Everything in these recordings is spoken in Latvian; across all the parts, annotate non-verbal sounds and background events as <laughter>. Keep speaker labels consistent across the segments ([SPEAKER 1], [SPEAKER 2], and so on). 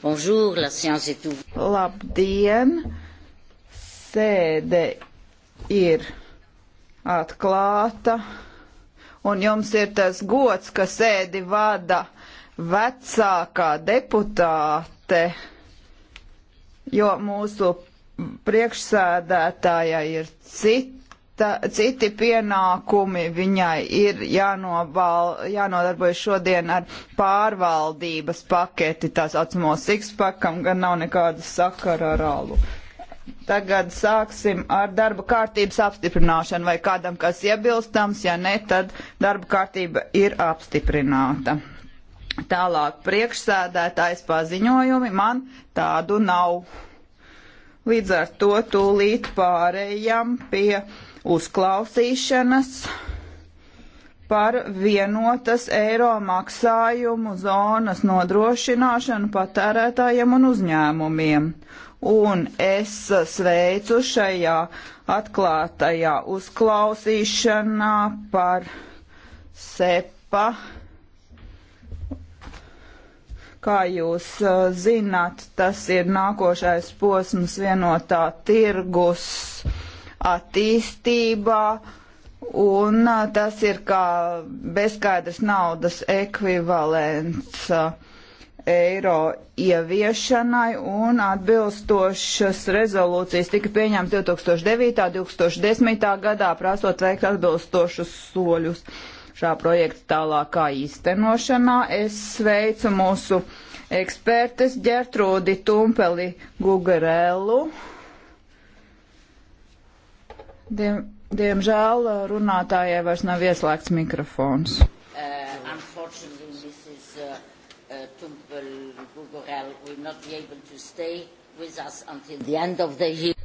[SPEAKER 1] Bonjour, la séance est ouverte. Labdien! Sēde ir atklāta, un jums ir tas gods, ka sēdi vada vecākā deputāte, jo mūsu priekšsēdētājai ir cita ta, citi pienākumi, viņai ir jānobal, jānodarbojas šodien ar pārvaldības paketi, tā saucamo sixpackam, gan nav nekāda sakara ar alu. Tagad sāksim ar darba kārtības apstiprināšanu, vai kādam kas iebilstams, ja ne, tad darba kārtība ir apstiprināta. Tālāk priekšsēdētājs paziņojumi man tādu nav. Līdz ar to tūlīt pārējām pie uzklausīšanas par vienotas eiro maksājumu zonas nodrošināšanu patērētājiem un uzņēmumiem. Un es sveicu šajā atklātajā uzklausīšanā par sepa. Kā jūs uh, zināt, tas ir nākošais posms vienotā tirgus uh, attīstībā, un tas ir kā bezskaidrs naudas ekvivalents eiro ieviešanai un atbilstošas rezolūcijas tika pieņemts 2009. 2010. gadā, prasot veikt atbilstošus soļus šā projekta tālākā īstenošanā. Es sveicu mūsu ekspertes Gertrūdi Tumpeli Gugarelu Diem, diemžēl eh, runātājai vairs nav ieslēgts mikrofons.
[SPEAKER 2] Uh, uh, uh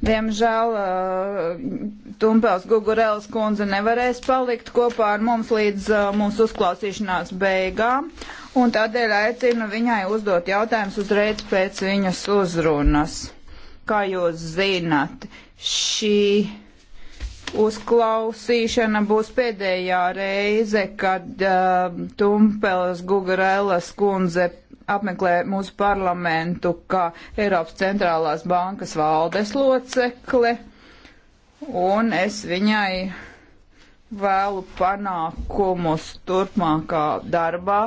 [SPEAKER 1] Diemžēl uh, eh, Tumpels Gugurēls kundze nevarēs palikt kopā ar mums līdz uh, mūsu uzklausīšanās beigām, un tādēļ aicinu viņai uzdot jautājumus uzreiz pēc viņas uzrunas. Kā jūs zināt, šī uzklausīšana būs pēdējā reize, kad uh, um, Tumpelas Gugarelas kundze apmeklē mūsu parlamentu kā Eiropas centrālās bankas valdes locekle, un es viņai vēlu panākumus turpmākā darbā.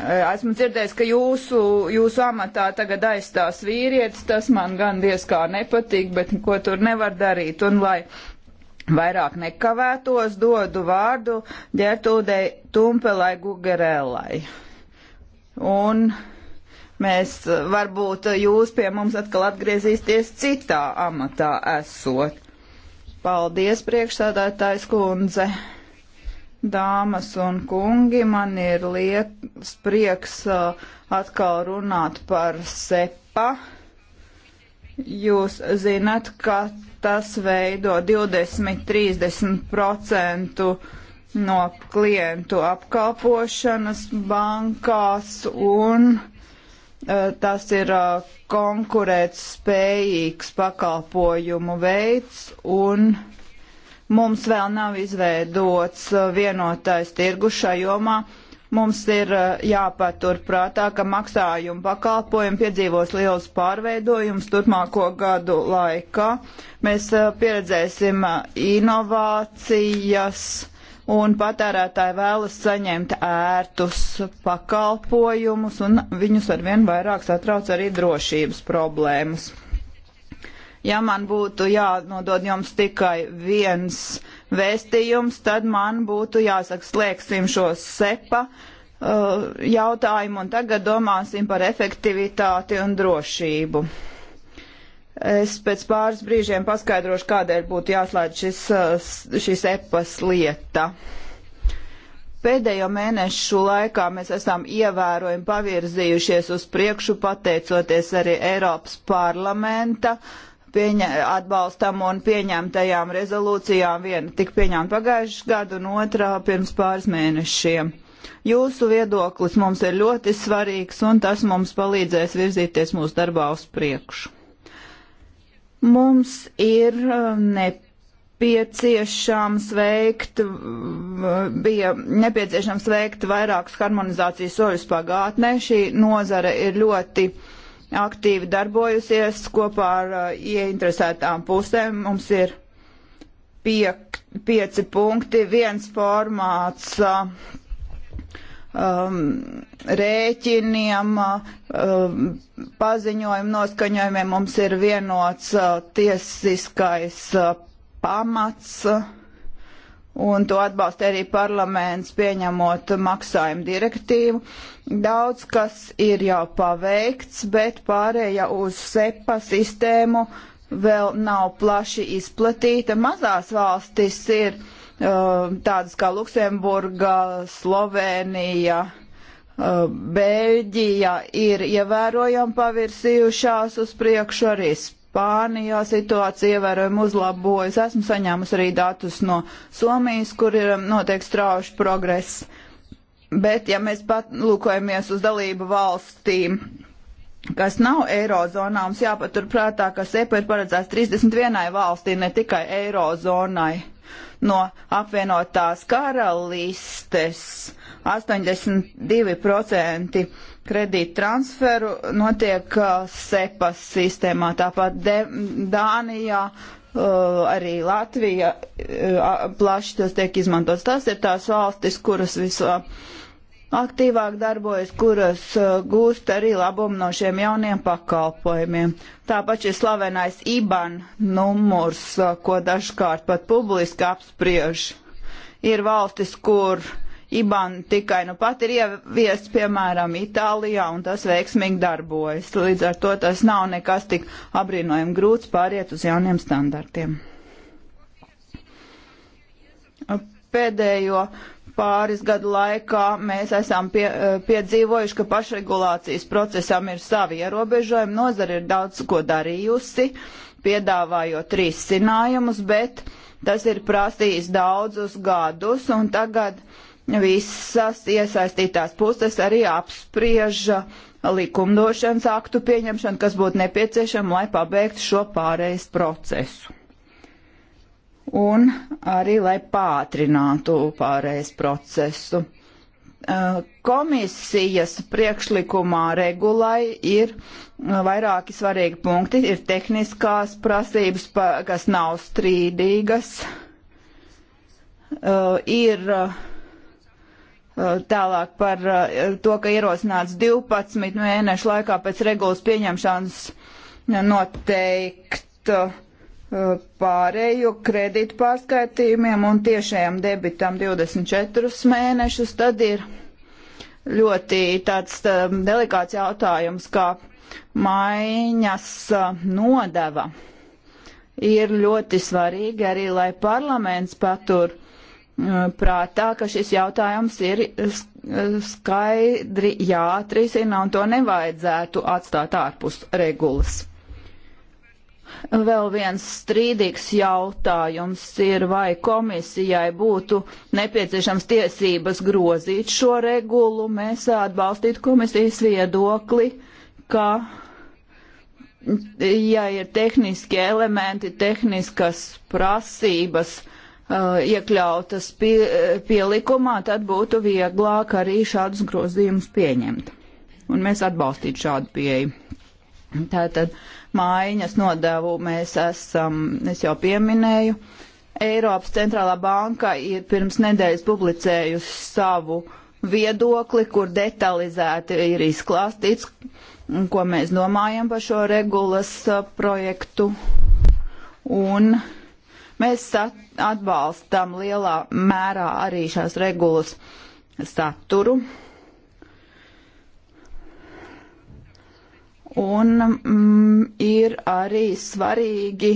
[SPEAKER 1] E, esmu dzirdējis, ka jūsu, jūsu amatā tagad aizstās vīrietis, tas man gan diez kā nepatīk, bet ko tur nevar darīt. Un lai uh, vairāk nekavētos, dodu vārdu ģertūdei Tumpelai Gugerellai. Un mēs varbūt jūs pie mums atkal atgriezīsties citā amatā esot. Paldies, priekšsādātājs kundze! Dāmas un kungi, man ir liels prieks uh, atkal runāt par sepa. Jūs zinat, ka Tas veido 20-30% no klientu apkalpošanas bankās un e, tas ir e, konkurēt spējīgs pakalpojumu veids un mums vēl nav izveidots e, vienotais tirgu šajomā. jomā Mums ir eh, jāpatur prātā, ka maksājumu pakalpojumi piedzīvos liels pārveidojums turpmāko gadu laikā. Mēs eh, pieredzēsim eh, inovācijas un patērētāji vēlas saņemt ērtus pakalpojumus, un viņus arvien vairāk satrauc arī drošības problēmas. Ja man būtu jānodod jums tikai viens vēstījums, tad man būtu jāsaka, slēgsim šo sepa uh, jautājumu un tagad domāsim par efektivitāti un drošību. Es pēc pāris brīžiem paskaidrošu, kādēļ būtu jāslēdz šis, uh, šis epas lieta. Pēdējo mēnešu laikā mēs esam ievērojami pavirzījušies uz priekšu, pateicoties arī Eiropas parlamenta uh, pieņa, atbalstam un pieņemtajām rezolūcijām. Viena tika pieņemta pagājušajā gadu un otrā pirms pāris mēnešiem. Jūsu viedoklis mums ir ļoti svarīgs un tas mums palīdzēs virzīties mūsu darbā uz priekšu. Mums ir nepieciešams um, nepieciešams veikt, bija nepieciešams veikt vairākus harmonizācijas soļus pagātnē. Šī nozara ir ļoti uh, aktīvi darbojusies kopā ar uh, ieinteresētām pusēm. Mums ir piek, pieci punkti, viens formāts uh, um, rēķiniem, um, uh, paziņojumu noskaņojumiem. Mums ir vienots uh, tiesiskais uh, pamats. Uh, un to atbalsta arī parlaments pieņemot maksājumu direktīvu. Daudz kas ir jau paveikts, bet pārēja uz SEPA sistēmu vēl nav plaši izplatīta. Mazās valstis ir uh, tādas kā Luksemburga, Slovenija, uh, Beļģija ir ievērojami pavirsījušās uz priekšu arī Spānija. Spānijā situācija ievērojami uzlabojas. Esmu saņēmusi arī datus no Somijas, kur ir um, notiek strauši progress. Bet, ja mēs pat lūkojamies uz dalību valstīm, kas nav Eirozonā, mums jāpaturprātā, ka SEPA ir paredzēts 31 valstī, ne tikai Eirozonai. No apvienotās karalistes 82% kredītu transferu notiek uh, SEPAS sistēmā, tāpat De Dānijā. Uh, arī Latvija uh, plaši tas tiek izmantots. Tas ir tās valstis, kuras visā uh, aktīvāk darbojas, kuras uh, gūst arī labumu no šiem jauniem pakalpojumiem. Tāpat šis slavenais IBAN numurs, uh, ko dažkārt pat publiski apspriež, ir valstis, kur uh, IBAN tikai nu pat ir ieviests, piemēram, Itālijā, un tas veiksmīgi darbojas. Līdz ar to tas nav nekas tik apbrīnojami grūts pāriet uz jauniem standartiem. Pēdējo pāris gadu laikā mēs esam pie, piedzīvojuši, ka pašregulācijas procesam ir savi ierobežojumi. Nozara ir daudz ko darījusi, piedāvājot risinājumus, bet tas ir prasījis daudzus gadus, un tagad visas iesaistītās puses arī apsprieža likumdošanas aktu pieņemšanu, kas būtu nepieciešama, lai pabeigtu šo pārējais procesu. Un arī, lai pātrinātu pārējais procesu. Komisijas priekšlikumā regulai ir vairāki svarīgi punkti. Ir tehniskās prasības, kas nav strīdīgas. Ir uh, Tālāk par to, ka ierosināts 12 mēnešu laikā pēc regulas pieņemšanas noteikt pārēju kredītu pārskaitījumiem un tiešajam debitam 24 mēnešus, tad ir ļoti tāds delikāts jautājums, kā maiņas nodeva ir ļoti svarīgi arī, lai parlaments patur uh, prātā, ka šis jautājums ir skaidri jāatrisina un to nevajadzētu atstāt ārpus regulas. Vēl viens strīdīgs jautājums ir, vai komisijai būtu nepieciešams tiesības grozīt šo regulu. Mēs atbalstītu komisijas viedokli, ka ja ir tehniski elementi, tehniskas prasības, uh, Uh, iekļautas pie, pielikumā, tad būtu vieglāk arī šādus grozījumus pieņemt. Un mēs atbalstītu šādu pieeju. Tātad mājiņas nodevu mēs esam, es jau pieminēju, Eiropas centrālā banka ir pirms nedēļas publicējusi savu viedokli, kur detalizēti ir izklāstīts, ko mēs domājam par šo regulas uh, projektu. Un uh, Mēs atbalstam lielā mērā arī šās regulas saturu. Un mm, ir arī svarīgi,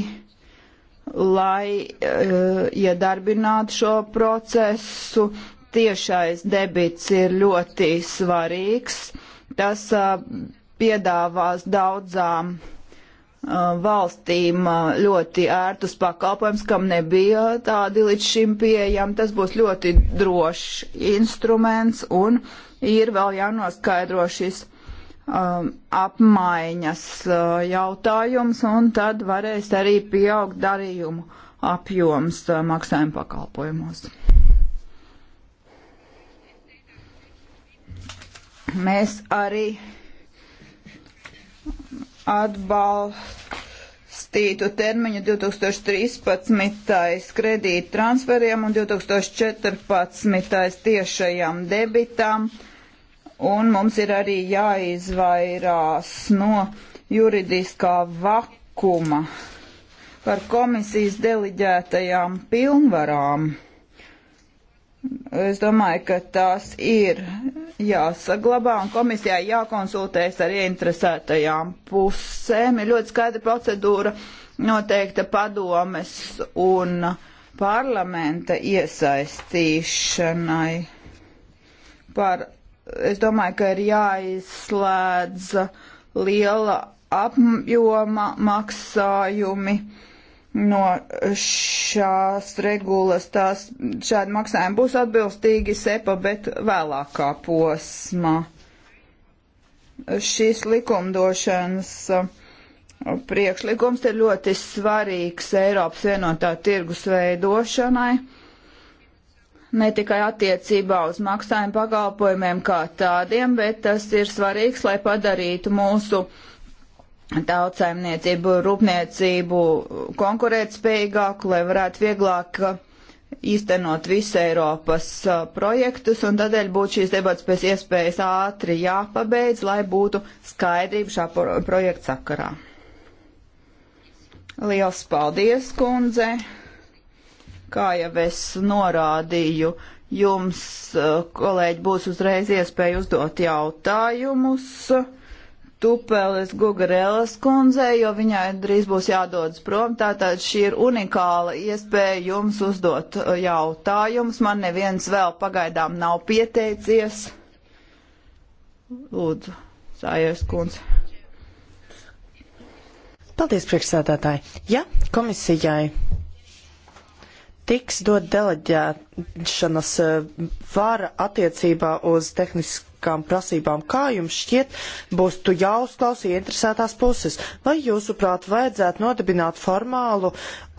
[SPEAKER 1] lai uh, iedarbinātu šo procesu. Tiešais debits ir ļoti svarīgs. Tas uh, piedāvās daudzām uh, valstīm ļoti ērtus pakalpojums, kam nebija tādi līdz šim pieejami. Tas būs ļoti drošs instruments un ir vēl jānoskaidro šis um, apmaiņas uh, jautājums un tad varēs arī pieaugt darījumu apjoms uh, maksājuma pakalpojumos. Mēs arī atbalstītu termiņu 2013. kredīt transferiem un 2014. tiešajam debitam. Un mums ir arī jāizvairās no juridiskā vakuma par komisijas deliģētajām pilnvarām. Es domāju, ka tās ir jāsaglabā un komisijai jākonsultējas ar ieinteresētajām pusēm. Ir ļoti skaidra procedūra noteikta padomes un parlamenta iesaistīšanai. Par, es domāju, ka ir jāizslēdz liela apjoma maksājumi no šās regulas tās šādi maksājumi būs atbilstīgi sepa, bet vēlākā posmā. Šis likumdošanas uh, priekšlikums ir ļoti svarīgs Eiropas vienotā tirgus veidošanai, ne tikai attiecībā uz maksājumu pakalpojumiem kā tādiem, bet tas ir svarīgs, lai padarītu mūsu uh, tautsaimniecību, rūpniecību konkurētspējīgāku, lai varētu vieglāk uh, īstenot visu Eiropas uh, projektus, un tādēļ būtu šīs debats pēc iespējas ātri jāpabeidz, lai būtu skaidrība šā projekta sakarā. Liels paldies, kundze! Kā jau es norādīju, jums, uh, kolēģi, būs uzreiz iespēja uzdot jautājumus. Tupeles Gugarelas kundzei, jo viņai drīz būs jādodas prom. Tātad šī ir unikāla iespēja jums uzdot uh, jautājumus. Man neviens vēl pagaidām nav pieteicies.
[SPEAKER 3] Lūdzu, Sājers kundze. Paldies, priekšsēdētāji. Ja komisijai tiks dot deleģēšanas uh, vara attiecībā uz tehnisku specifiskām prasībām. Kā jums šķiet, būs tu jāuzklausī interesētās puses? Vai jūsuprāt vajadzētu nodibināt formālu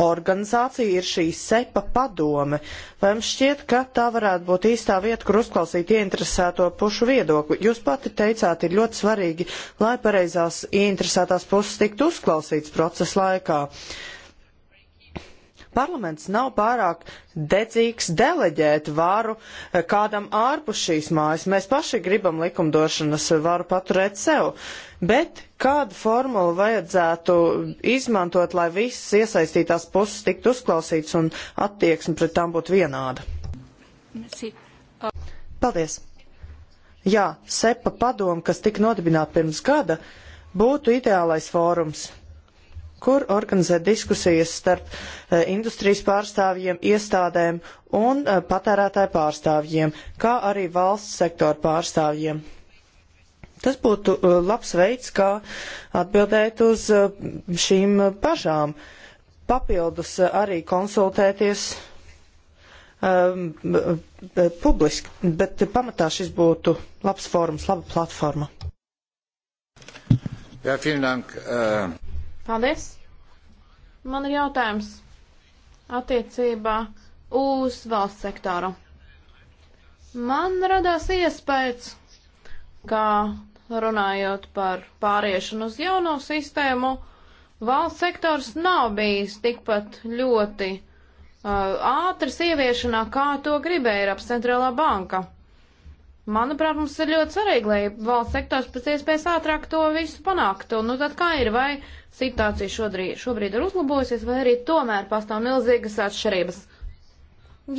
[SPEAKER 3] organizāciju, ir šī sepa padome? Vai jums šķiet, ka tā varētu būt īstā vieta, kur uzklausīt ieinteresēto pušu viedokli? Jūs pati teicāt, ir ļoti svarīgi, lai pareizās ieinteresētās puses tiktu uzklausīts procesa laikā. Uh, parlaments nav pārāk dedzīgs deleģēt varu eh, kādam ārpus šīs mājas. Mēs paši gribam likumdošanas varu paturēt sev. Bet kādu formulu vajadzētu izmantot, lai visas iesaistītās puses tiktu uzklausītas un attieksme pret tām būtu vienāda? Paldies! Jā, sepa padoma, kas tika nodibināta pirms gada, būtu ideālais fórums kur organizēt diskusijas starp uh, industrijas pārstāvjiem, iestādēm un uh, patērētāju pārstāvjiem, kā arī valsts sektora pārstāvjiem. Tas būtu uh, labs veids, kā atbildēt uz šīm pašām. Papildus arī konsultēties um, publiski, bet pamatā šis būtu labs fórums, laba platforma.
[SPEAKER 1] Jā, ja, vielen dank. Uh...
[SPEAKER 2] Paldies! Man ir jautājums attiecībā uz valsts sektoru. Man radās iespējas, ka runājot par pāriešanu uz jauno sistēmu, valsts sektors nav bijis tikpat ļoti uh, ātrs ieviešanā, kā to gribēja Eiropas centrālā banka. Manuprāt, mums ir ļoti svarīgi, lai valsts sektors pēc iespējas ātrāk to visu panāktu. Nu, tad kā ir, vai situācija šodrī, šobrīd ir uzlabojusies, vai arī tomēr pastāv milzīgas atšķirības?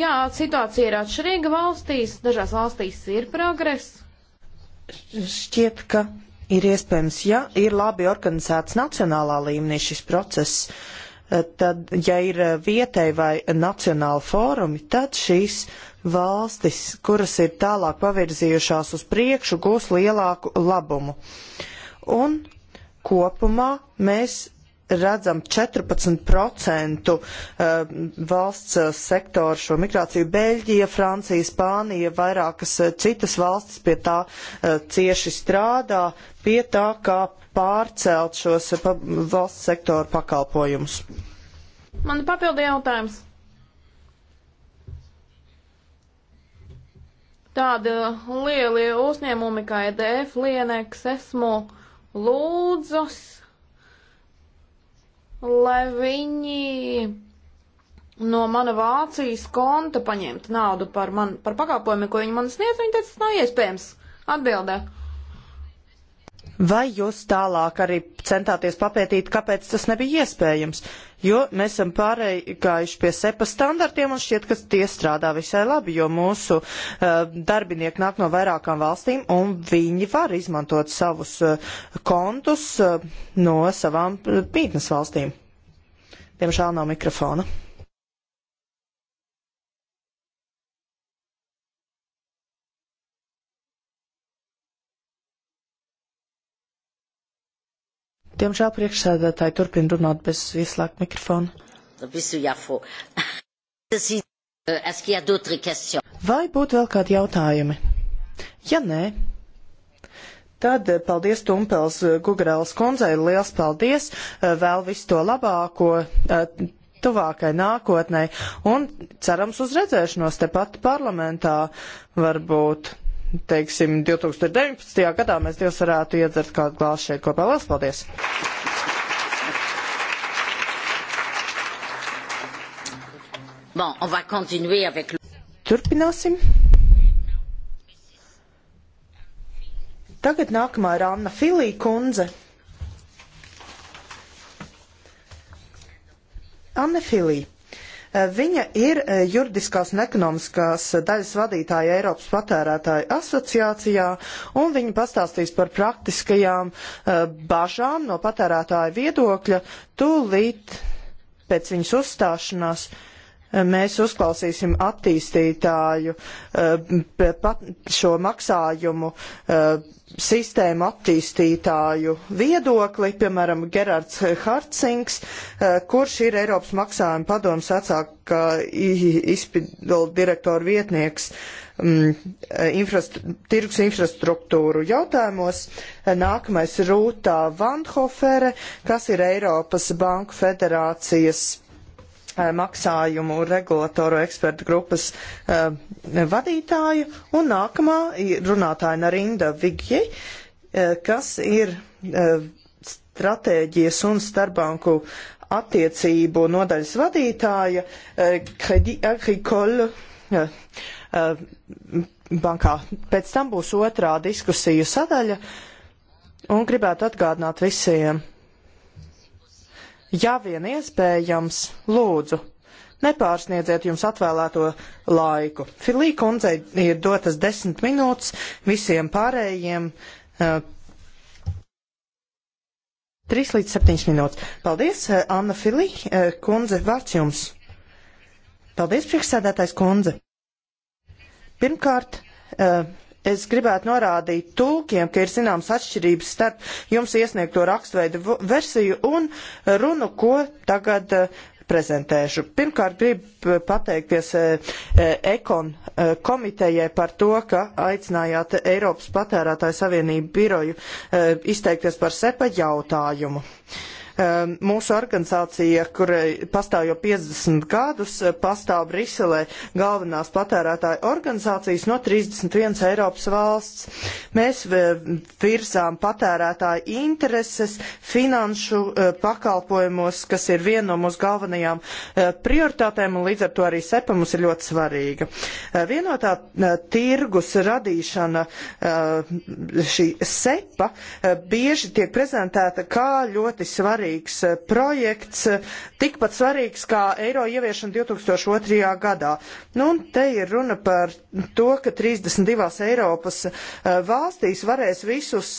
[SPEAKER 2] Jā, situācija ir atšķirīga valstīs, dažās valstīs ir progress.
[SPEAKER 3] Šķiet, ka ir iespējams, ja ir labi organizēts nacionālā līmenī šis process tad, ja ir vietēji vai nacionāli fórumi, tad šīs valstis, kuras ir tālāk pavirzījušās uz priekšu, gūs lielāku labumu. Un kopumā mēs redzam 14% eh, valsts eh, sektoru šo migrāciju. Beļģija, Francija, Spānija, vairākas eh, citas valstis pie tā cieši strādā, pie tā, kā pārcelt šos valsts sektoru pakalpojumus.
[SPEAKER 2] Man ir papildi jautājums. Tādi lielie uzņēmumi kā EDF, Lienex, Esmu, Lūdzas, lai viņi no mana Vācijas konta paņemtu naudu par, man, par pakalpojumiem, ko viņi man sniedz, viņi teica, tas nav iespējams. Atbildē.
[SPEAKER 3] Vai jūs tālāk arī centāties papētīt, kāpēc tas nebija iespējams? Jo mēs esam pārējuši pie sepa standartiem un šķiet, ka tie strādā visai labi, jo mūsu uh, darbinieki nāk no vairākām valstīm un viņi var izmantot savus uh, kontus uh, no savām mītnes valstīm. Diemžēl nav mikrofona. Diemžēl priekšsēdētāji turpina runāt bez ieslēgt mikrofonu. Vai būtu vēl kādi jautājumi? Ja nē, tad paldies Tumpels Gugarēlas kundzei, liels paldies, vēl visu to labāko eh, tuvākai nākotnē un cerams uz redzēšanos tepat parlamentā varbūt teiksim, 2019. gadā mēs Dievs varētu iedzert kādu glāzi šeit kopā. Lielas paldies!
[SPEAKER 2] Bon, on va continuer avec le...
[SPEAKER 3] Turpināsim. Tagad nākamā ir Anna Filī kundze. Anna Filī. Viņa ir eh, juridiskās un ekonomiskās daļas vadītāja Eiropas patērētāju asociācijā, un viņa pastāstīs par praktiskajām eh, bažām no patērētāja viedokļa tūlīt pēc viņas uzstāšanās. Uh, mēs uzklausīsim attīstītāju eh, šo maksājumu eh, sistēmu attīstītāju viedokli, piemēram, Gerards Hartsings, eh, kurš ir Eiropas maksājuma padomas vecākā izpildu direktora vietnieks mm, infrast tirgus infrastruktūru jautājumos. Nākamais Rūtā Vandhofere, kas ir Eiropas Banku federācijas E, maksājumu regulatoru ekspertu grupas e, vadītāju, un nākamā runātāja Narinda Vigji, e, kas ir stratēģijas un starpbanku attiecību nodaļas vadītāja Credit Agricole bankā. Pēc tam būs otrā diskusiju sadaļa, un gribētu atgādināt visiem Ja vien iespējams, lūdzu, nepārsniedziet jums atvēlēto laiku. Filī kundzei ir dotas desmit minūtes, visiem pārējiem uh, trīs līdz septiņas minūtes. Paldies, eh, Anna Filī, uh, kundze, vārds jums. Paldies, priekšsēdētājs kundze. Pirmkārt, uh, Es gribētu norādīt tulkiem, ka ir zināms atšķirības starp jums iesniegto rakstveidu versiju un runu, ko tagad eh, prezentēšu. Pirmkārt, gribu pateikties eh, eh, Ekon komitejai par to, ka aicinājāt Eiropas patērētāju savienību biroju izteikties par sepa jautājumu. Uh, Ehm, mūsu organizācija, kurai eh, pastāv jau 50 gadus, eh, pastāv Briselē galvenās patērētāju organizācijas no 31 Eiropas valsts. Mēs eh, virzām patērētāju intereses finanšu pakalpojumos, kas ir viena no mūsu galvenajām prioritātēm, un līdz ar to arī sepa mums ir ļoti svarīga. Vienotā tirgus radīšana, šī sepa, bieži tiek prezentēta kā ļoti svarīga svarīgs eh, projekts, eh, tikpat svarīgs kā eiro ieviešana 2002. gadā. Nu, un te ir runa par to, ka 32 Eiropas eh, valstīs varēs visus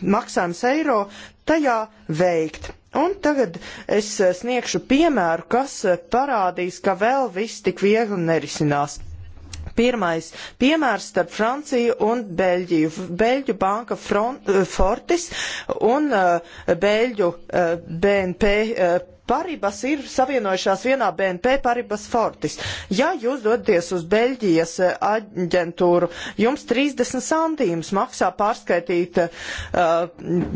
[SPEAKER 3] maksājumus eiro tajā veikt. Un tagad es sniegšu piemēru, kas parādīs, ka vēl viss tik viegli nerisinās pirmais piemērs starp Franciju un Beļģiju. Beļģu banka Front, eh, Fortis un eh, Beļģu eh, BNP Paribas ir savienojušās vienā BNP Paribas Fortis. Ja jūs dodaties uz Beļģijas eh, aģentūru, jums 30 santīmus maksā pārskaitīt uh,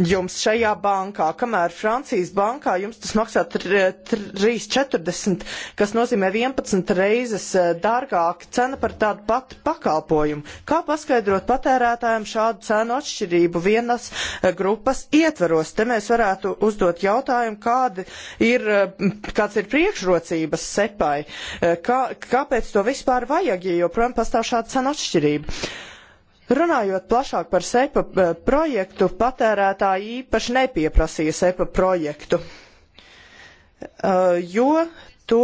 [SPEAKER 3] jums šajā bankā, kamēr Francijas bankā jums tas maksā 3,40, eh, kas nozīmē 11 reizes dārgāka cena par tādu patu pakalpojumu. Kā paskaidrot patērētājiem šādu cenu atšķirību vienas grupas ietvaros? Te mēs varētu uzdot jautājumu, kādi ir ir, eh, kāds ir priekšrocības sepai, eh, kā, kāpēc to vispār vajag, ja joprojām pastāv šāda cena atšķirība. Runājot plašāk par SEPA eh, projektu, patērētāji īpaši nepieprasīja SEPA projektu, jo to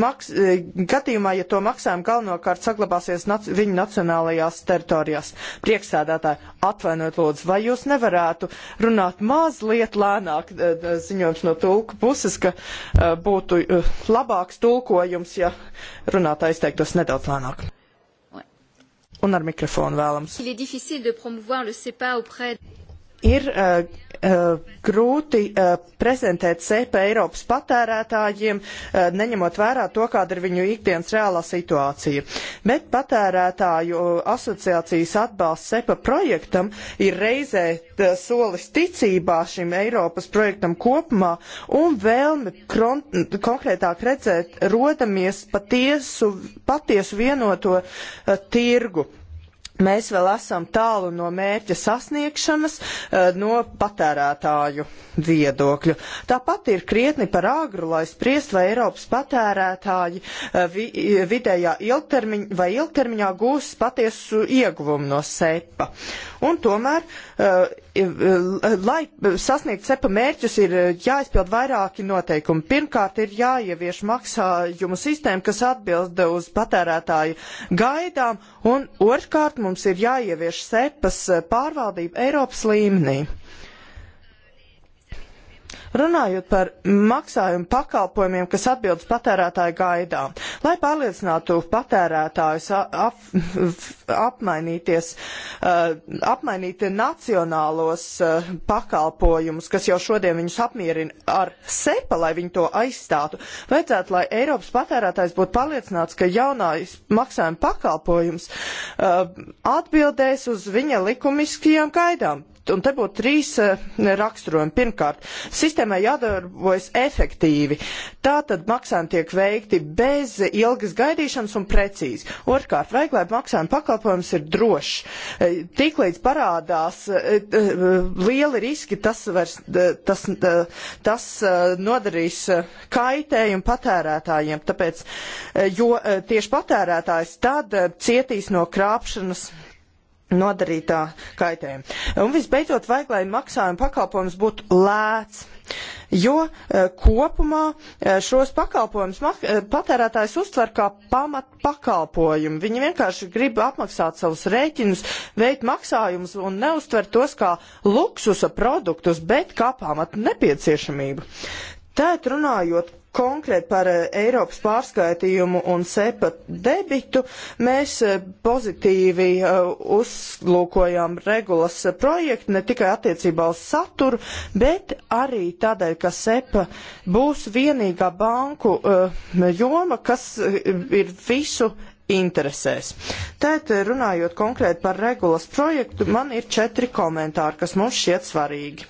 [SPEAKER 3] maks, eh, gadījumā, ja to maksājumu galvenokārt saglabāsies nac, viņu nacionālajās teritorijās. Prieksēdētāji, atvainojiet lūdzu, vai jūs nevarētu runāt mazliet lēnāk, eh, eh, ziņojums no tulku puses, ka būtu labāks tulkojums, ja runātājs teiktos nedaudz lēnāk. Un ar mikrofonu vēlams ir uh, grūti uh, prezentēt sepa Eiropas patērētājiem, uh, neņemot vērā to, kāda ir viņu ikdienas reālā situācija. Bet patērētāju asociācijas atbalsts sepa projektam ir reizē uh, solis ticībā šim Eiropas projektam kopumā un vēlmi konkrētāk redzēt rodamies patiesu, patiesu vienoto uh, tirgu mēs vēl esam tālu no mērķa sasniegšanas eh, no patērētāju viedokļu. Tāpat ir krietni par agru, lai spriest, vai Eiropas patērētāji eh, vi, eh, vidējā ilgtermiņā vai ilgtermiņā gūs patiesu ieguvumu no sepa. Un tomēr Eh, lai sasniegtu cepa mērķus, ir eh, jāizpild vairāki noteikumi. Pirmkārt, ir jāievieš maksājumu sistēma, kas atbild uz patērētāju gaidām, un otrkārt mums ir jāievieš cepas eh, pārvaldība Eiropas līmenī. Uh, Runājot par maksājumu pakalpojumiem, kas atbilst patērētāju gaidām, lai pārliecinātu patērētājus ap, apmainīties, apmainīt nacionālos pakalpojumus, kas jau šodien viņus apmierina ar sepa, lai viņi to aizstātu, vajadzētu, lai Eiropas patērētājs būtu pārliecināts, ka jaunais maksājuma pakalpojums atbildēs uz viņa likumiskajām gaidām. Un te būtu trīs eh, raksturojumi. Pirmkārt, sistēmai jādarbojas efektīvi. Tātad maksājumi tiek veikti bez ilgas gaidīšanas un precīzi. Otrkārt, vajag, lai maksājuma pakalpojums ir drošs. Eh, tiklīdz parādās eh, lieli riski, tas, vairs, tas, tas nodarīs kaitējumu patērētājiem. Tāpēc, jo tieši patērētājs tad cietīs no krāpšanas nodarītā kaitējuma. Un visbeidzot, vajag, lai maksājuma pakalpojums būtu lēts, jo e, kopumā e, šos pakalpojumus e, patērētājs uztver kā pamat pakalpojumu. Viņi vienkārši grib apmaksāt savus rēķinus, veikt maksājumus un neuztver tos kā luksusa produktus, bet kā pamatu nepieciešamību. Tēt runājot Konkrēt par eh, Eiropas pārskaitījumu un SEPA debitu mēs eh, pozitīvi eh, uzlūkojām regulas projektu ne tikai attiecībā uz saturu, bet arī tādēļ, ka SEPA būs vienīgā banku joma, kas ir visu interesēs. Tēt, runājot konkrēti par regulas projektu, man ir četri komentāri, kas mums šķiet svarīgi.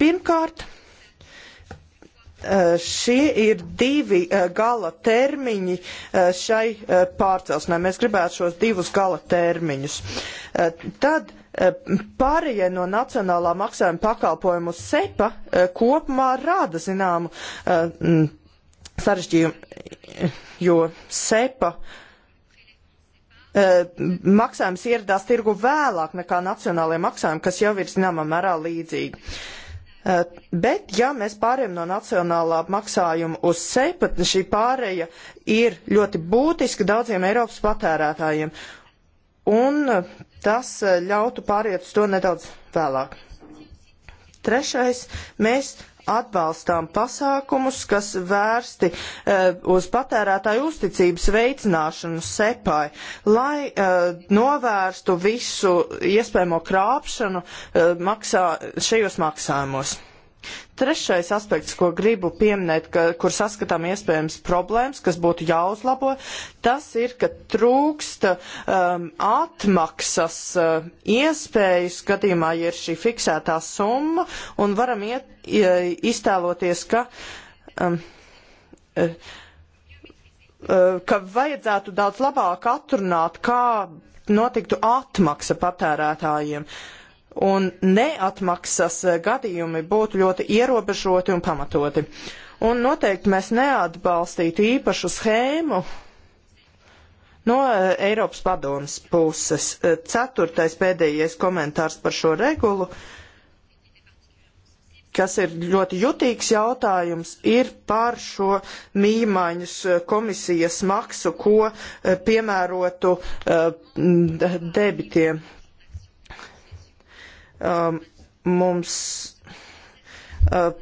[SPEAKER 3] Pirmkārt, Eh, šie ir divi eh, gala termiņi eh, šai pārcelšanai. Mēs gribētu šos divus gala termiņus. Tad pārējai no nacionālā maksājuma pakalpojumu uz SEPA kopumā rada zināmu sarežģījumu, jo SEPA maksājums ieradās tirgu vēlāk nekā nacionālajie maksājumi, kas jau ir zināmā mērā līdzīgi. Eh, bet, ja mēs pārējām no nacionālā apmaksājuma uz SEPA, šī pāreja ir ļoti būtiska daudziem Eiropas patērētājiem. Un eh, tas eh, ļautu pāriet uz to nedaudz vēlāk. Trešais, mēs atbalstām pasākumus, kas vērsti uh, uz patērētāju uzticības veicināšanu sepai, lai uh, novērstu visu iespējamo krāpšanu uh, maksā, šajos maksājumos. Trešais aspekts, ko gribu pieminēt, ka, kur saskatām iespējams problēmas, kas būtu jāuzlabo, tas ir, ka trūkst um, atmaksas uh, iespējas gadījumā, ja ir šī fiksētā summa, un varam iet, iztēloties, ka. Um, uh, uh, ka vajadzētu daudz labāk atrunāt, kā notiktu atmaksa patērētājiem. Uh, un neatmaksas gadījumi būtu ļoti ierobežoti un pamatoti. Un noteikti mēs neatbalstītu īpašu schēmu no eh, Eiropas padomas puses. Eh, ceturtais pēdējais komentārs par šo regulu, kas ir ļoti jutīgs jautājums, ir par šo mīmaiņas eh, komisijas maksu, ko piemērotu debitiem um, mums uh,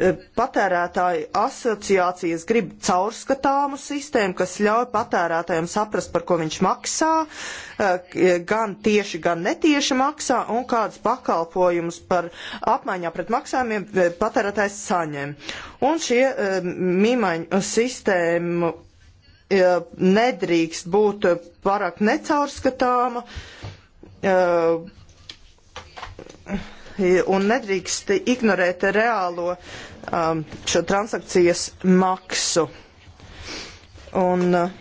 [SPEAKER 3] patērētāju asociācijas grib caurskatāmu sistēmu, kas ļauj patērētājiem saprast, par ko viņš maksā, uh, gan tieši, gan netieši maksā un kādas pakalpojumus par apmaiņā pret maksājumiem uh, patērētājs saņem. Un šie uh, mīmaiņu sistēmu nedrīkst būt pārāk necaurskatāma un nedrīkst ignorēt reālo um, šo transakcijas maksu. Un, uh,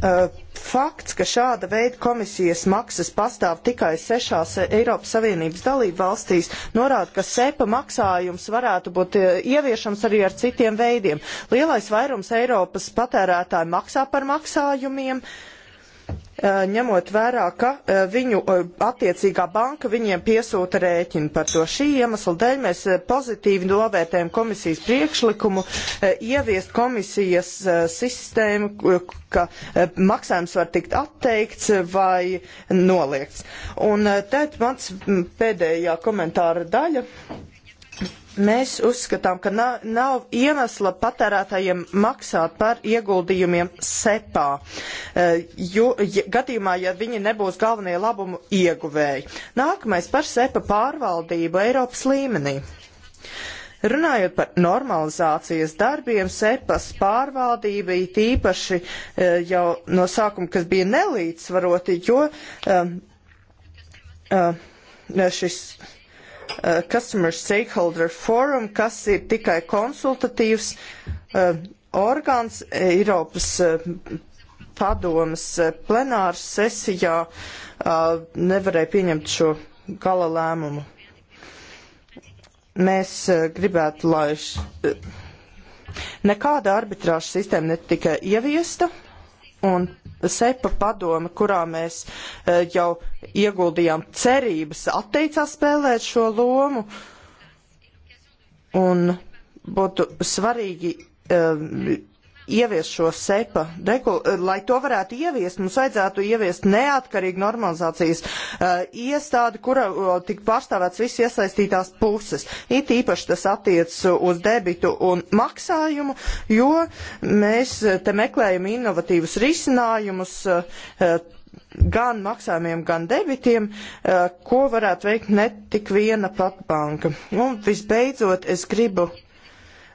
[SPEAKER 3] uh, Fakts, ka šāda veida komisijas maksas pastāv tikai sešās Eiropas Savienības dalību valstīs, norāda, ka sepa maksājums varētu būt uh, ieviešams arī ar citiem veidiem. Lielais vairums Eiropas patērētāji maksā par maksājumiem, uh, Eh, ņemot vērā, ka eh, viņu eh, attiecīgā banka viņiem piesūta rēķinu par to. Šī iemesla dēļ mēs pozitīvi novērtējam komisijas priekšlikumu ieviest komisijas sistēmu, ka maksājums var tikt atteikts vai noliegts. Un tad mans pēdējā komentāra daļa. Mēs uzskatām, ka nav, nav iemesla patērētājiem maksāt par ieguldījumiem SEPā, e, jo ja, gadījumā, ja viņi nebūs galvenie labumu ieguvēji. Nākamais par SEPA pārvaldību Eiropas līmenī. Runājot par normalizācijas darbiem, SEPAS pārvaldība īpaši e, jau no sākuma, kas bija nelīdzsvaroti, jo um, uh, šis uh, Customer Stakeholder Forum, kas ir tikai konsultatīvs uh, orgāns Eiropas uh, padomas uh, plenāras sesijā uh, nevarēja pieņemt šo gala lēmumu. Mēs uh, gribētu, lai š... Uh, nekāda arbitrāža sistēma netika ieviesta. Uh, Un sepa padome, kurā mēs e, jau ieguldījām cerības, atteicās spēlēt šo lomu. Un būtu svarīgi e, ieviest šo sepa regulu, eh, lai to varētu ieviest, mums vajadzētu ieviest neatkarīgu normalizācijas uh, iestādi, kura uh, tik pārstāvēts viss iesaistītās puses. It īpaši tas attiec uz debitu un maksājumu, jo mēs eh, te meklējam innovatīvus risinājumus. Uh, gan maksājumiem, gan debitiem, ko varētu veikt ne tik viena pat banka. Un visbeidzot, es gribu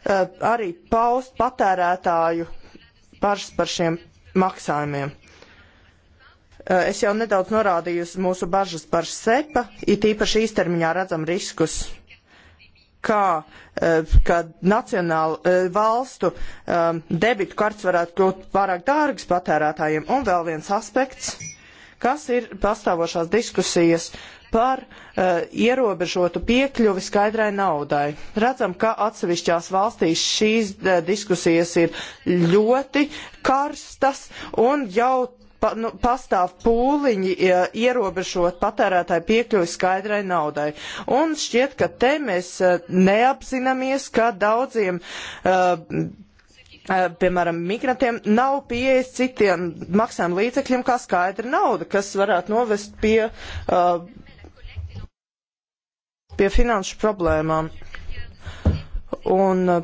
[SPEAKER 3] Eh, arī paust patērētāju bažas par šiem maksājumiem. Eh, es jau nedaudz norādīju uz mūsu bažas par sepa, it īpaši īstermiņā redzam riskus, kā, eh, kad nacionālu valstu debitu karts varētu kļūt pārāk dārgs patērētājiem. Un vēl viens aspekts, kas ir pastāvošās diskusijas par uh, ierobežotu piekļuvi skaidrai naudai. Redzam, ka atsevišķās valstīs šīs uh, diskusijas ir ļoti karstas un jau pa, nu, pastāv pūliņi ja, eh, ierobežot patērētāju piekļuvi skaidrai naudai. Un šķiet, ka te mēs uh, neapzināmies, ka daudziem uh, piemēram, migrantiem nav pieejas citiem maksājuma līdzekļiem kā skaidra nauda, kas varētu novest pie uh, pie finanšu problēmām. Un uh,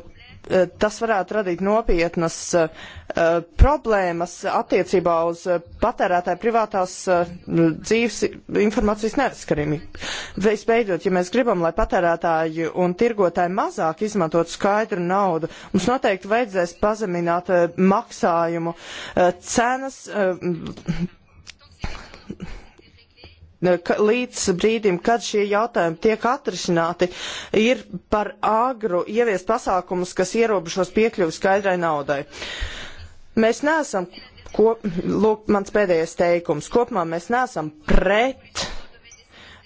[SPEAKER 3] tas varētu radīt nopietnas uh, problēmas attiecībā uz uh, patērētāju privātās uh, dzīves informācijas neatskarību. Visbeidzot, ja mēs gribam, lai patērētāji un tirgotāji mazāk izmantot skaidru naudu, mums noteikti vajadzēs pazemināt uh, maksājumu uh, cenas līdz brīdim, kad šie jautājumi tiek atrisināti, ir par agru ieviest pasākumus, kas ierobežos piekļuvi skaidrai naudai. Mēs neesam, ko, lūk, mans pēdējais teikums, kopumā mēs neesam pret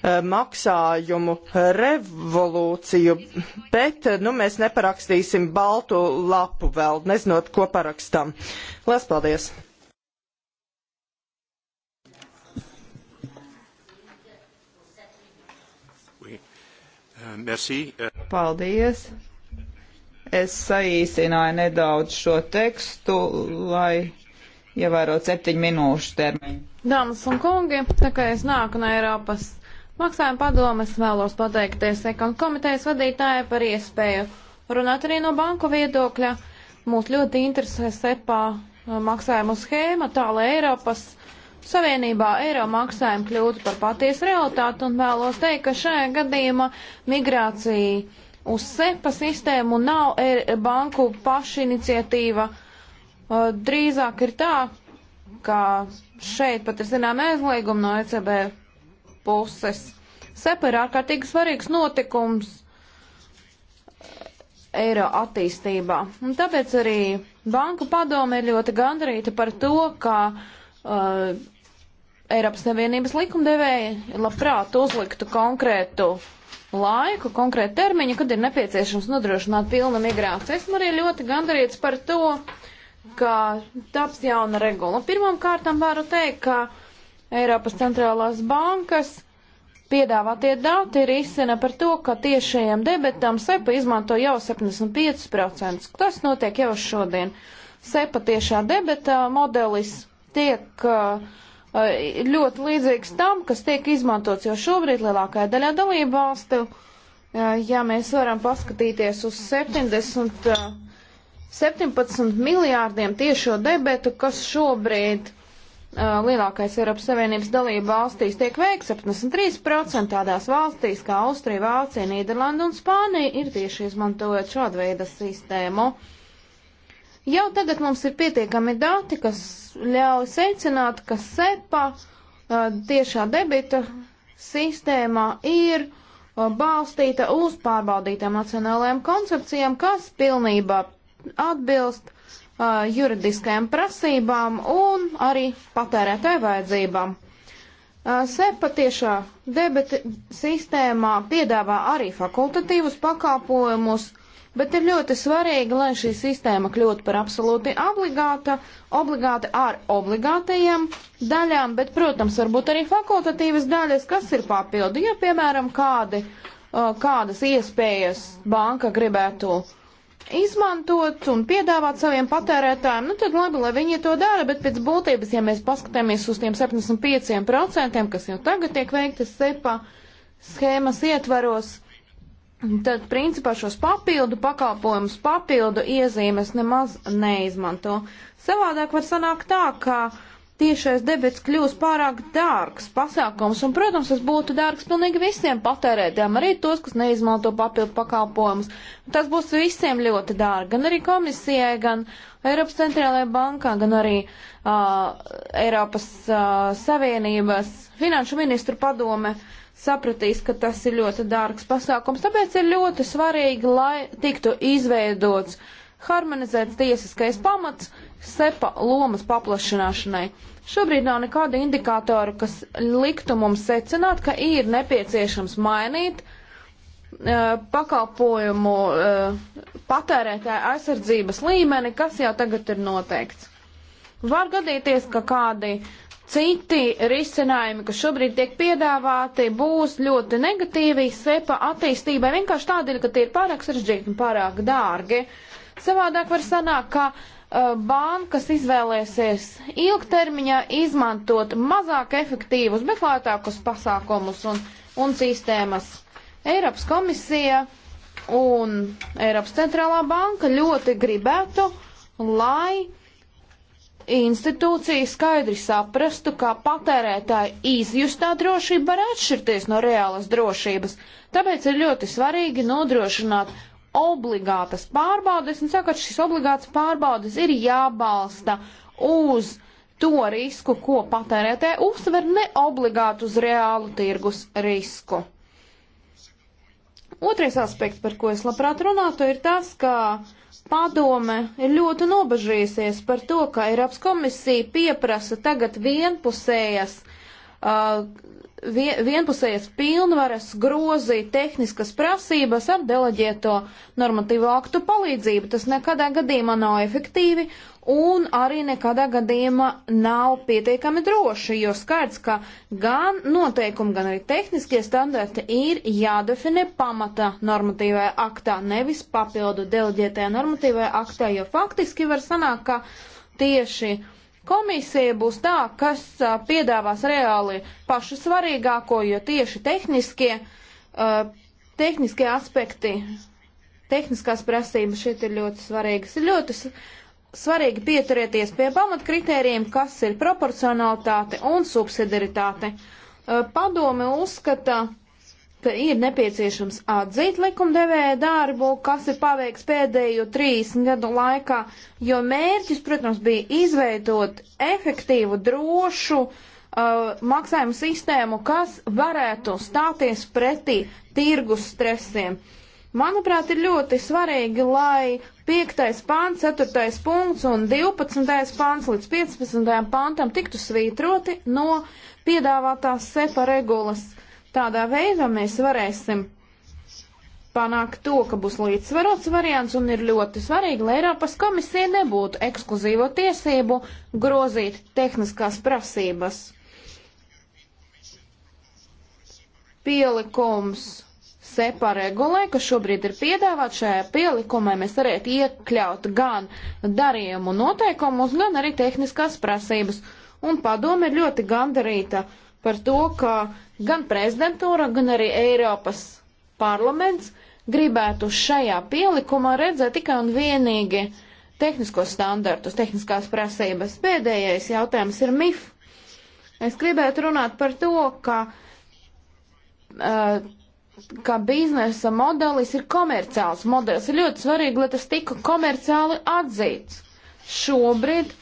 [SPEAKER 3] eh, maksājumu revolūciju, bet eh, nu, mēs neparakstīsim baltu lapu vēl, nezinot, ko parakstam. Lielas paldies! Merci.
[SPEAKER 1] Paldies. Es saīsināju nedaudz šo tekstu, lai ievērot septiņu minūšu termiņu.
[SPEAKER 2] Dāmas un kungi, tā kā es nāku no Eiropas maksājuma padomes, vēlos pateikties ekonomikas komitejas vadītāja par iespēju runāt arī no banku viedokļa. Mūs ļoti interesē SEPA eh, maksājumu schēma, tā lai Eiropas Savienībā eiro maksājumi kļūtu par patiesu realitāti un vēlos teikt, ka šajā gadījumā migrācija uz SEPA sistēmu nav e banku pašiniciatīva. Drīzāk ir tā, ka šeit pat ir zinām aizlieguma no ECB puses. SEPA ir ārkārtīgi svarīgs notikums eiro attīstībā. Un tāpēc arī Banku padome ir ļoti gandarīta par to, ka uh, Eiropas Savienības likumdevēji labprāt uzliktu konkrētu laiku, konkrētu termiņu, kad ir nepieciešams nodrošināt pilnu migrāciju. Esmu arī ļoti gandarīts par to, ka taps jauna regula. Pirmam kārtam varu teikt, ka Eiropas centrālās bankas piedāvātie dati ir izsina par to, ka tiešajam debetam SEPA izmanto jau 75%. Tas notiek jau šodien. SEPA tiešā debeta modelis tiek uh, ļoti līdzīgs tam, kas tiek izmantots jau šobrīd lielākajā daļā dalību valstu. Ja mēs varam paskatīties uz 70, 17 miljārdiem tiešo debetu, kas šobrīd lielākais Eiropas Savienības dalību valstīs tiek veikts, 73% tādās valstīs kā Austrija, Vācija, Nīderlanda un Spānija ir tieši izmantojot šādu veidu sistēmu. Uh, Jau tagad mums ir pietiekami dati, kas ļauj secināt, ka SEPA tiešā debita sistēmā ir balstīta uz pārbaudītām nacionālajām koncepcijām, kas pilnībā atbilst uh, juridiskajām prasībām un arī patērētāju vajadzībām. Uh, SEPA tiešā debita sistēmā piedāvā arī fakultatīvus pakāpojumus, uh, bet ir ļoti svarīgi, lai šī sistēma kļūtu par absolūti obligāta, obligāti ar obligātajām daļām, bet, protams, varbūt arī fakultatīvas daļas, kas ir papildu, ja, piemēram, kādi, uh, kādas iespējas banka gribētu izmantot un piedāvāt saviem patērētājiem, nu tad labi, lai viņi to dara, bet pēc būtības, ja mēs paskatāmies uz tiem 75%, kas jau tagad tiek veikti SEPA schēmas ietvaros, tad principā šos papildu pakalpojumus, papildu iezīmes nemaz neizmanto. Savādāk var sanākt tā, ka tiešais debets kļūs pārāk dārgs pasākums, un, protams, tas būtu dārgs pilnīgi visiem patērētājiem, arī tos, kas neizmanto papildu pakalpojumus. Tas būs visiem ļoti dārgi, gan arī komisijai, gan Eiropas centrālajai bankā, gan arī uh, Eiropas uh, Savienības finanšu ministru padome. Uh, sapratīs, ka tas ir ļoti dārgs pasākums. Tāpēc ir ļoti svarīgi, lai tiktu izveidots harmonizēts tiesiskais pamats sepa lomas paplašināšanai. Šobrīd nav nekāda indikātora, kas liktu mums secināt, ka ir nepieciešams mainīt uh, pakalpojumu uh, patērētāja aizsardzības līmeni, kas jau tagad ir noteikts. Var gadīties, ka kādi uh, Citi risinājumi, kas šobrīd tiek piedāvāti, būs ļoti negatīvi sepa attīstībai vienkārši tādēļ, ka tie ir pārāk sarežģīti un pārāk dārgi. Savādāk var sanākt, ka uh, bankas izvēlēsies ilgtermiņā izmantot mazāk efektīvus, bet lētākus pasākumus un, un sistēmas. Eiropas komisija un Eiropas centrālā banka ļoti gribētu, lai uh, institūcija skaidri saprastu, ka patērētāja izjustā drošība var atšķirties no reālas drošības. Tāpēc ir ļoti svarīgi nodrošināt obligātas pārbaudes, un saka, šis obligātas pārbaudes ir jābalsta uz to risku, ko patērētāja uztver ne obligāti uz reālu tirgus risku. Otrais aspekts, par ko es labprāt runātu, ir tas, ka uh, Padome ir ļoti nobežījusies par to, ka Eiropas komisija pieprasa tagad vienpusējas uh, vienpusējas pilnvaras grozīt tehniskas prasības ar deleģēto normatīvo aktu palīdzību. Tas nekadā gadījumā nav efektīvi un arī nekadā gadījumā nav pietiekami droši, jo skaidrs, ka gan noteikumi, gan arī tehniskie standarti ir jādefinē pamata normatīvajā aktā, nevis papildu deleģētajā normatīvajā aktā, jo faktiski var sanākt, ka tieši uh, Komisija būs tā, kas piedāvās reāli pašu svarīgāko, jo tieši tehniskie, tehniskie aspekti, tehniskās prasības šeit ir ļoti svarīgas. Ir ļoti svarīgi pieturēties pie pamatkritērijiem, kas ir proporcionalitāte un subsidiaritāte. Padome uzskata, ir nepieciešams atzīt likumdevēja darbu, kas ir paveikts pēdējo 30 gadu laikā, jo mērķis, protams, bija izveidot efektīvu, drošu uh, maksājumu sistēmu, kas varētu stāties pretī tirgus stresiem. Manuprāt, ir ļoti svarīgi, lai 5. pāns, 4. punkts un 12. pāns līdz 15. pāntam tiktu svītroti no piedāvātās sepa regulas. Uh, Tādā veidā mēs varēsim panākt to, ka būs līdzsvarots variants un ir ļoti svarīgi, lai Eiropas komisija nebūtu ekskluzīvo tiesību grozīt tehniskās prasības. Pielikums SEPA regulē, kas šobrīd ir piedāvāts šajā pielikumā, mēs varētu iekļaut gan darījumu noteikumus, gan arī tehniskās prasības. Un padome ir ļoti gandarīta par to, ka gan prezidentūra, gan arī Eiropas parlaments gribētu šajā pielikumā redzēt tikai un vienīgi tehniskos standartus, tehniskās prasības. Pēdējais jautājums ir MIF. Es gribētu runāt par to, ka, uh, ka biznesa modelis ir komerciāls modelis. Ir ļoti svarīgi, lai tas tika komerciāli atzīts. Šobrīd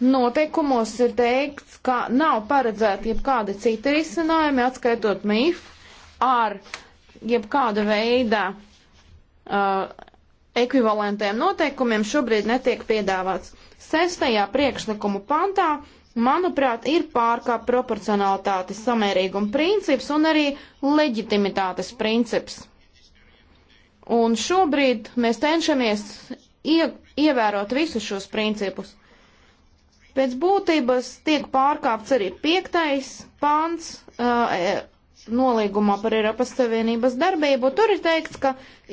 [SPEAKER 2] Noteikumos ir teikts, ka nav paredzēti jebkādi citi risinājumi, atskaitot MIF ar jebkāda veida uh, ekvivalentiem noteikumiem šobrīd netiek piedāvāts. Sestajā priekšlikumu pantā manuprāt, ir pārkāpta proporcionalitātes samērīguma princips un arī leģitimitātes princips. Un šobrīd mēs cenšamies ie, ievērot visus šos principus. Pēc būtības tiek pārkāpts arī piektais pāns uh, e, nolīgumā par Eiropas Savienības darbību. Tur ir teikts, ka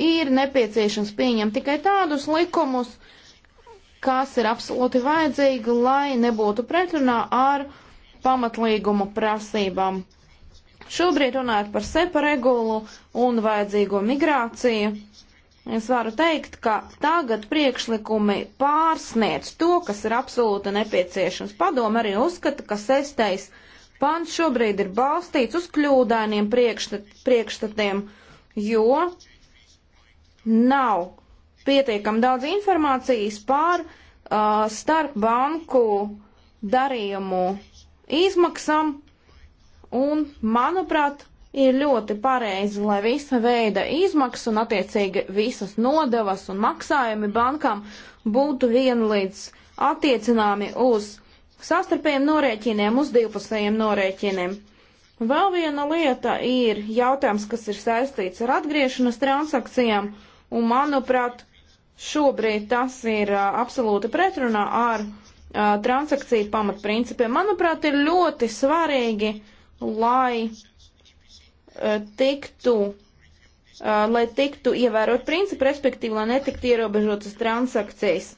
[SPEAKER 2] ir nepieciešams pieņemt tikai tādus likumus, kas ir absolūti vajadzīgi, lai nebūtu pretrunā ar pamatlīgumu prasībām. Šobrīd runājot par sepa regulu un vajadzīgo migrāciju, Es varu teikt, ka tagad priekšlikumi pārsniedz to, kas ir absolūti nepieciešams. Padoma arī uzskata, ka sestais pants šobrīd ir balstīts uz kļūdainiem priekšstat, priekšstatiem, jo nav pietiekam daudz informācijas pār uh, starp banku darījumu izmaksām, un, manuprāt, ir ļoti pareizi, lai visa veida izmaksas un attiecīgi visas nodevas un maksājumi bankām būtu vienlīdz attiecināmi uz sastarpējiem norēķiniem, uz divpusējiem norēķiniem. Vēl viena lieta ir jautājums, kas ir saistīts ar atgriešanas transakcijām, un manuprāt, šobrīd tas ir uh, absolūti pretrunā ar uh, transakciju pamatprincipiem. Manuprāt, ir ļoti svarīgi, lai uh, Eh, tiktu, eh, lai tiktu ievērot principu, respektīvi, lai netiktu ierobežotas transakcijas.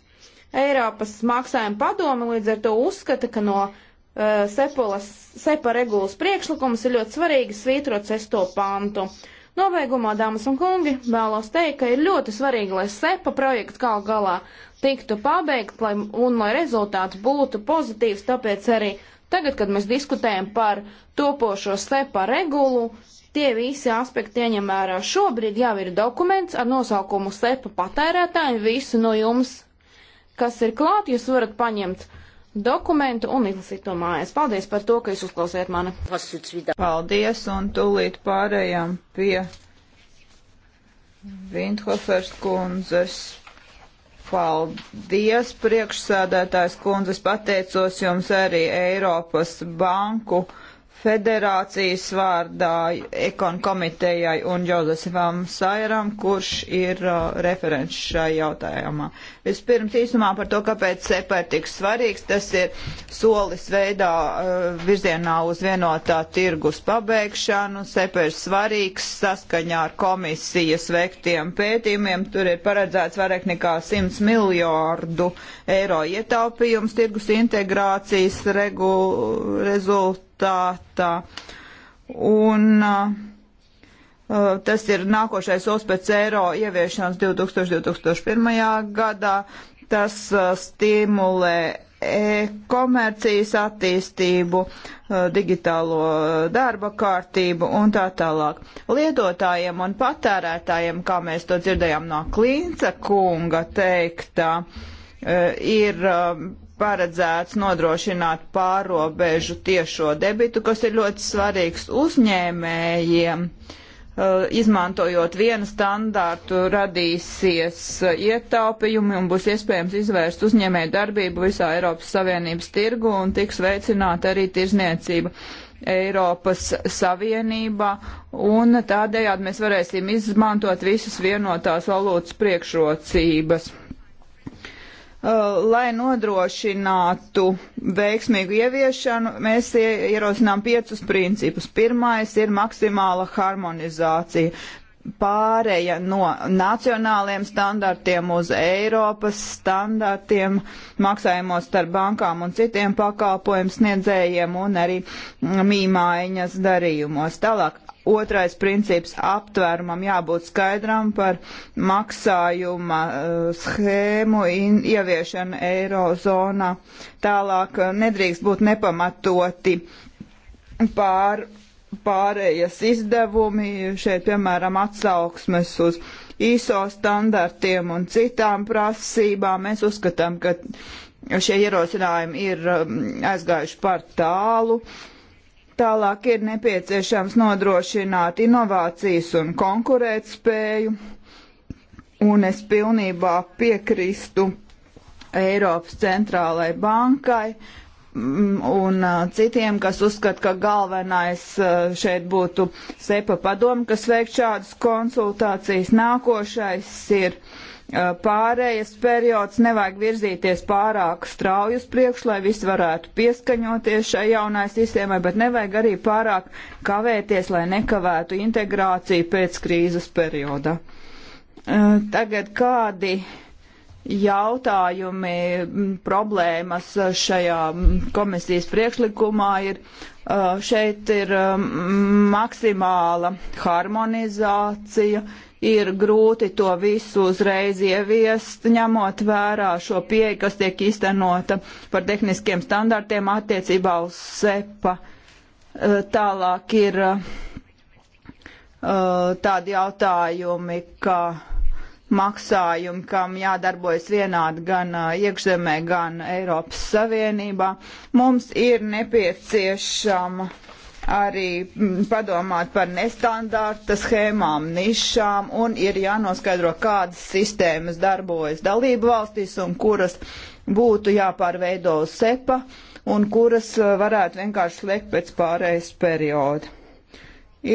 [SPEAKER 2] Eiropas maksājuma padome līdz ar to uzskata, ka no eh, sepolas, sepa regulas priekšlikums ir ļoti svarīgi svītrot sesto pantu. Novēgumā, dāmas un kungi, vēlos teikt, ka ir ļoti svarīgi, lai sepa projekts gal galā tiktu pabeigt lai, un lai rezultāts būtu pozitīvs, tāpēc arī tagad, kad mēs diskutējam par topošo sepa regulu, Tie visi aspekti ieņem vērā. Šobrīd jau ir dokuments ar nosaukumu SEPA patērētājiem. Visu no jums, kas ir klāt, jūs varat paņemt dokumentu un izlasīt to mājās. Paldies par to, ka jūs
[SPEAKER 1] uzklausījāt mani. Paldies un tūlīt pārējām pie Vindhofers kundzes. Paldies, priekšsēdētājs kundzes, pateicos jums arī Eiropas banku federācijas vārdā ekon komitejai un Jozefam Sairam, kurš ir uh, referents šai jautājumā. Vispirms īsumā par to, kāpēc CEPR tik svarīgs, tas ir solis veidā uh, virzienā uz vienotā tirgus pabeigšanu. CEPR svarīgs saskaņā ar komisijas veiktiem pētījumiem. Tur ir paredzēts vairāk nekā 100 miljārdu eiro ietaupījums tirgus integrācijas regu, rezultātu rezultātā. Un uh, uh, tas ir nākošais OSPC eiro ieviešanas 2000-2001 gadā. Tas uh, stimulē e-komercijas attīstību, uh, digitālo uh, darba kārtību un tā tālāk. Lietotājiem un patērētājiem, kā mēs to dzirdējām no Klīnca kunga teiktā, ir um, paredzēts nodrošināt pārobežu tiešo debitu, kas ir ļoti svarīgs uzņēmējiem. Uh, izmantojot vienu standārtu, radīsies uh, ietaupījumi un būs iespējams izvērst uzņēmēju darbību visā Eiropas Savienības tirgu un tiks veicināta arī tirzniecība. Eiropas Savienībā, un tādējādi mēs varēsim izmantot visas vienotās valūtas priekšrocības. Uh, lai nodrošinātu veiksmīgu ieviešanu, mēs ierosinām piecus principus. Pirmais ir maksimāla harmonizācija pāreja no nacionāliem standartiem uz Eiropas standartiem, maksājumos starp bankām un citiem pakalpojumu sniedzējiem un arī mm, mīmaiņas darījumos. Tālāk Otrais princips - aptvērumam jābūt skaidram par maksājuma eh, schēmu in, ieviešanu eirozonā. Tālāk eh, nedrīkst būt nepamatoti pār, pārējas izdevumi, šeit piemēram atsauksmes uz ISO standartiem un citām prasībām. Mēs uzskatām, ka šie ierosinājumi ir eh, aizgājuši par tālu. Uh, Tālāk ir nepieciešams nodrošināt inovācijas un konkurētspēju, un es pilnībā piekrīstu Eiropas centrālai bankai mm, un citiem, kas uzskata, ka galvenais šeit būtu sepa padomu, kas veikt šādas konsultācijas. Nākošais ir uh, Uh, pārējas periods nevajag virzīties pārāk strauji uz priekšu, lai visi varētu pieskaņoties šai jaunai sistēmai, bet nevajag arī pārāk kavēties, lai nekavētu integrāciju pēc krīzes perioda. Uh, tagad kādi jautājumi, problēmas šajā komisijas priekšlikumā ir. Uh, šeit ir maksimāla harmonizācija, ir grūti to visu uzreiz ieviest, ņemot vērā šo pieeju, kas tiek īstenota par tehniskiem standartiem attiecībā uz sepa. Eh, tālāk ir eh, tādi jautājumi, ka maksājumi, kam jādarbojas vienādi gan eh, iekšzemē, gan Eiropas Savienībā. Mums ir nepieciešama uh, arī mm, padomāt par nestandarta schēmām, nišām un ir jānoskaidro, kādas sistēmas darbojas dalību valstīs un kuras būtu jāpārveido uz sepa un kuras eh, varētu vienkārši slēgt pēc pārējais perioda.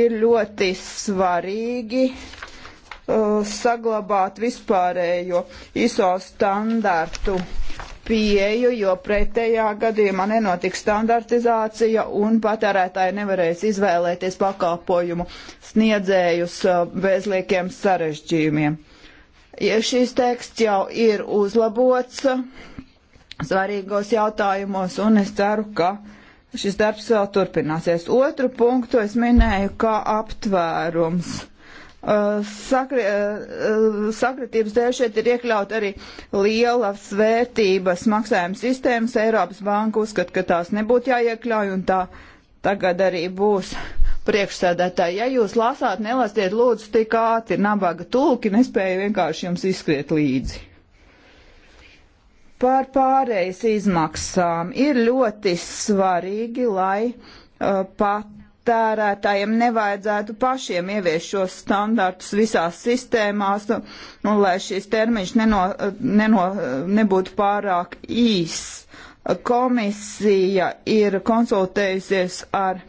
[SPEAKER 1] Ir ļoti svarīgi eh, saglabāt vispārējo ISO standartu pieeju, jo pretējā gadījumā nenotiks standartizācija un patērētāji nevarēs izvēlēties pakalpojumu sniedzējus uh, bez liekiem sarežģījumiem. Ja šīs teksts jau ir uzlabots uh, svarīgos jautājumos, un es ceru, ka šis darbs vēl turpināsies. Otru punktu es minēju kā aptvērums Eh, sakri, eh, sakritības dēļ šeit ir iekļaut arī lielas vērtības maksājuma sistēmas. Eiropas Banka uzskata, ka tās nebūtu jāiekļauj un tā tagad arī būs priekšsēdētāji. Ja jūs lasāt, nelasiet lūdzu tik ātri, nabaga tulki nespēja vienkārši jums izskriet līdzi. Par pārējas izmaksām ir ļoti svarīgi, lai uh, pat tērētājiem nevajadzētu pašiem ievies šos standartus visās sistēmās, un, nu, un lai šis termiņš neno, neno, nebūtu pārāk īss. Komisija ir konsultējusies ar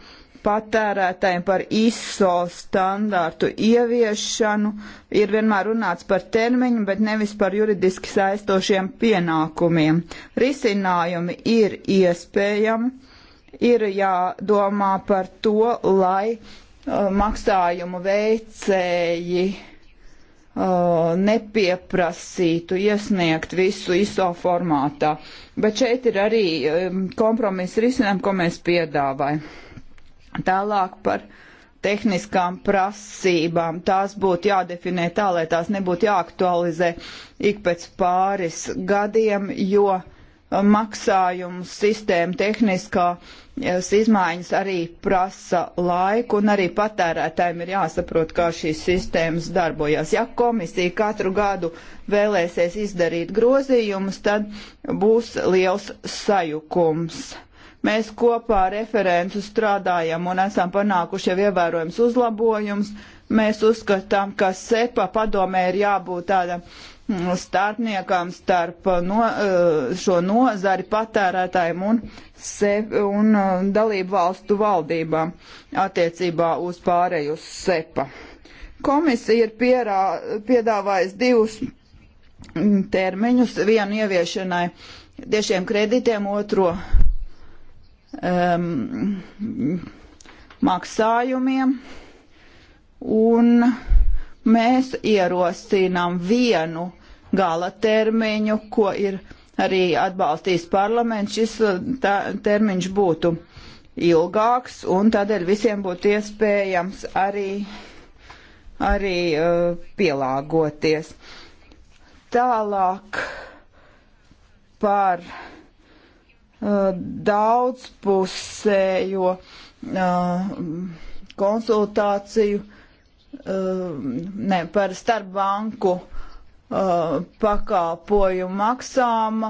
[SPEAKER 1] patērētājiem par ISO standārtu ieviešanu. Ir vienmēr runāts par termiņu, bet nevis par juridiski saistošiem pienākumiem. Risinājumi ir iespējami ir jādomā par to, lai uh, maksājumu veicēji uh, nepieprasītu iesniegt visu ISO formātā. Bet šeit ir arī um, kompromisa risinājumi, ko mēs piedāvājam. Tālāk par tehniskām prasībām. Tās būtu jādefinē tā, lai tās nebūtu jāaktualizē ik pēc pāris gadiem, jo uh, maksājumu sistēma tehniskās izmaiņas arī prasa laiku, un arī patērētājiem ir jāsaprot, kā šīs sistēmas darbojas. Ja komisija katru gadu vēlēsies izdarīt grozījumus, tad būs liels sajukums. Mēs kopā ar referentu strādājam un esam panākuši jau ievērojams uzlabojums. Mēs uzskatām, ka SEPA padomē ir jābūt tādam starpniekam starp uh, no, uh, šo nozari patērētājiem un, sep, un uh, dalību valstu valdībām attiecībā uz pārējus sepa. Komisija ir pierā, piedāvājusi divus mm, termiņus, vienu ieviešanai tiešiem kredītiem, otro um, maksājumiem. Un uh, Mēs ierosinām vienu gala termiņu, ko ir arī atbalstījis parlaments. Šis uh, tā, termiņš būtu ilgāks un tādēļ visiem būtu iespējams arī, arī uh, pielāgoties. Tālāk par uh, daudzpusējo uh, konsultāciju Uh, ne, par starpbanku uh, pakalpojumu maksām.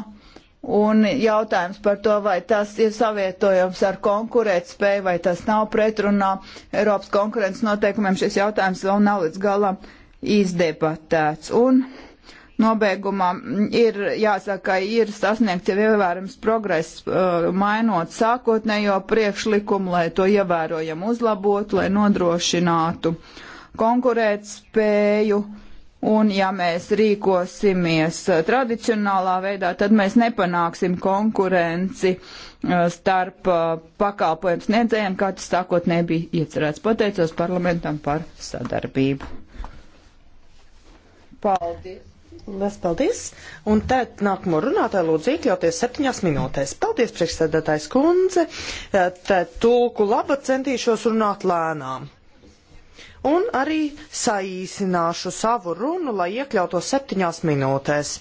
[SPEAKER 1] Un jautājums par to, vai tas ir savietojams ar konkurētspēju, vai tas nav pretrunā Eiropas konkurences noteikumiem, šis jautājums vēl nav līdz galam izdebatēts. Un nobeigumā ir jāsaka, ir sasniegts jau ievērams progress, uh, mainot sākotnējo priekšlikumu, lai to ievērojam uzlabotu, lai nodrošinātu uh, konkurēt spēju. Un ja mēs rīkosimies tradicionālā veidā, tad mēs nepanāksim konkurenci uh, starp uh, pakalpojumu sniedzējiem, kā tas sākotnēji bija iecerēts. Pateicos parlamentam par sadarbību. Paldies!
[SPEAKER 3] Lielas paldies! Un tad nākamo runātāju lūdzu iekļauties septiņās minūtēs. Paldies, priekšsēdētājs kundze! Tad tulku laba centīšos runāt lēnām un arī saīsināšu savu runu, lai iekļautu septiņās minūtēs.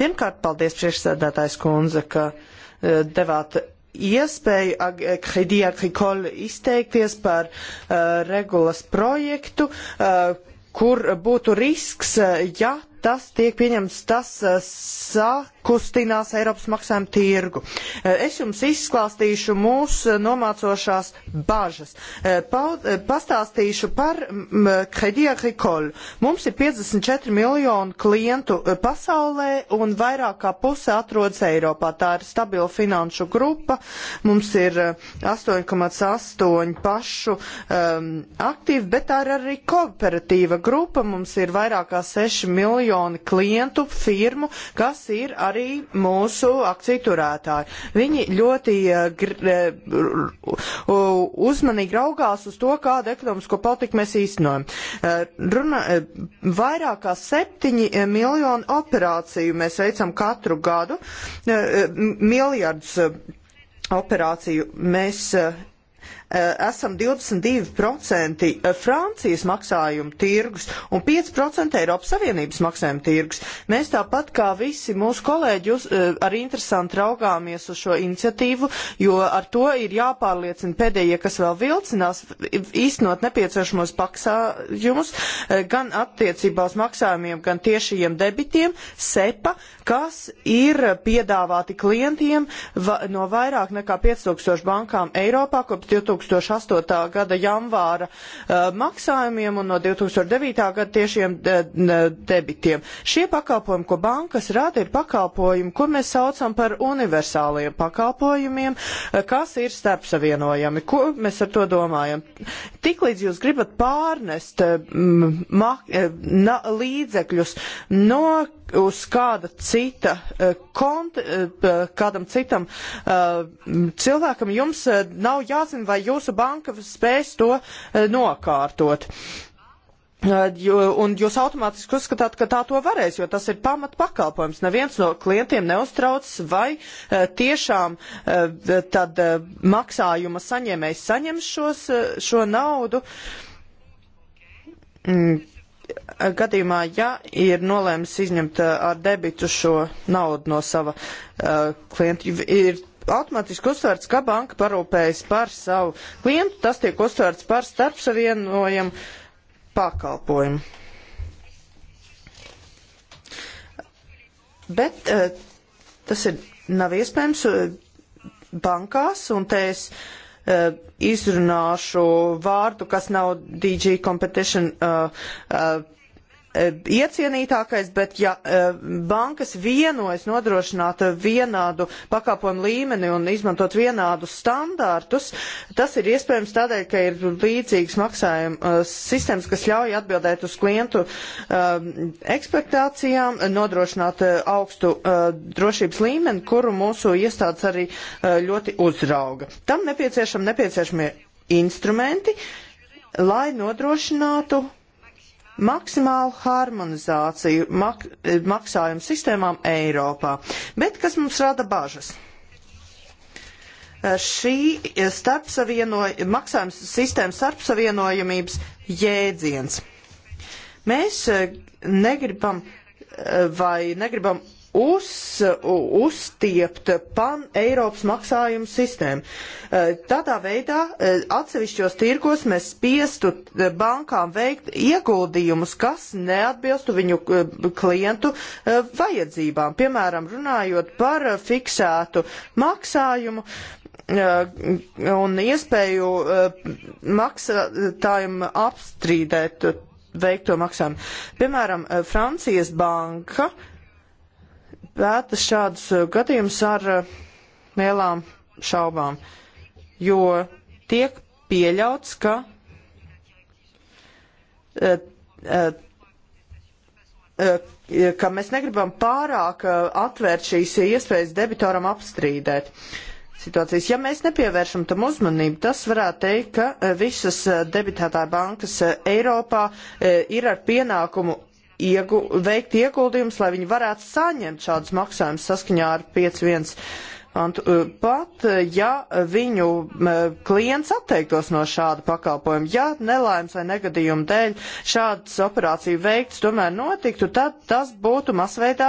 [SPEAKER 3] Pirmkārt, paldies priekšsēdētājs kundze, ka uh, devāt iespēju Credit Agricole izteikties par uh, regulas projektu, uh, kur būtu risks, ja tas tiek pieņemts tas uh, sāk kustinās Eiropas maksājumu tirgu. Eh, es jums izklāstīšu mūsu eh, nomācošās bažas. Eh, paud, pastāstīšu par mm, Credit Agricole. Mums ir 54 miljonu klientu pasaulē un vairāk kā puse atrodas Eiropā. Tā ir stabila finanšu grupa. Mums ir 8,8 pašu um, aktīvi, bet tā ir arī kooperatīva grupa. Mums ir vairāk kā 6 miljoni klientu firmu, kas ir ar arī mūsu akciju turētāji. Viņi ļoti eh, eh, uzmanīgi raugās uz to, kādu ekonomisko politiku mēs īstenojam. Eh, runa, vairāk kā septiņi miljoni operāciju mēs veicam katru gadu, miljardus operāciju mēs Eh, esam 22% eh, Francijas maksājuma tirgus un 5% Eiropas Savienības maksājuma tirgus. Mēs tāpat kā visi mūsu kolēģi uz, eh, arī interesanti raugāmies uz šo iniciatīvu, jo ar to ir jāpārliecina pēdējie, kas vēl vilcinās, īstenot nepieciešamos maksājumus gan attiecībā uz maksājumiem, gan tiešajiem debitiem, SEPA, kas ir piedāvāti klientiem va, no vairāk nekā 5000 bankām Eiropā kopš 2000. 2008. gada janvāra uh, maksājumiem un no 2009. gada tiešiem uh, debitiem. Šie pakalpojumi, ko bankas rada, ir pakalpojumi, ko mēs saucam par universāliem pakalpojumiem, uh, kas ir starpsavienojami. Ko mēs ar to domājam? Tiklīdz jūs gribat pārnest ma, na, līdzekļus no uz kāda cita eh, konta, eh, eh, kādam citam cilvēkam jums nav jāzina, vai jūsu banka spēs to nokārtot. Un jūs automātiski uzskatāt, ka tā to varēs, jo tas ir pamat pakalpojums. Neviens no klientiem neuztrauc, vai tiešām tad maksājuma saņēmējs saņems šos, šo naudu. Mm gadījumā, ja ir nolēmis izņemt eh, ar debitu šo naudu no sava uh, klienta, ir automātiski uzsvērts, ka banka parūpējas par savu klientu, tas tiek uzsvērts par starpsavienojumu pakalpojumu. Bet uh, tas ir nav iespējams uh, bankās, un te es uh, uh, izrunāšu vārdu, kas nav DG Competition uh, uh, Eh, iecienītākais, bet ja eh, bankas vienojas nodrošināt eh, vienādu pakāpojumu līmeni un izmantot vienādus standārtus, tas ir iespējams tādēļ, ka ir līdzīgas maksājuma sistēmas, kas ļauj atbildēt uz klientu ekspektācijām, nodrošināt augstu drošības līmeni, kuru mūsu iestādes arī ļoti uzrauga. Tam nepieciešami nepieciešamie instrumenti, lai nodrošinātu maksimālu harmonizāciju mak maksājumu sistēmām Eiropā. Bet kas mums rada bažas? Šī maksājuma sistēmas starpsavienojamības jēdziens. Mēs negribam vai negribam uz, uzstiept pan-Eiropas maksājumu sistēmu. Eh, tādā veidā eh, atsevišķos tirgos mēs spiestu eh, bankām veikt ieguldījumus, kas neatbilstu viņu klientu vajadzībām. Piemēram, runājot par fiksētu maksājumu, un iespēju maksātājiem apstrīdēt veikto maksājumu. Piemēram, Francijas banka uh, pēta šādus eh, gadījumus ar eh, lielām šaubām, jo tiek pieļauts, ka eh, ka mēs negribam pārāk atvērt šīs iespējas debitoram apstrīdēt situācijas. Ja mēs nepievēršam tam uzmanību, tas varētu teikt, ka visas debitētāja bankas Eiropā ir ar pienākumu iegu, veikt ieguldījumus, lai viņi varētu saņemt šādus maksājumus saskaņā ar 5.1 Eh, pat eh, ja viņu eh, klients atteiktos no šāda pakalpojuma, ja nelaimes vai negadījuma dēļ šādas operācija veikts tomēr notiktu, tad tas būtu masveidā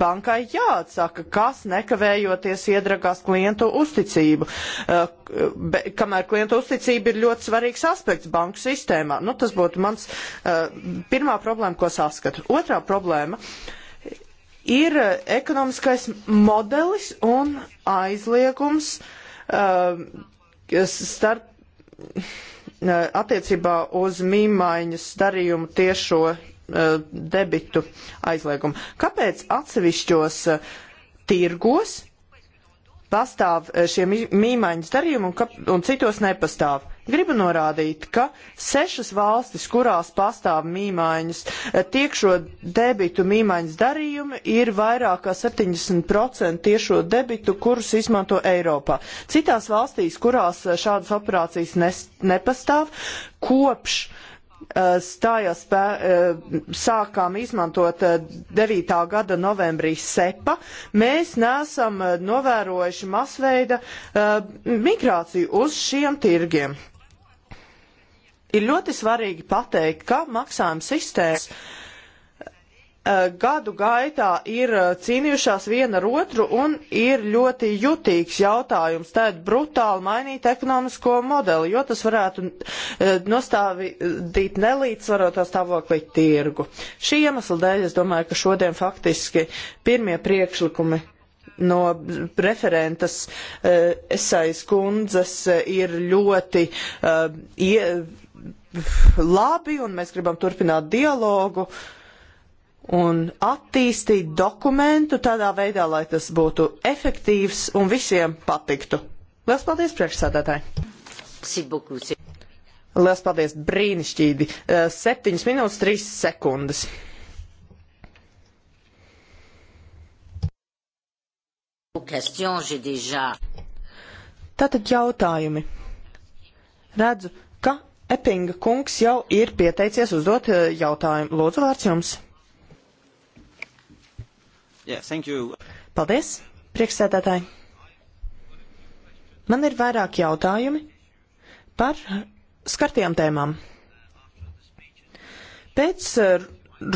[SPEAKER 3] bankai jāatsaka, kas nekavējoties iedragās klientu uzticību. Be, kamēr klienta uzticība ir ļoti svarīgs aspekts banku sistēmā. Nu, tas būtu mans uh, pirmā problēma, ko saskatu. Otrā problēma. Uh, ir eh, ekonomiskais modelis un aizliegums uh, eh, starp uh, eh, attiecībā uz mīmaiņas darījumu tiešo uh, debitu aizliegumu. Kāpēc atsevišķos uh, tirgos pastāv šie mīmaiņas darījumi un, kap, un citos nepastāv? Gribu norādīt, ka sešas valstis, kurās pastāv mīmaiņas, tiekšo debitu mīmaiņas darījumi ir vairāk kā 70% tiešo debitu, kurus izmanto Eiropā. Citās valstīs, kurās šādas operācijas nes, nepastāv, kopš eh, stājās, eh, sākām izmantot 9. Eh, gada novembrī SEPA, mēs neesam novērojuši masveida migrāciju uz šiem tirgiem. Ir ļoti svarīgi pateikt, ka maksājuma sistēmas eh, gadu gaitā ir eh, cīnījušās viena ar otru un ir ļoti jutīgs jautājums tēt brutāli mainīt ekonomisko modeli, jo tas varētu eh, nostāvīt nelīdzsvarotā stāvoklī tirgu. Šī iemesla dēļ es domāju, ka šodien faktiski pirmie priekšlikumi no referentas esaijas kundzes ir ļoti. Uh, ie, labi un mēs gribam turpināt dialogu un attīstīt dokumentu tādā veidā, lai tas būtu efektīvs un visiem patiktu. Lielas paldies priekšsādātāji! Lielas paldies, brīnišķīgi! 7 eh, minūtes 3 sekundes. Tātad jautājumi. Redzu, Epinga kungs jau ir pieteicies uzdot eh, jautājumu. Lūdzu, vārds jums.
[SPEAKER 1] Yeah,
[SPEAKER 3] Paldies, priekšsēdētāji. Man ir vairāk jautājumi par skartajām tēmām. Pēc eh,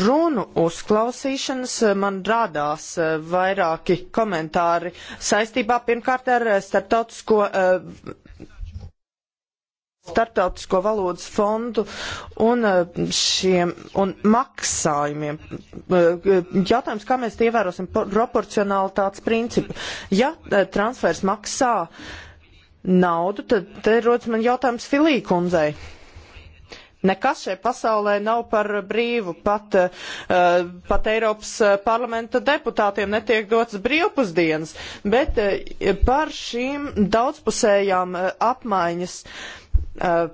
[SPEAKER 3] runu uzklausīšanas eh, man rādās vairāki komentāri saistībā pirmkārt ar starptautisko starptautisko valodas fondu un eh, šiem un maksājumiem. Eh, jautājums, kā mēs ievērosim proporcionalitātes principu. Ja eh, transfers maksā naudu, tad te rodas man jautājums Filīkundzei. Nekas šajā pasaulē nav par brīvu. Pat, uh, pat Eiropas parlamenta deputātiem netiek dots brīvpusdienas, bet uh, par šīm daudzpusējām uh, apmaiņas uh, Uh,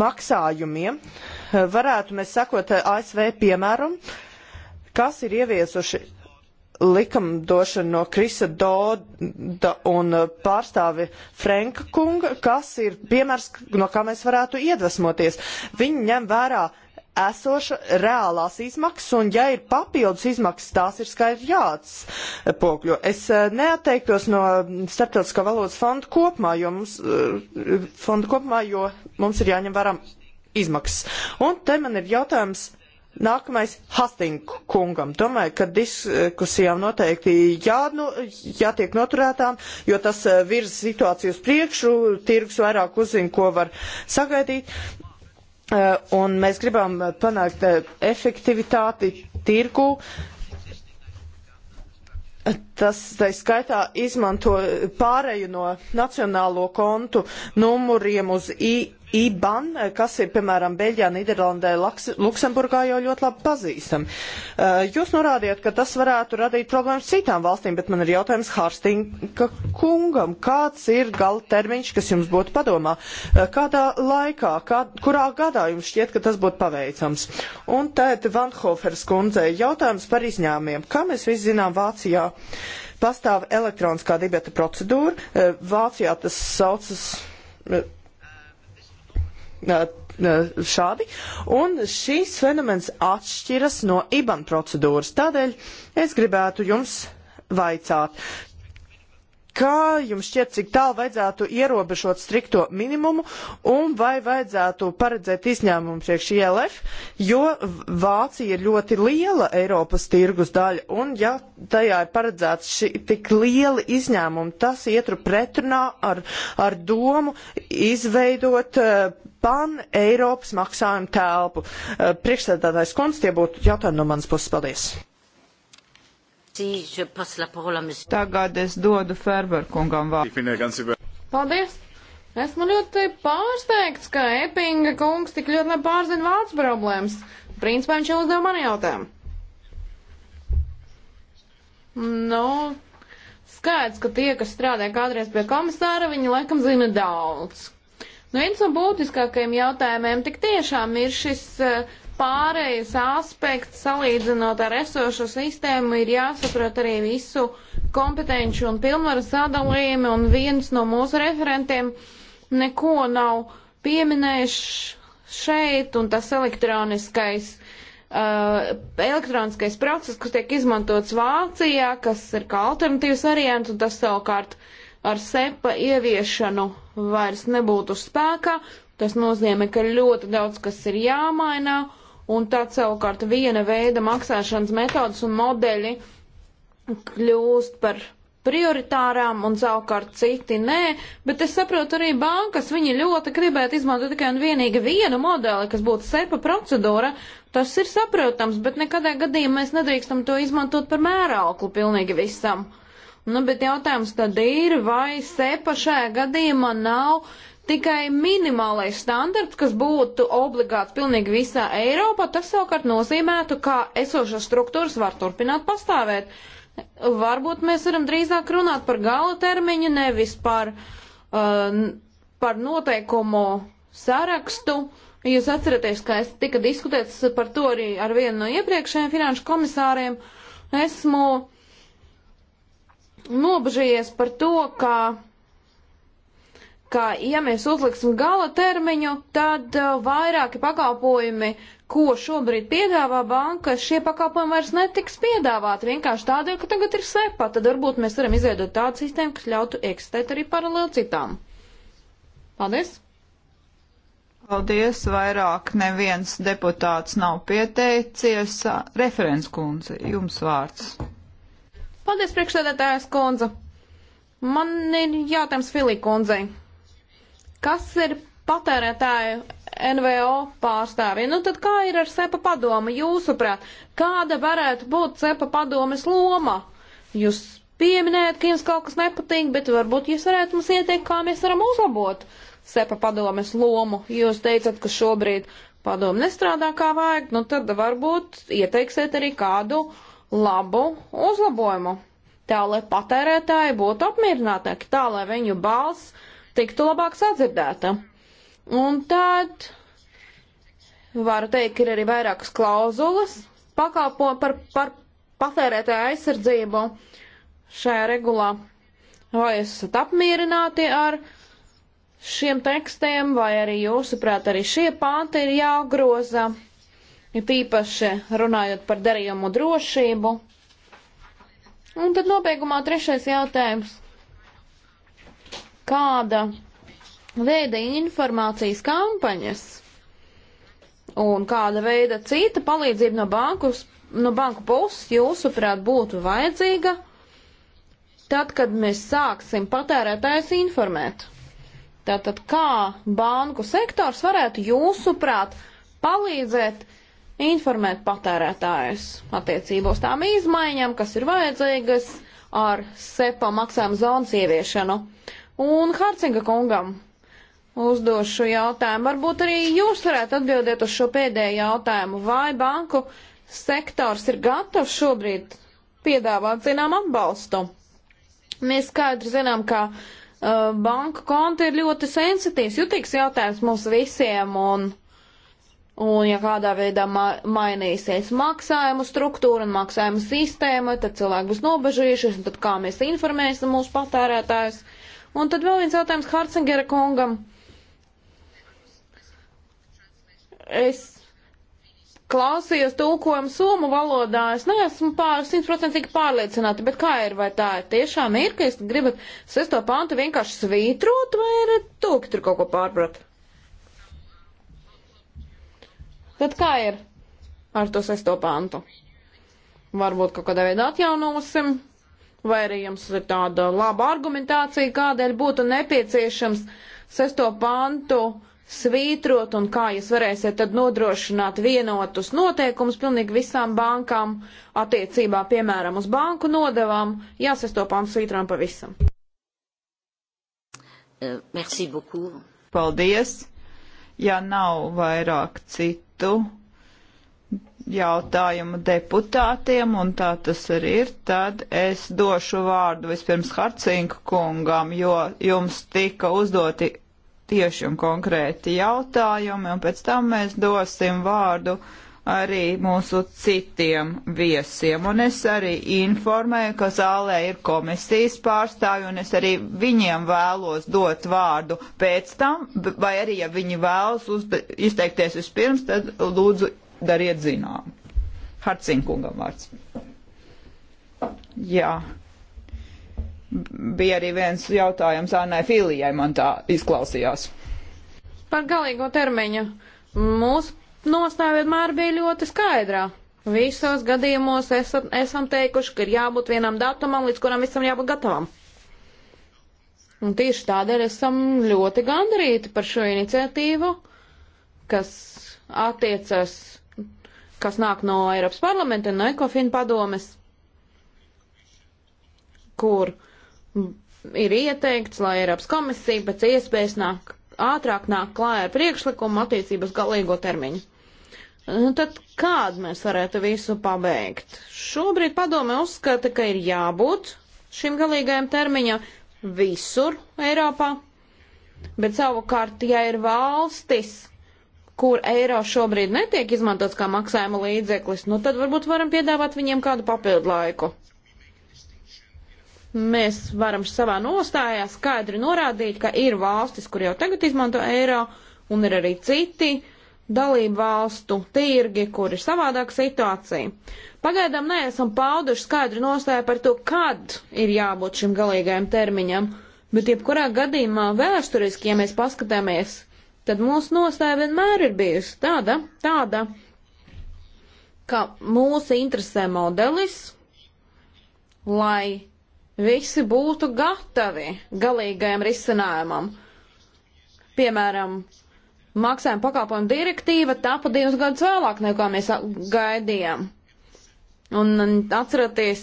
[SPEAKER 3] maksājumiem, uh, varētu mēs sakot uh, ASV piemēram, kas ir ieviesuši likumdošana no Krisa Doda un pārstāvi Franka kunga, kas ir piemērs, no kā mēs varētu iedvesmoties. Viņi ņem vērā esoša reālās izmaksas, un ja ir papildus izmaksas, tās ir skaidri jāatspokļo. Es eh, neatteiktos no starptautiskā valodas fonda kopumā, jo mums, eh, fonda kopumā, jo mums ir jāņem vērā izmaksas. Un te man ir jautājums. Nākamais Hastings kungam. Domāju, ka diskusijām noteikti jānu, jātiek noturētām, jo tas eh, virza situāciju uz priekšu, tirgus vairāk uzzina, ko var sagaidīt. Eh, un mēs gribam eh, panākt eh, efektivitāti tirgu. Tas, tā skaitā, izmanto pārēju no nacionālo kontu numuriem uz I IBAN, kas ir, piemēram, Beļģijā, Nīderlandē, Luksemburgā jau ļoti labi pazīstam. Eh, jūs norādījat, ka tas varētu radīt problēmas citām valstīm, bet man ir jautājums Hārstinga kungam. Kāds ir gala termiņš, kas jums būtu padomā? Eh, kādā laikā, kā, kurā gadā jums šķiet, ka tas būtu paveicams? Un tēt Vanhofers kundzei jautājums par izņēmumiem. Kā mēs visi zinām Vācijā? pastāv elektroniskā dibeta procedūra. Eh, Vācijā tas saucas šādi, un šīs fenomens atšķiras no IBAN procedūras. Tādēļ es gribētu jums vaicāt, Kā jums šķiet, cik tālu vajadzētu ierobežot strikto minimumu un vai vajadzētu paredzēt izņēmumu priekš ILF, jo Vācija ir ļoti liela Eiropas tirgus daļa un ja tajā ir paredzēts ši, tik lieli izņēmumi, tas ietru pretrunā ar, ar domu izveidot uh, pan-Eiropas maksājumu telpu. Uh, Priekšsēdētājs Kunst, tie būtu jautājumi no manas puses. Paldies! Tagad
[SPEAKER 1] es dodu Ferberkungam vārdu.
[SPEAKER 2] Paldies! Esmu ļoti pārsteigts, ka Epinga kungs tik ļoti labi pārzina vārds problēmas. Principā viņš jau uzdeva man jautājumu. Nu, skaidrs, ka tie, kas strādāja kādreiz pie komisāra, viņi laikam zina daudz. Nu, viens no būtiskākajiem jautājumiem tik tiešām ir šis uh, pārējais aspekts, salīdzinot ar esošo sistēmu, ir jāsaprot arī visu kompetenci un pilnvaru sadalījumi, un viens no mūsu referentiem neko nav pieminējis šeit, un tas elektroniskais, uh, elektroniskais process, kas tiek izmantots Vācijā, kas ir kā alternatīvs variants, un tas savukārt ar sepa ieviešanu vairs nebūtu spēkā. Tas nozīmē, ka ļoti daudz kas ir jāmainā, uh, un tad savukārt viena veida maksāšanas metodas un modeļi kļūst par prioritārām un savukārt citi nē, bet es saprotu arī bankas, viņi ļoti gribētu izmantot tikai un vienīgi vienu modeli, kas būtu sepa procedūra, tas ir saprotams, bet nekadā gadījumā mēs nedrīkstam to izmantot par mērauklu pilnīgi visam. Nu, bet jautājums tad ir, vai sepa šajā gadījumā nav Tikai minimālais standarts, kas būtu obligāts pilnīgi visā Eiropā, tas savukārt nozīmētu, ka esošas struktūras var turpināt pastāvēt. Varbūt mēs varam drīzāk runāt par gala termiņu, nevis par, uh, par noteikumu sarakstu. Jūs atceraties, ka es tika diskutēts par to arī ar vienu no iepriekšējiem finanšu komisāriem. Esmu nobežījies par to, ka ka, ja mēs uzliksim gala termiņu, tad uh, vairāki pakalpojumi, ko šobrīd piedāvā banka, šie pakalpojumi vairs netiks piedāvāti vienkārši tādēļ, ka tagad ir sepa. Tad varbūt mēs varam izveidot tādu sistēmu, kas ļautu eksistēt arī paralēli citām. Paldies!
[SPEAKER 1] Paldies, vairāk neviens deputāts nav pieteicies. Referents kundze, jums vārds.
[SPEAKER 2] Paldies, priekšsēdētājas kundze. Man ir jautājums Filī kundzei. Kas ir patērētāju NVO pārstāvji? Nu tad kā ir ar sepa padomu? Jūsuprāt, kāda varētu būt sepa padomes loma? Jūs pieminējat, ka jums kaut kas nepatīk, bet varbūt jūs varētu mums ieteikt, kā mēs varam uzlabot sepa padomes lomu. Jūs teicat, ka šobrīd padomu nestrādā kā vajag, nu tad varbūt ieteiksiet arī kādu labu uzlabojumu. Tā, lai patērētāji būtu apmierinātāki, tā, lai viņu balss tiktu labāk sadzirdēta. Un tad varu teikt, ir arī vairākas klauzulas pakalpo par, par patērētāju aizsardzību šajā regulā. Vai esat apmierināti ar šiem tekstiem, vai arī jūsuprāt arī šie panti ir jāgroza, ir tīpaši runājot par darījumu drošību. Un tad nobeigumā trešais jautājums kāda veida informācijas kampaņas un kāda veida cita palīdzība no, bankus, no banku puses jūsuprāt būtu vajadzīga, tad, kad mēs sāksim patērētājs informēt. Tātad, kā banku sektors varētu jūsuprāt palīdzēt informēt patērētājus attiecībos tām izmaiņām, kas ir vajadzīgas ar SEPA maksājuma zonas ieviešanu un Hārcinga kungam uzdošu jautājumu. Varbūt arī jūs varētu atbildēt uz šo pēdējo jautājumu. Vai banku sektors ir gatavs šobrīd piedāvāt zinām atbalstu? Mēs skaidri zinām, ka uh, banku konti ir ļoti sensitīvs, jutīgs jautājums mums visiem. Un, un ja kādā veidā ma mainīsies maksājumu struktūra un maksājumu sistēma, tad cilvēki būs nobežījušies, un tad kā mēs informēsim mūsu patērētājus. Uh, Un tad vēl viens jautājums Harcingera kungam. Es klausījos tulkojumu somu valodā, es neesmu pār, simtprocentīgi pārliecināta, bet kā ir, vai tā ir tiešām ir, ka jūs gribat sesto pantu vienkārši svītrot, vai ir tulki tur kaut ko pārprat? Tad kā ir ar to sesto pantu? Varbūt kaut kādā veidā atjaunosim, vai arī jums ir tāda laba argumentācija, kādēļ būtu nepieciešams sesto pantu svītrot un kā jūs varēsiet tad nodrošināt vienotus noteikumus pilnīgi visām bankām attiecībā, piemēram, uz banku nodevām, ja sesto pantu svītram
[SPEAKER 1] pavisam. Eh,
[SPEAKER 3] merci beaucoup.
[SPEAKER 1] Paldies. Ja nav vairāk citu jautājumu deputātiem, un tā tas arī ir, tad es došu vārdu vispirms Harcinku kungam, jo jums tika uzdoti tieši un konkrēti jautājumi, un pēc tam mēs dosim vārdu arī mūsu citiem viesiem. Un es arī informēju, ka zālē ir komisijas pārstāvi, un es arī viņiem vēlos dot vārdu pēc tam, vai arī, ja viņi vēlas izteikties vispirms, tad lūdzu dariet zinām. Harcinkungam vārds. Jā. Bija arī viens jautājums Annai Filijai, man tā izklausījās.
[SPEAKER 2] Par galīgo termiņu. Mūsu nostāja vienmēr bija ļoti skaidrā. Visos gadījumos esam, esam teikuši, ka ir jābūt vienam datumam, līdz kuram visam jābūt gatavam. Un tieši tādēļ esam ļoti gandarīti par šo iniciatīvu, kas attiecas kas nāk no Eiropas parlamenta un no Ekofina padomes, kur ir ieteikts, lai Eiropas komisija pēc iespējas nāk ātrāk nāk klājā ar priekšlikumu attiecības galīgo termiņu. Nu, tad kādu mēs varētu visu pabeigt? Šobrīd padome uzskata, ka ir jābūt šim galīgajam termiņam visur Eiropā, bet savukārt, ja ir valstis, kur eiro šobrīd netiek izmantots kā maksājuma līdzeklis, nu tad varbūt varam piedāvāt viņiem kādu papildu laiku. Mēs varam savā nostājā skaidri norādīt, ka ir valstis, kur jau tagad izmanto eiro, un ir arī citi dalību valstu tirgi, kur ir savādāka situācija. Pagaidām neesam pauduši skaidri nostāju par to, kad ir jābūt šim galīgajam termiņam, bet jebkurā gadījumā vēsturiski, ja mēs paskatāmies tad mūsu nostāja vienmēr ir bijusi tāda, tāda, ka mūs interesē modelis, lai visi būtu gatavi galīgajam risinājumam. Piemēram, maksājuma pakāpojuma direktīva tapa divus gadus vēlāk, nekā mēs gaidījām. Un atceraties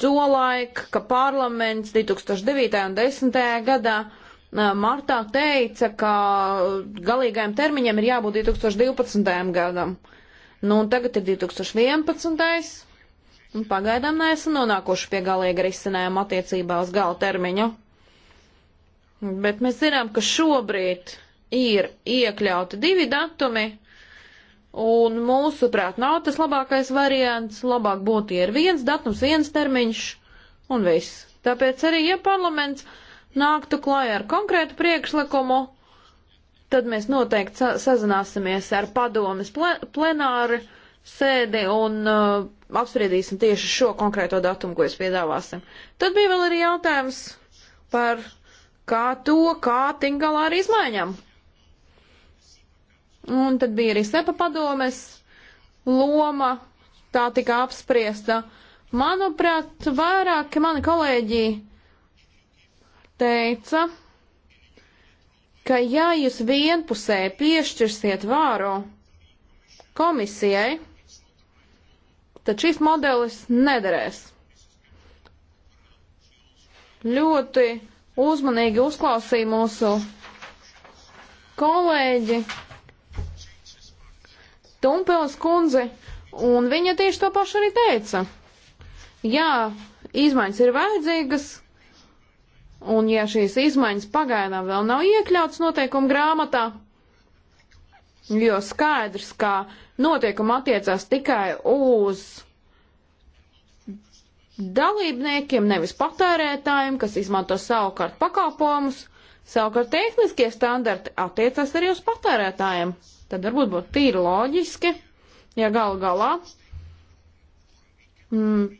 [SPEAKER 2] to laiku, ka parlaments 2009. un 2010. gadā martā teica, ka galīgajam termiņam ir jābūt 2012. gadam. Nu, un tagad ir 2011. Un pagaidām neesam nonākuši pie galīga risinājuma attiecībā uz gala termiņu. Bet mēs zinām, ka šobrīd ir iekļauti divi datumi, un mūsuprāt nav tas labākais variants. Labāk būtu, ja ir viens datums, viens termiņš un viss. Tāpēc arī, ja parlaments nāktu klājā ar konkrētu priekšlikumu, tad mēs noteikti sa sazināsimies ar padomis plenāri sēdi un uh, apspriedīsim tieši šo konkrēto datumu, ko jūs piedāvāsim. Tad bija vēl arī jautājums par kā to, kā tikt galā ar izmaiņām. Un tad bija arī sepa padomes loma, tā tika apspriesta. Manuprāt, vairāki mani kolēģi teica, ka ja jūs vienpusēji piešķirsiet vāru komisijai, tad šis modelis nederēs. Ļoti uzmanīgi uzklausīja mūsu kolēģi Tumpels kundzi, un viņa tieši to pašu arī teica. Jā, izmaiņas ir vajadzīgas, Un ja šīs izmaiņas pagaidām vēl nav iekļauts noteikuma grāmatā, jo skaidrs, ka noteikuma attiecās tikai uz dalībniekiem, nevis patērētājiem, kas izmanto savukārt pakalpojumus, savukārt tehniskie standarti attiecās arī uz patērētājiem. Tad varbūt būtu tīri loģiski, ja gal galā mm,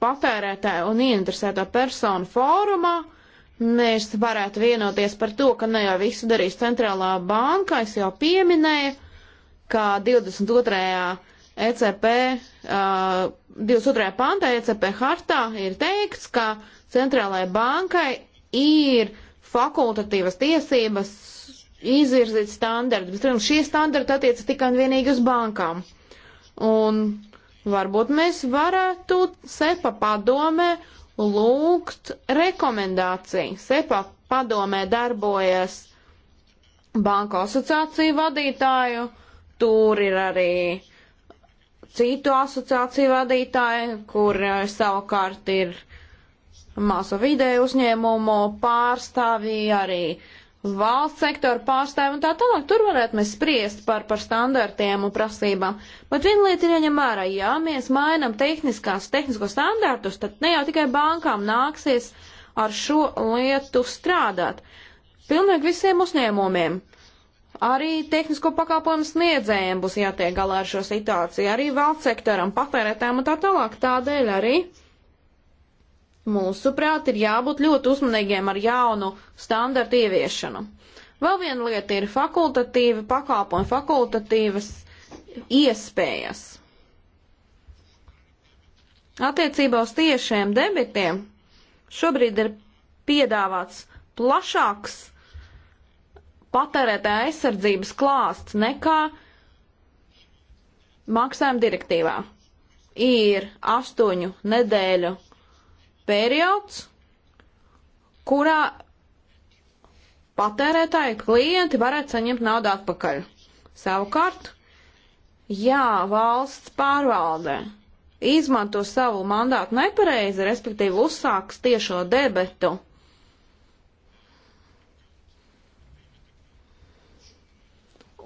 [SPEAKER 2] patērētāja un ieinteresētā persona fórumā mēs varētu vienoties par to, ka ne jau visu darīs centrālā banka, es jau pieminēju, ka 22. ECP, uh, 22. pantā ECP hartā ir teikts, ka centrālajai bankai ir fakultatīvas tiesības izvirzīt standartus, bet, protams, šie standarti attiecas tikai un vienīgi uz bankām. Un Varbūt mēs varētu sepa padomē lūgt rekomendāciju. Sepa padomē darbojas banku asociāciju vadītāju, tur ir arī citu asociāciju vadītāji, kur eh, savukārt ir mazo vidēju uzņēmumu pārstāvji, arī valsts sektoru pārstāvi un tā tālāk. Tur varētu mēs spriest par, par standartiem un prasībām. Bet viena lieta ir jāņem vērā, ja mēs mainam tehniskās, tehnisko standartus, tad ne jau tikai bankām nāksies ar šo lietu strādāt. Pilnīgi visiem uzņēmumiem. Arī tehnisko pakāpojumu sniedzējiem būs jātiek galā ar šo situāciju, arī valsts sektoram, patērētājiem un tā tālāk. Tādēļ arī Mūsuprāt, ir jābūt ļoti uzmanīgiem ar jaunu standartu ieviešanu. Vēl viena lieta ir fakultatīva pakāpojuma, fakultatīvas iespējas. Attiecībā uz tiešiem debitiem šobrīd ir piedāvāts plašāks patērētāja aizsardzības klāsts nekā maksājuma direktīvā. Ir astoņu nedēļu periods, kurā patērētāji, klienti varētu saņemt naudu atpakaļ. Savukārt, ja valsts pārvalde izmanto savu mandātu nepareizi, respektīvi uzsāks tiešo debetu,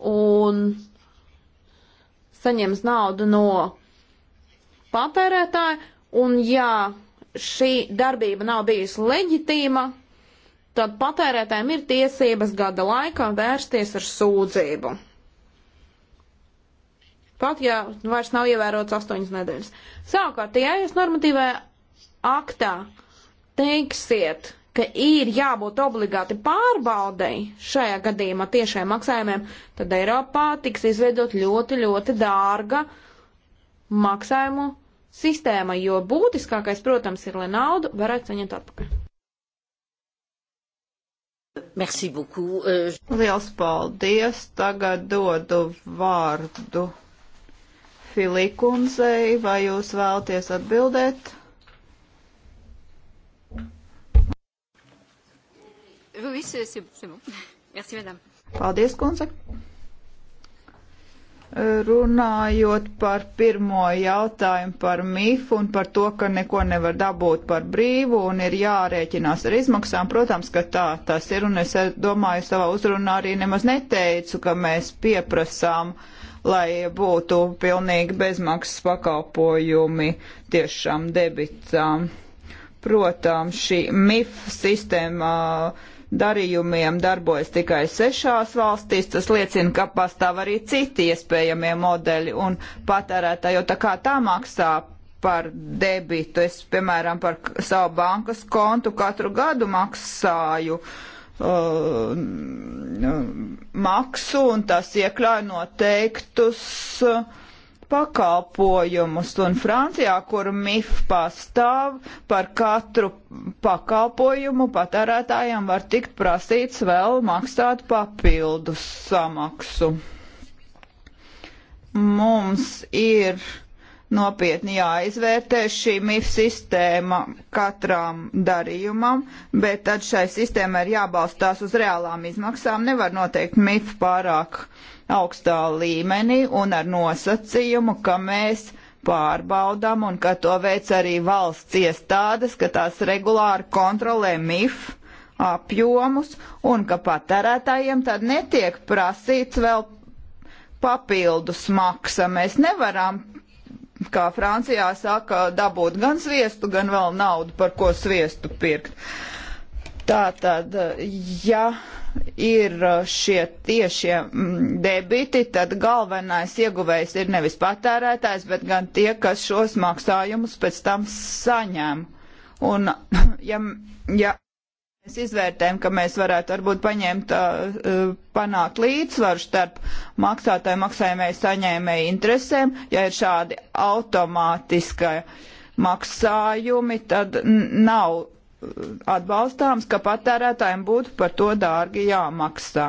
[SPEAKER 2] un saņems naudu no patērētāja, un ja šī darbība nav bijusi leģitīma, tad patērētājiem ir tiesības gada laikā vērsties ar sūdzību. Pat ja vairs nav ievērots astoņas nedēļas. Savukārt, ja jūs normatīvajā aktā teiksiet, ka ir jābūt obligāti pārbaudei šajā gadījumā tiešiem maksājumiem, tad Eiropā tiks izveidot ļoti, ļoti dārga maksājumu sistēmai, jo būtiskākais, protams, ir, lai
[SPEAKER 1] naudu varētu saņemt atpakaļ.
[SPEAKER 3] Merci beaucoup.
[SPEAKER 1] Euh, Liels paldies. Tagad dodu vārdu Filikundzei. Vai jūs vēlties atbildēt? Oui, c'est bon. <laughs> Merci, madame. Paldies, kundze runājot par pirmo jautājumu par MIF un par to, ka neko nevar dabūt par brīvu un ir jārēķinās ar izmaksām, protams, ka tā tas ir, un es domāju, savā uzrunā arī nemaz neteicu, ka mēs pieprasām, lai būtu pilnīgi bezmaksas pakalpojumi tiešām debitām. Protams, šī MIF sistēma uh, darījumiem darbojas tikai sešās valstīs. Tas liecina, ka pastāv arī citi iespējamie modeļi un patērētāji, jo tā kā tā maksā par debitu. Es, piemēram, par savu bankas kontu katru gadu maksāju uh, maksu, un tas iekļauj noteiktus uh, pakalpojumus, un Francijā, kur MIF pastāv, par katru pakalpojumu patērētājiem var tikt prasīts vēl maksāt papildus samaksu. Mums ir nopietni jāizvērtē šī MIF sistēma katram darījumam, bet tad šai sistēmai ir jābalstās uz reālām izmaksām. Nevar noteikt MIF pārāk augstā līmenī un ar nosacījumu, ka mēs pārbaudām un ka to veic arī valsts iestādes, ka tās regulāri kontrolē MIF apjomus un ka patērētājiem tad netiek prasīts vēl papildus maksa. Mēs nevaram kā Francijā saka, dabūt gan sviestu, gan vēl naudu, par ko sviestu pirkt. Tātad, ja ir uh, šie tiešie mm, debiti, tad galvenais ieguvējs ir nevis patērētājs, bet gan tie, kas šos maksājumus pēc tam saņem. Un, <laughs> ja, ja Mēs izvērtējam, ka mēs varētu varbūt paņemt, uh, uh, panākt līdzsvaru starp maksātāju, maksājumēju, saņēmēju interesēm, ja ir šādi automātiskai maksājumi, tad nav uh, atbalstāms, ka patērētājiem būtu par to dārgi jāmaksā.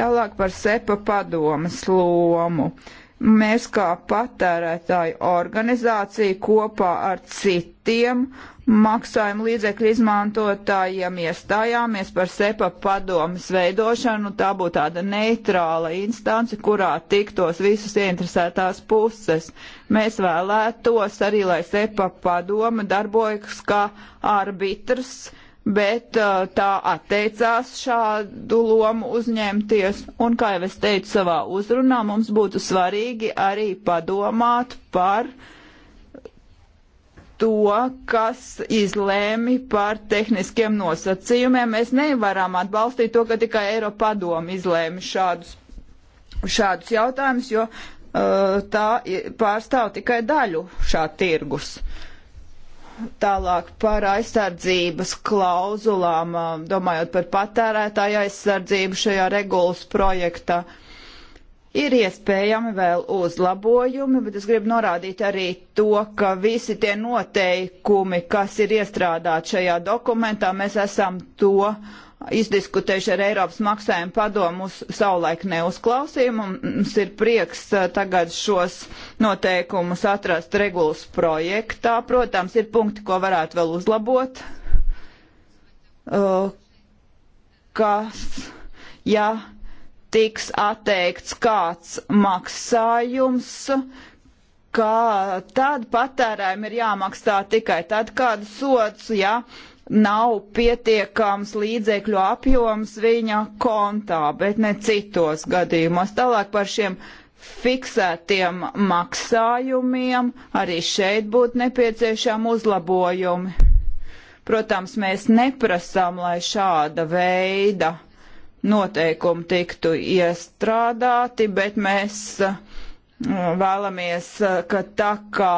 [SPEAKER 1] Tālāk par sepa padomas lomu. Uh, Mēs kā patērētāju organizācija kopā ar citiem maksājumu līdzekļu izmantotājiem iestājāmies par SEPA padomas veidošanu. Tā būtu tāda neitrāla instance, kurā tiktos visas ieinteresētās puses. Mēs vēlētos arī, lai SEPA padoma darbojas kā arbitrs uh, bet uh, tā atteicās šādu lomu uzņemties. Un, kā jau es teicu savā uzrunā, mums būtu svarīgi arī padomāt par to, kas izlēmi par tehniskiem nosacījumiem. Mēs nevaram atbalstīt to, ka tikai Eiropa padomi izlēmi šādus, šādus jautājumus, jo uh, tā pārstāv tikai daļu šā tirgus. Uh, Tālāk par aizsardzības klauzulām, domājot par patērētāju aizsardzību šajā regulas projektā. Ir iespējami vēl uzlabojumi, bet es gribu norādīt arī to, ka visi tie noteikumi, kas ir iestrādāti šajā dokumentā, mēs esam to izdiskutējuši ar Eiropas maksājumu padomu, savulaik neuzklausīja. Mums ir prieks uh, tagad šos noteikumus atrast regulas projektā. Protams, ir punkti, ko varētu vēl uzlabot. Uh, kas, ja tiks atteikts kāds maksājums, kā tad patērēm ir jāmaksā tikai tad, kādu sots, ja nav pietiekams līdzekļu apjoms viņa kontā, bet ne citos gadījumos. Tālāk par šiem fiksētiem maksājumiem arī šeit būtu nepieciešami uzlabojumi. Protams, mēs neprasām, lai šāda veida noteikumi tiktu iestrādāti, bet mēs uh, vēlamies, uh, ka tā kā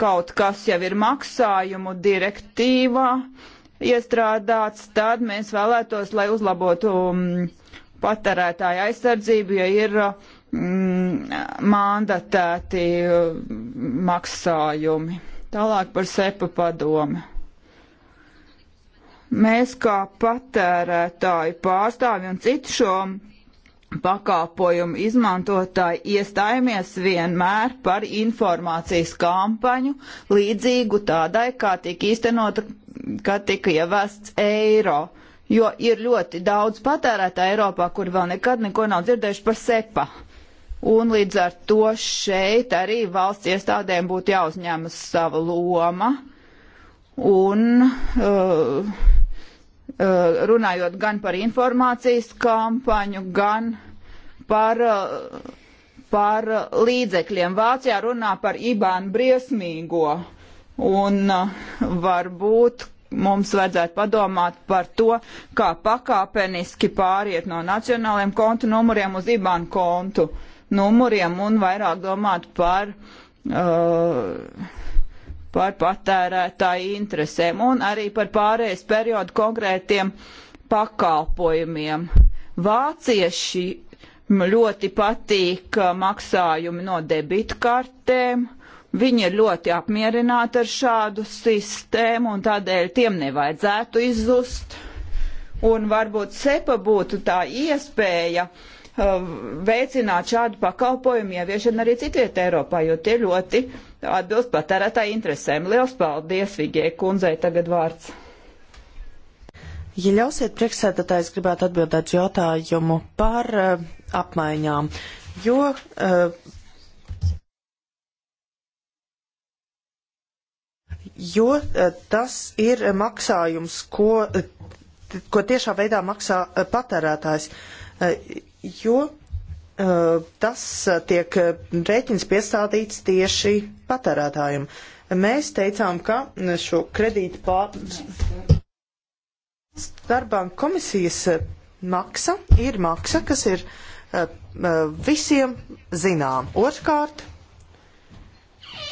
[SPEAKER 1] kaut kas jau ir maksājumu direktīvā, uh, iestrādāts, tad mēs vēlētos, lai uzlabotu mm, patērētāju aizsardzību, ja ir mm, mandatēti mm, maksājumi. Tālāk par sepa padomi. Mēs kā patērētāju pārstāvi un citu šo pakāpojumu izmantotāji iestājamies vienmēr par informācijas kampaņu līdzīgu tādai, kā tika īstenota, kad tika ievests eiro. Jo ir ļoti daudz patērētāju Eiropā, kur vēl nekad neko nav dzirdējuši par sepa. Un līdz ar to šeit arī valsts iestādēm būtu jāuzņemas sava loma. Un uh, uh runājot gan par informācijas kampaņu, gan par, eh, par līdzekļiem. Vācijā runā par Ibānu briesmīgo un eh, varbūt mums vajadzētu padomāt par to, kā pakāpeniski pāriet no nacionāliem kontu numuriem uz IBAN kontu numuriem un vairāk domāt par, uh, par patērētāju interesēm un arī par pārējais periodu konkrētiem pakalpojumiem. Vācieši ļoti patīk uh, maksājumi no debitkartēm. Viņi ir ļoti apmierināti ar šādu sistēmu un tādēļ tiem nevajadzētu izzust. Un varbūt sepa būtu tā iespēja uh, veicināt šādu pakalpojumu ieviešanu arī citviet Eiropā, jo tie ļoti atbilst patērētāju interesēm. Liels paldies, Vigie kundzei, tagad vārds.
[SPEAKER 3] Ja ļausiet priekšsēdētājs gribētu atbildēt jautājumu par uh, apmaiņām, jo eh, jo eh, tas ir maksājums, ko, eh, ko tiešā veidā maksā patērētājs, jo tas tiek rēķins piestādīts tieši patērētājiem. Mēs teicām, ka šo kredītu pār... Starpbanku komisijas maksa ir maksa, kas ir uh, visiem zinām. Otrkārt,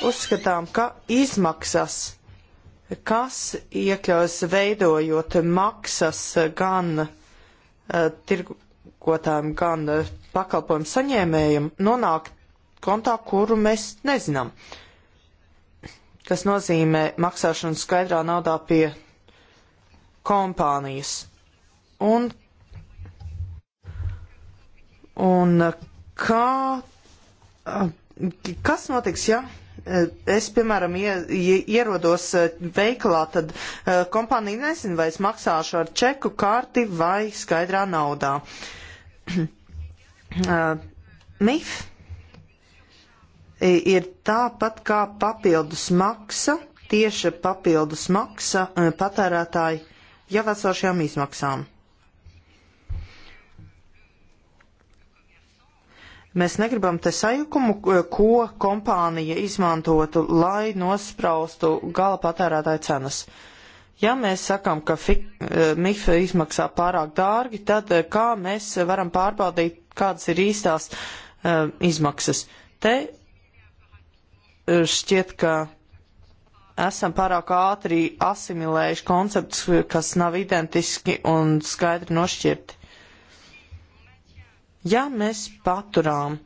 [SPEAKER 3] uzskatām, ka izmaksas, kas iekļaus veidojot maksas gan tirgotājiem, gan pakalpojumu saņēmējiem, nonāk kontā, kuru mēs nezinām. Kas nozīmē maksāšanu skaidrā naudā pie kompānijas. Un Un uh, kā, uh, kas notiks, ja uh, es, piemēram, ierodos veiklā, tad kompānija nezin, vai es maksāšu ar čeku karti vai skaidrā naudā. <clears throat> MIF ir tāpat kā papildus maksa, tieša papildus maksa patērētāji jau esošajām izmaksām. Mēs negribam te sajukumu, ko kompānija izmantotu, lai nospraustu gala patērētāju cenas. Ja mēs sakam, ka fik, eh, MIF izmaksā pārāk dārgi, tad eh, kā mēs varam pārbaudīt, kādas ir īstās uh, izmaksas? Te šķiet, ka esam pārāk ātri asimilējuši konceptus, kas nav identiski un skaidri nošķirti. Ja mēs paturām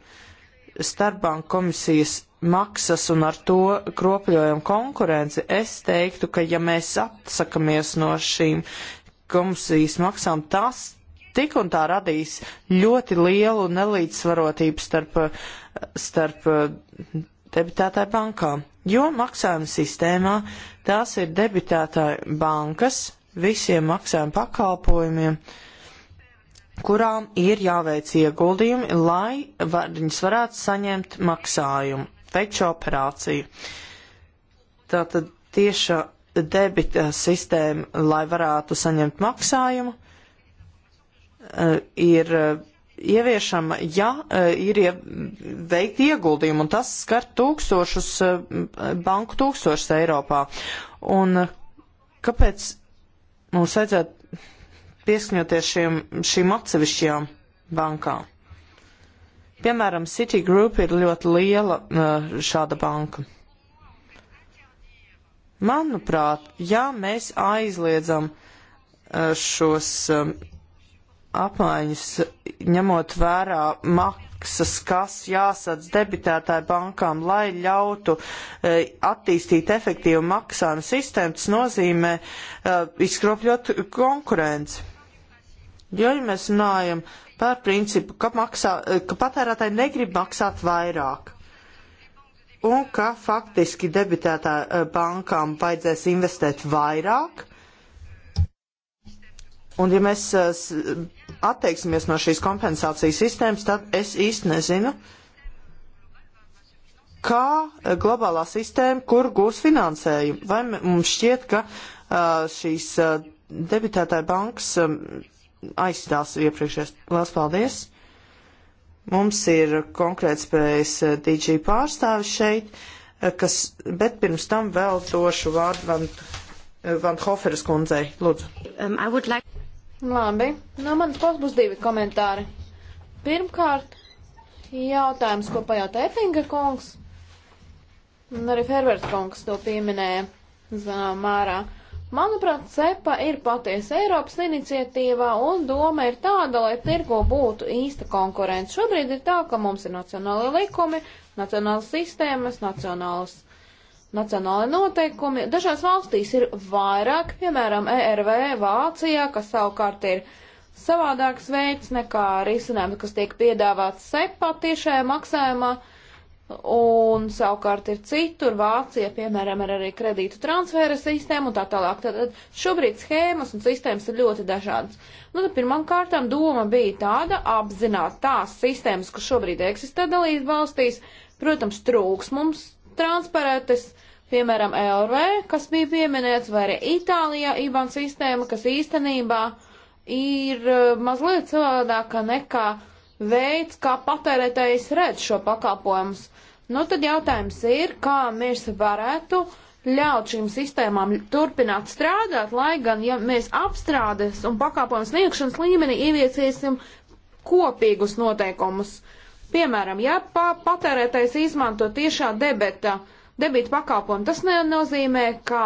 [SPEAKER 3] starpbanku komisijas maksas un ar to kropļojam konkurenci, es teiktu, ka ja mēs atsakamies no šīm komisijas maksām, tas tik un tā radīs ļoti lielu nelīdzsvarotību starp, starp debitētāju bankām. Jo maksājuma sistēmā tās ir debitētāju bankas visiem maksājuma pakalpojumiem. Uh, kurām ir jāveic ieguldījumi, lai var, viņas varētu saņemt maksājumu, veikt šo operāciju. Tātad tieša debita sistēma, lai varētu saņemt maksājumu, eh, ir eh, ieviešama, ja eh, ir veikti ieguldījumi, un tas skar tūkstošus banku tūkstošus Eiropā. Un kāpēc mums vajadzētu pieskņoties šiem, šīm atsevišķajām bankām. Piemēram, Citigroup ir ļoti liela eh, šāda banka. Manuprāt, ja mēs aizliedzam eh, šos eh, apmaiņus, ņemot vērā maksas, kas jāsadz debitētāju bankām, lai ļautu attīstīt efektīvu maksājumu sistēmu, tas nozīmē izkropļot konkurenci. Jo, ja mēs runājam par principu, ka, maksā, ka patērētāji negrib maksāt vairāk un ka faktiski debitētā eh, bankām vajadzēs investēt vairāk, un ja mēs eh, atteiksimies no šīs kompensācijas sistēmas, tad es īsti nezinu, kā eh, globālā sistēma, kur gūs finansējumu. Vai mums šķiet, ka šīs debitētāja bankas aizstās iepriekšējais. Lielas paldies! Mums ir konkrētspējas eh, DG pārstāvis šeit, eh, kas, bet pirms tam vēl došu vārdu Van, eh, Van Hoferas kundzei. Lūdzu.
[SPEAKER 2] Um, like... Labi, no nu, manas puses būs divi komentāri. Pirmkārt, jautājums, ko pajautā Epinga kungs, un arī Fervers kungs to pieminēja zināmā mērā. Manuprāt, CEPA ir patiesa Eiropas iniciatīva un doma ir tāda, lai tirgo būtu īsta konkurence. Šobrīd ir tā, ka mums ir nacionālie likumi, nacionālas sistēmas, nacionālas, nacionālie noteikumi. Dažās valstīs ir vairāk, piemēram, ERV Vācijā, kas savukārt ir savādāks veids nekā risinājums, kas tiek piedāvāts CEPA tiešajā maksājumā. Uh, Un savukārt ir citur, Vācija, piemēram, ir arī kredītu transfēra sistēma un tā tālāk. Tad šobrīd schēmas un sistēmas ir ļoti dažādas. Nu, tad pirmām kārtām doma bija tāda apzināt tās sistēmas, kas šobrīd eksistē dalību valstīs. Protams, trūks mums transparentes, piemēram, LV, kas bija pieminēts, vai arī Itālijā IBAN sistēma, kas īstenībā ir eh, mazliet savādāka nekā veids, kā patērētājs redz šo pakalpojumus. Nu, tad jautājums ir, kā mēs varētu ļaut šīm sistēmām turpināt strādāt, lai gan, ja mēs apstrādes un pakāpojumu sniegšanas līmenī ieviesīsim kopīgus noteikumus. Piemēram, ja patērētais izmanto tiešā debeta, debita pakāpojumu, tas nenozīmē, ka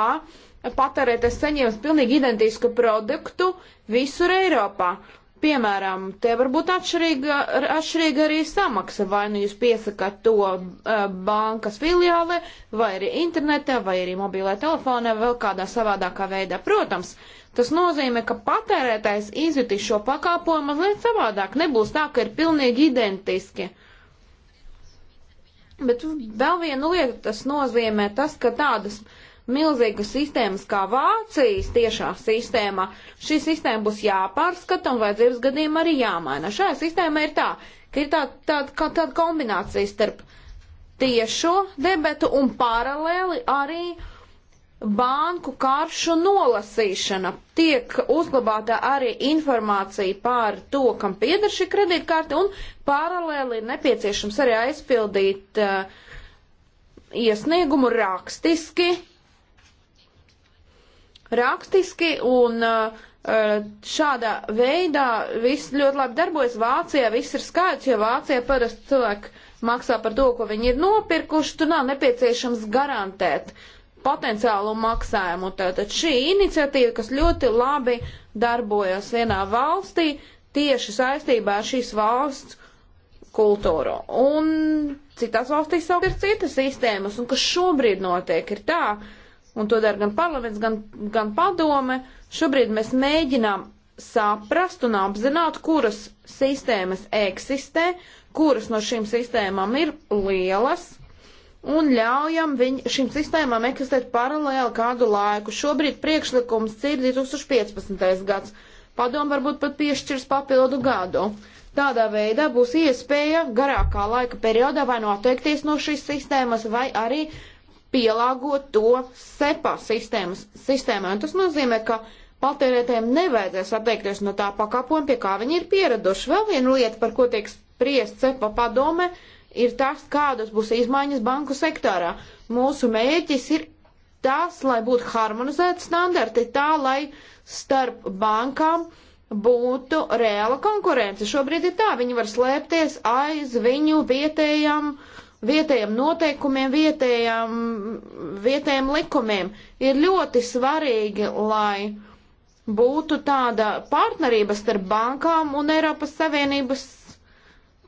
[SPEAKER 2] patērētais saņems pilnīgi identisku produktu visur Eiropā. Piemēram, te var būt atšķirīga, atšķirīga arī samaksa, vai nu jūs piesakāt to uh, bankas filiāle, vai arī internetā, vai arī mobilē telefonā, vēl kādā savādākā veidā. Protams, tas nozīmē, ka patērētājs izjutīs šo pakāpojumu mazliet savādāk, nebūs tā, ka ir pilnīgi identiski. Bet vēl viena lieta tas nozīmē tas, ka tādas uh, milzīgu sistēmas kā Vācijas tiešā sistēma, šī sistēma būs jāpārskata un vajadzības gadījumā arī jāmaina. Šajā sistēmā ir tā, ka ir tāda tā, tā, tā kombinācija starp tiešo debetu un paralēli arī banku karšu nolasīšana. Tiek uzglabāta arī informācija par to, kam pieder šī kredītkarte, un paralēli ir nepieciešams arī aizpildīt uh, iesniegumu rakstiski, rakstiski, un eh, šādā veidā viss ļoti labi darbojas Vācijā, viss ir skaidrs, jo Vācijā parasti cilvēki maksā par to, ko viņi ir nopirkuši, tur nav nepieciešams garantēt potenciālu maksājumu. Tātad šī iniciatīva, kas ļoti labi darbojas vienā valstī, tieši saistībā ar šīs valsts kultūru. Un citās valstīs savukārt ir citas sistēmas, un kas šobrīd notiek, ir tā, un to dara gan parlaments, gan, gan padome, šobrīd mēs mēģinām saprast un apzināt, kuras sistēmas eksistē, kuras no šīm sistēmām ir lielas, un ļaujam viņ, šīm sistēmām eksistēt paralēli kādu laiku. Šobrīd priekšlikums ir 2015. gads. Padom varbūt pat piešķirs papildu gadu. Tādā veidā būs iespēja garākā laika periodā vai noteikties nu no šīs sistēmas, vai arī pielāgot to SEPA sistēmas, sistēmai. Un tas nozīmē, ka patērētājiem nevajadzēs atteikties no tā pakāpojuma, pie kā viņi ir pieraduši. Vēl viena lieta, par ko tiek spriest SEPA padome, ir tas, kādas būs izmaiņas banku sektorā. Mūsu mērķis ir tas, lai būtu harmonizēti standarti, tā lai starp bankām būtu reāla konkurence. Šobrīd ir tā, viņi var slēpties aiz viņu vietējām uh, vietējiem noteikumiem, vietējām, vietējiem likumiem. Ir ļoti svarīgi, lai būtu tāda partnerība starp bankām un Eiropas Savienības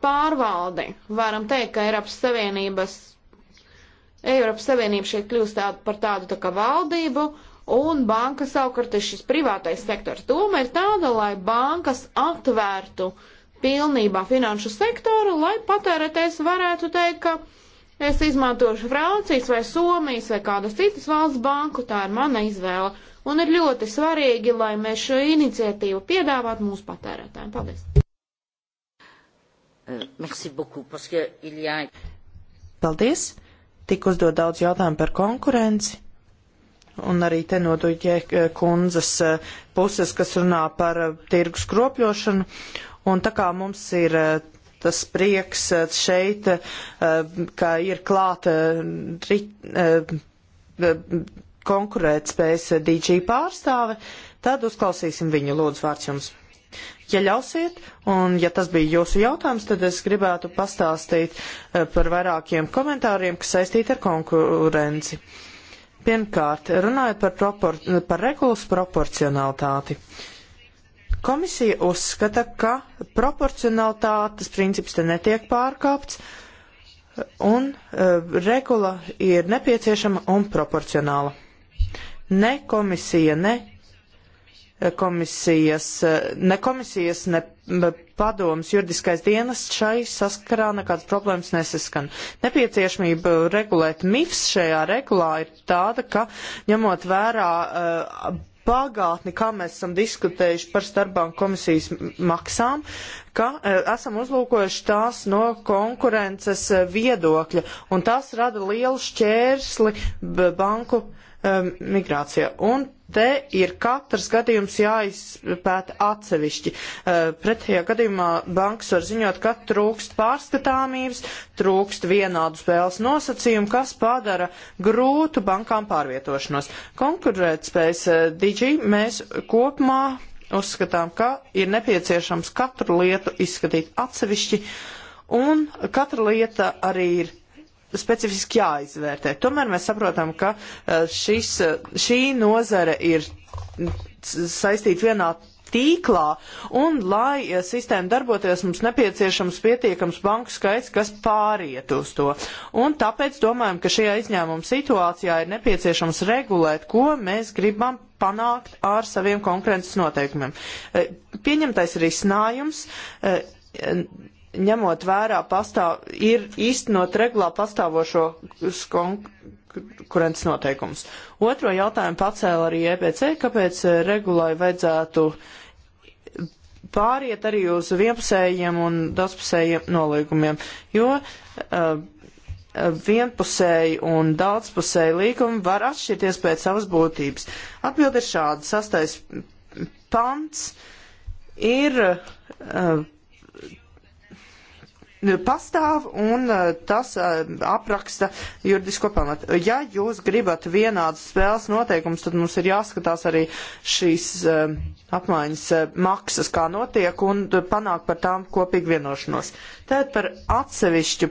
[SPEAKER 2] pārvaldi. Varam teikt, ka Eiropas Savienības, Eiropas Savienība šeit kļūst tā, par tādu tā kā valdību, un banka savukārt ir šis privātais sektors. Doma ir tāda, lai bankas atvērtu uh, pilnībā finanšu sektoru, lai patērētājs varētu teikt, ka es izmantošu Francijas vai Somijas vai kādas citas valsts banku, tā ir mana izvēle. Un ir ļoti svarīgi, lai mēs šo iniciatīvu piedāvātu mūsu patērētājiem. Paldies! Eh, merci beaucoup, parce que il y a...
[SPEAKER 3] Paldies! Tik uzdot daudz jautājumu par konkurenci. Un arī te no Duģē eh, kundzes eh, puses, kas runā par tirgus kropļošanu. Un tā kā mums ir eh, tas prieks eh, šeit, eh, ka ir klāta konkurētspējas DG pārstāve, tad uzklausīsim viņu. Lūdzu, vārds jums. Ja ļausiet, un ja tas bija jūsu jautājums, tad es gribētu pastāstīt par vairākiem komentāriem, kas saistīti ar konkurenci. Pirmkārt, runājot par, propor par regulas proporcionalitāti. Uh, Komisija uzskata, ka proporcionalitātes princips te netiek pārkāpts, un uh, regula ir nepieciešama un proporcionāla. Ne komisija, ne e, komisijas, e, ne komisijas, ne padomas juridiskais dienas šai saskarā nekādas problēmas nesaskan. Nepieciešamība regulēt MIFS šajā regulā ir tāda, ka ņemot vērā uh, pagātni, kā mēs esam diskutējuši par starpbanku komisijas maksām, ka e, esam uzlūkojuši tās no konkurences e, viedokļa, un tas rada lielu šķērsli banku e, migrācijā. Un Te ir katrs gadījums jāizpēta atsevišķi. Eh, pretējā gadījumā bankas var ziņot, ka trūkst pārskatāmības, trūkst vienādu spēles nosacījumu, kas padara grūtu bankām pārvietošanos. Konkurētspējas eh, DG mēs kopumā uzskatām, ka ir nepieciešams katru lietu izskatīt atsevišķi, un katra lieta arī ir specifiski jāizvērtē. Tomēr mēs saprotam, ka e, šis, e, šī nozare ir saistīta vienā tīklā, un lai ja e, sistēma darboties, mums nepieciešams pietiekams banku skaits, kas pāriet uz to. Un tāpēc domājam, ka šajā izņēmuma situācijā ir nepieciešams regulēt, ko mēs gribam panākt ar saviem konkurences noteikumiem. Pieņemtais risinājums ņemot vērā pastāv, ir īstenot regulā pastāvošo konkurences noteikumus. Otro jautājumu pacēla arī EPC, kāpēc e, regulai vajadzētu pāriet arī uz vienpusējiem un daudzpusējiem nolīgumiem, jo uh, vienpusēji un daudzpusēji līgumi var atšķirties pēc savas būtības. Atbildi ir šāda. Sastais pants ir uh, pastāv un eh, tas eh, apraksta juridisko pamatu. Ja jūs gribat vienādas spēles noteikumus, tad mums ir jāskatās arī šīs eh, apmaiņas maksas, kā notiek un panākt par tām kopīgu vienošanos. Tad par atsevišķu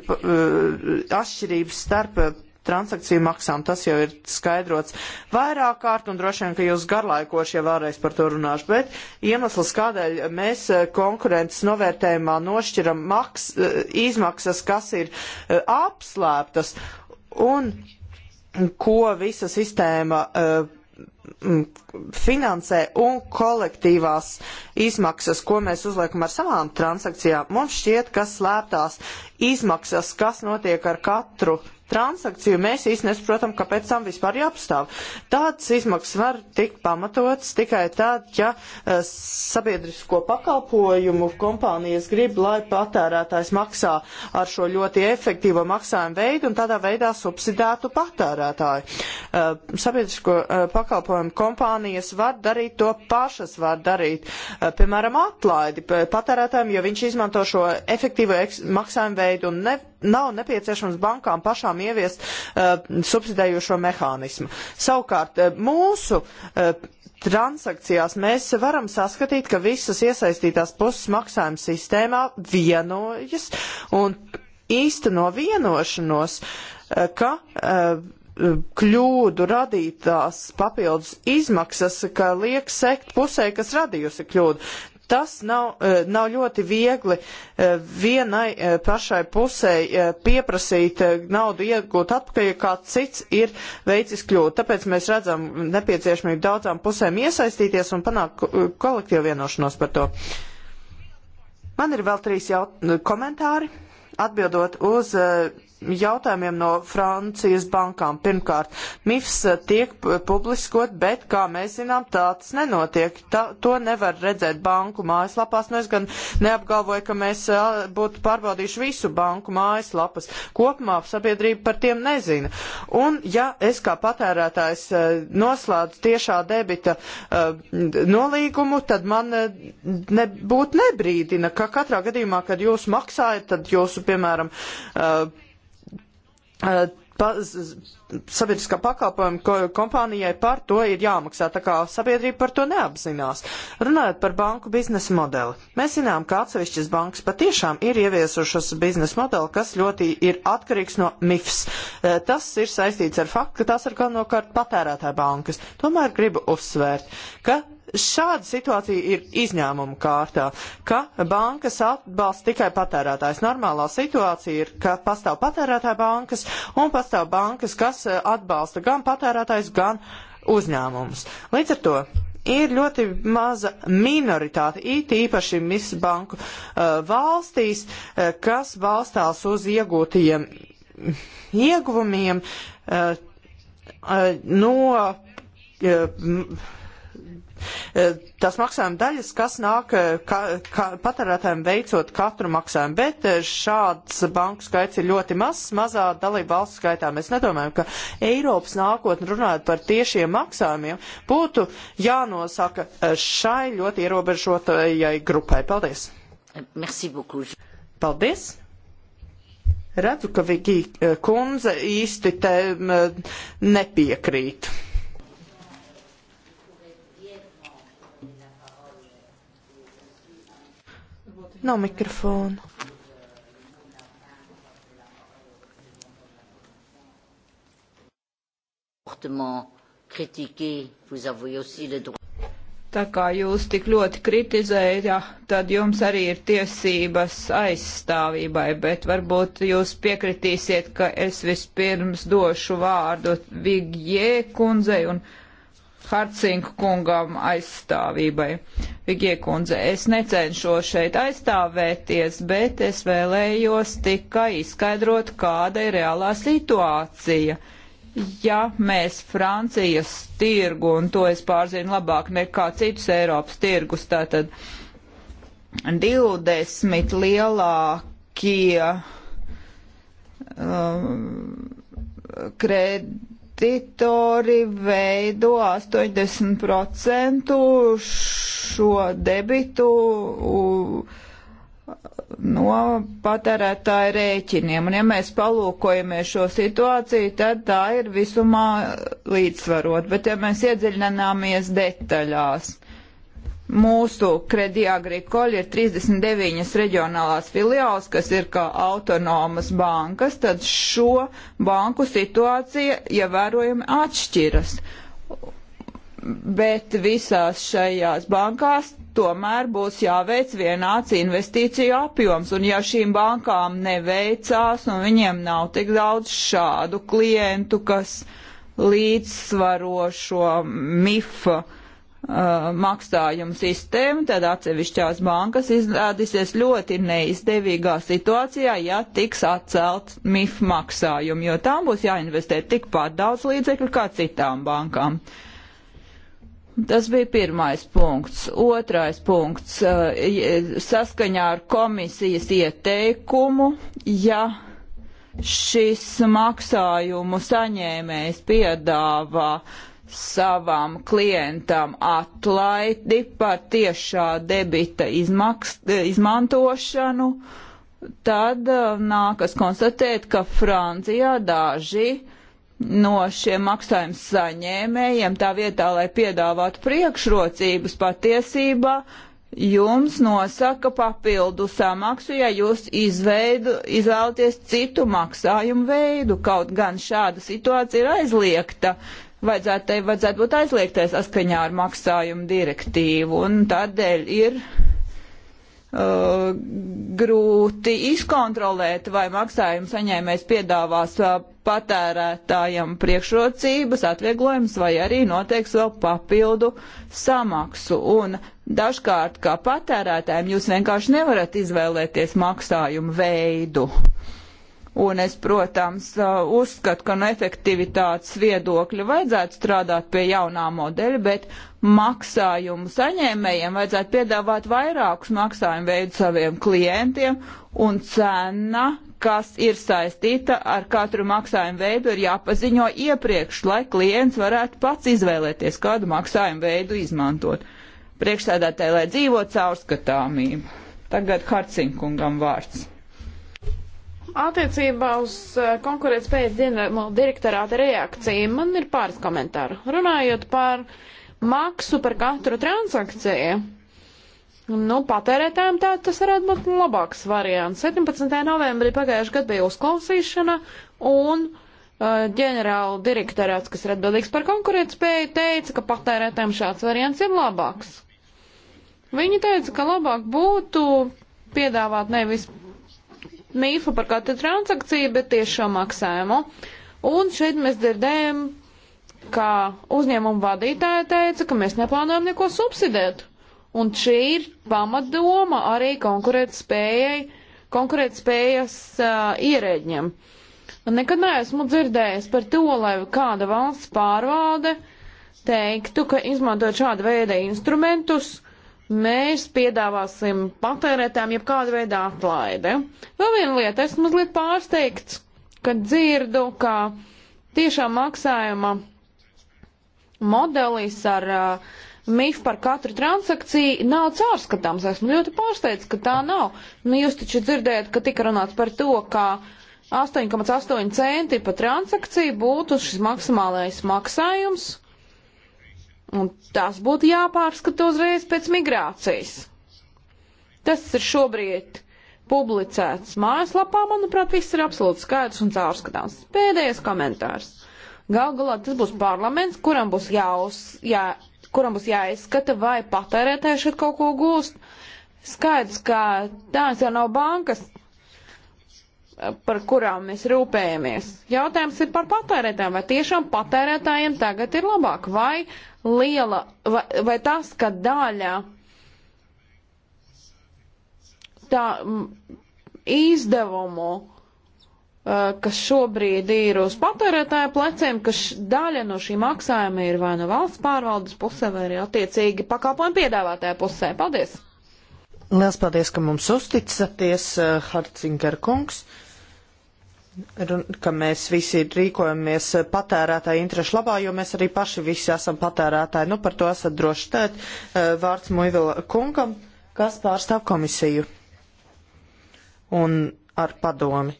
[SPEAKER 3] atšķirības starp transakciju maksām. Tas jau ir skaidrots vairāk kārt, un droši vien, ka jūs garlaikoši jau vēlreiz par to runāšu. Bet iemesls, kādēļ mēs eh, konkurences novērtējumā nošķiram maks, eh, izmaksas, kas ir eh, apslēptas un ko visa sistēma finansē un kolektīvās izmaksas, ko mēs uzliekam ar savām transakcijām, mums šķiet, ka slēptās izmaksas, kas notiek ar katru transakciju, mēs īsti nesaprotam, kāpēc tam vispār jāpastāv. Tāds izmaksas var tikt pamatots tikai tad, ja eh, sabiedrisko pakalpojumu kompānijas grib, lai patērētājs maksā ar šo ļoti efektīvo maksājumu veidu un tādā veidā subsidētu patērētāju. Eh, sabiedrisko eh, pakalpojumu kompānijas var darīt to pašas, var darīt, piemēram, atlaidi patērētājiem, jo viņš izmanto šo efektīvo maksājumu veidu un ne nav nepieciešams bankām pašām ieviest uh, subsidējošo mehānismu. Savukārt eh, mūsu uh, transakcijās mēs varam saskatīt, ka visas iesaistītās puses maksājuma sistēmā vienojas un īsteno vienošanos, uh, ka kļūdu radītās papildus izmaksas, ka liek sekt pusē, kas radījusi kļūdu. Tas nav, eh, nav ļoti viegli eh, vienai eh, pašai pusē pieprasīt naudu iegūt atpakaļ, ja kāds cits ir veicis kļūdu. Tāpēc mēs redzam nepieciešamību daudzām pusēm iesaistīties un panākt kolektīvu vienošanos par to. Man ir vēl trīs jaut komentāri atbildot uz uh, jautājumiem no Francijas bankām. Pirmkārt, MIFS eh, tiek publiskot, bet, kā mēs zinām, tāds nenotiek. Ta, to nevar redzēt banku mājaslapās. Nu, es gan neapgalvoju, ka mēs eh, būtu pārbaudījuši visu banku mājaslapas. Kopumā sabiedrība par tiem nezina. Un, ja es kā patērētājs eh, noslēdzu tiešā debita nolīgumu, tad man nebūtu nebrīdina, ka katrā gadījumā, kad jūs maksājat, tad jūsu, piemēram, pa, sabiedriskā pakalpojuma kompānijai par to ir jāmaksā, tā kā sabiedrība par to neapzinās. Runājot par banku biznesa modeli, mēs zinām, ka atsevišķas bankas patiešām ir ieviesušas biznesa modeli, kas ļoti ir atkarīgs no MIFS. Tas ir saistīts ar faktu, ka tās ir galvenokārt patērētāja bankas. Tomēr gribu uzsvērt, ka Šāda situācija ir izņēmuma kārtā, ka bankas atbalsta tikai patērētājs. Normālā situācija ir, ka pastāv patērētāja bankas un pastāv bankas, kas eh, atbalsta gan patērētājs, gan uzņēmumus. Līdz ar to ir ļoti maza minoritāte, it īpaši MIS banku uh, valstīs, uh, kas balstās uz iegūtajiem ieguvumiem uh, no Eh, tās maksājuma daļas, kas nāk eh, ka, ka, patērētājiem veicot katru maksājumu. Bet eh, šāds banku skaits ir ļoti mazs, mazā dalība valsts skaitā. Mēs nedomājam, ka Eiropas nākotne runājot par tiešiem maksājumiem būtu jānosaka šai ļoti ierobežotajai grupai. Paldies! Merci beaucoup. Paldies! Redzu, ka Vigī kundze īsti te mm, nepiekrīt. Nav mikrofona.
[SPEAKER 1] Tā kā jūs tik ļoti kritizējat, ja, tad jums arī ir tiesības aizstāvībai, bet varbūt jūs piekritīsiet, ka es vispirms došu vārdu Vigjē kundzei un. Uh, Harcinku kungam aizstāvībai. Vigie kundze, es necenšos šeit aizstāvēties, bet es vēlējos tikai izskaidrot, kāda ir reālā situācija. Ja mēs Francijas tirgu, un to es pārzinu labāk nekā citus Eiropas tirgus, tātad 20 lielākie um, kredīti, Kreditori veido 80% šo debitu no patērētāja rēķiniem. Un ja mēs palūkojamies šo situāciju, tad tā ir visumā līdzsvarot. Bet ja mēs iedziļināmies detaļās, Mūsu krediagrikoļi ir 39 reģionālās filiāls, kas ir kā autonomas bankas, tad šo banku situācija ievērojami atšķiras. Bet visās šajās bankās tomēr būs jāveic vienāds investīciju apjoms, un ja šīm bankām neveicās un viņiem nav tik daudz šādu klientu, kas līdzsvaro šo MIFA, Uh, maksājumu sistēmu, tad atsevišķās bankas izrādīsies ļoti neizdevīgā situācijā, ja tiks atcelt MIF maksājumi, jo tām būs jāinvestē tikpat daudz līdzekļu kā citām bankām. Tas bija pirmais punkts. Otrais punkts uh, - saskaņā ar komisijas ieteikumu, ja šis maksājumu saņēmējs piedāvā uh, savam klientam atlaidi par tiešā debita izmakst, izmantošanu, tad uh, nākas konstatēt, ka Francijā daži no šiem maksājumu saņēmējiem tā vietā, lai piedāvātu priekšrocības patiesībā, jums nosaka papildu samaksu, ja jūs izveidu, izvēlaties citu maksājumu veidu. Kaut gan šāda situācija ir aizliegta vajadzētu, tai vajadzētu būt aizliegtai saskaņā ar maksājumu direktīvu, un tādēļ ir uh, grūti izkontrolēt, vai maksājuma saņēmējs piedāvās uh, patērētājam priekšrocības, atvieglojums vai arī noteiks vēl papildu samaksu. Un dažkārt kā patērētājiem jūs vienkārši nevarat izvēlēties maksājumu veidu. Uh, Un es, protams, uh, uzskatu, ka no efektivitātes viedokļa vajadzētu strādāt pie jaunā modeļa, bet maksājumu saņēmējiem vajadzētu piedāvāt vairākus maksājumu veidus saviem klientiem, un cena, kas ir saistīta ar katru maksājumu veidu, ir jāpaziņo iepriekš, lai klients varētu pats izvēlēties, kādu maksājumu veidu izmantot. Priekšsēdētāji, lai dzīvo caurskatāmību. Tagad Harcinkungam vārds.
[SPEAKER 2] Attiecībā uz eh, konkurētspējas direktorāta reakciju man ir pāris komentāru. Runājot par maksu par katru transakciju, nu, patērētājiem tā tas varētu būt labāks variants. 17. novembrī pagājušajā gadā bija uzklausīšana un eh, ģenerāla uh, direktorāts, kas ir atbildīgs par konkurētspēju, teica, ka patērētājiem šāds variants ir labāks. Viņi teica, ka labāk būtu piedāvāt nevis mīfu par katru transakciju, bet tieši šo maksājumu. Un šeit mēs dzirdējam, ka uzņēmuma vadītāja teica, ka mēs neplānojam neko subsidēt. Un šī ir pamatdoma arī konkurētspējai, konkurētspējas uh, ierēģiem. Un nekad neesmu dzirdējis par to, lai kāda valsts pārvalde teiktu, ka izmantojot šādu veidu instrumentus, uh, mēs piedāvāsim patērētājiem jebkādu veidu atlaidi. Vēl viena lieta, es mazliet pārsteigts, kad dzirdu, ka tiešām maksājuma modelis ar uh, MIF par katru transakciju nav caurskatāms. Esmu ļoti pārsteigts, ka tā nav. Nu, jūs taču dzirdējat, ka tika runāts par to, ka 8,8 centi par transakciju būtu šis maksimālais maksājums. Un tas būtu jāpārskata uzreiz pēc migrācijas. Tas ir šobrīd publicēts mājaslapā, manuprāt, viss ir absolūti skaidrs un caurskatāms. Pēdējais komentārs. Gal galā tas būs parlaments, kuram būs, jāuz, jā, kuram būs jāizskata, vai patērētāji šeit kaut ko gūst. Skaidrs, ka tās jau nav bankas, par kurām mēs rūpējamies. Jautājums ir par patērētājiem. Vai tiešām patērētājiem tagad ir labāk? Vai, liela, vai, vai tas, ka daļa tā izdevumu, kas šobrīd ir uz patērētāja pleciem, ka daļa no šī maksājuma ir vai no valsts pārvaldes pusē, vai arī attiecīgi pakalpojumu piedāvātāja pusē. Paldies!
[SPEAKER 3] Liels paldies, ka mums uzticaties, Harcinger kungs. Uh, ka mēs visi rīkojamies patērētāju interešu labā, jo mēs arī paši visi esam patērētāji. Nu, par to esat droši tēt. Eh, vārds Muivila kungam, kas pārstāv komisiju un ar padomi.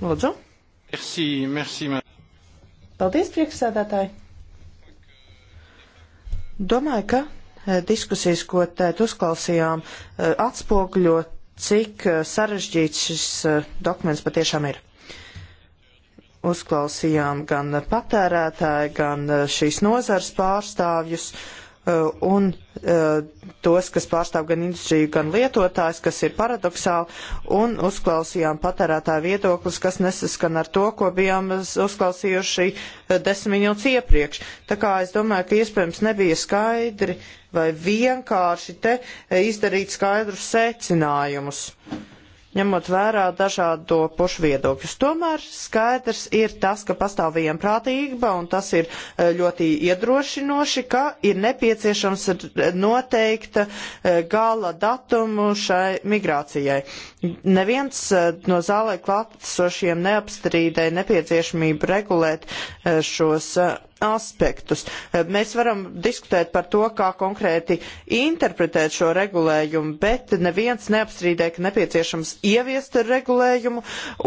[SPEAKER 3] Lūdzu.
[SPEAKER 2] Merci, merci, man.
[SPEAKER 3] Paldies, priekšsēdētāji. Domāju, ka eh, diskusijas, ko tēt uzklausījām, eh, atspogļot cik eh, sarežģīts šis eh, dokuments patiešām ir. Uzklausījām gan patērētāju, gan eh, šīs nozars pārstāvjus. Uh, Eh, un eh, tos, kas pārstāv gan industriju, gan lietotājs, kas ir paradoxāli, un uzklausījām patērētāju viedoklis, kas nesaskan ar to, ko bijām uzklausījuši eh, desmit minūtes iepriekš. Tā kā es domāju, ka iespējams nebija skaidri vai vienkārši te izdarīt skaidrus secinājumus. Uh, ņemot vērā dažādo pušu viedokļus. Tomēr skaidrs ir tas, ka pastāv vienprātība, un tas ir e, ļoti iedrošinoši, ka ir nepieciešams noteikta e, gala datumu šai migrācijai. Neviens e, no zālē klātsošiem neapstrīdēja nepieciešamību regulēt šos aspektus. Mēs varam diskutēt par to, kā konkrēti interpretēt šo regulējumu, bet neviens neapstrīdē, ka nepieciešams ieviest regulējumu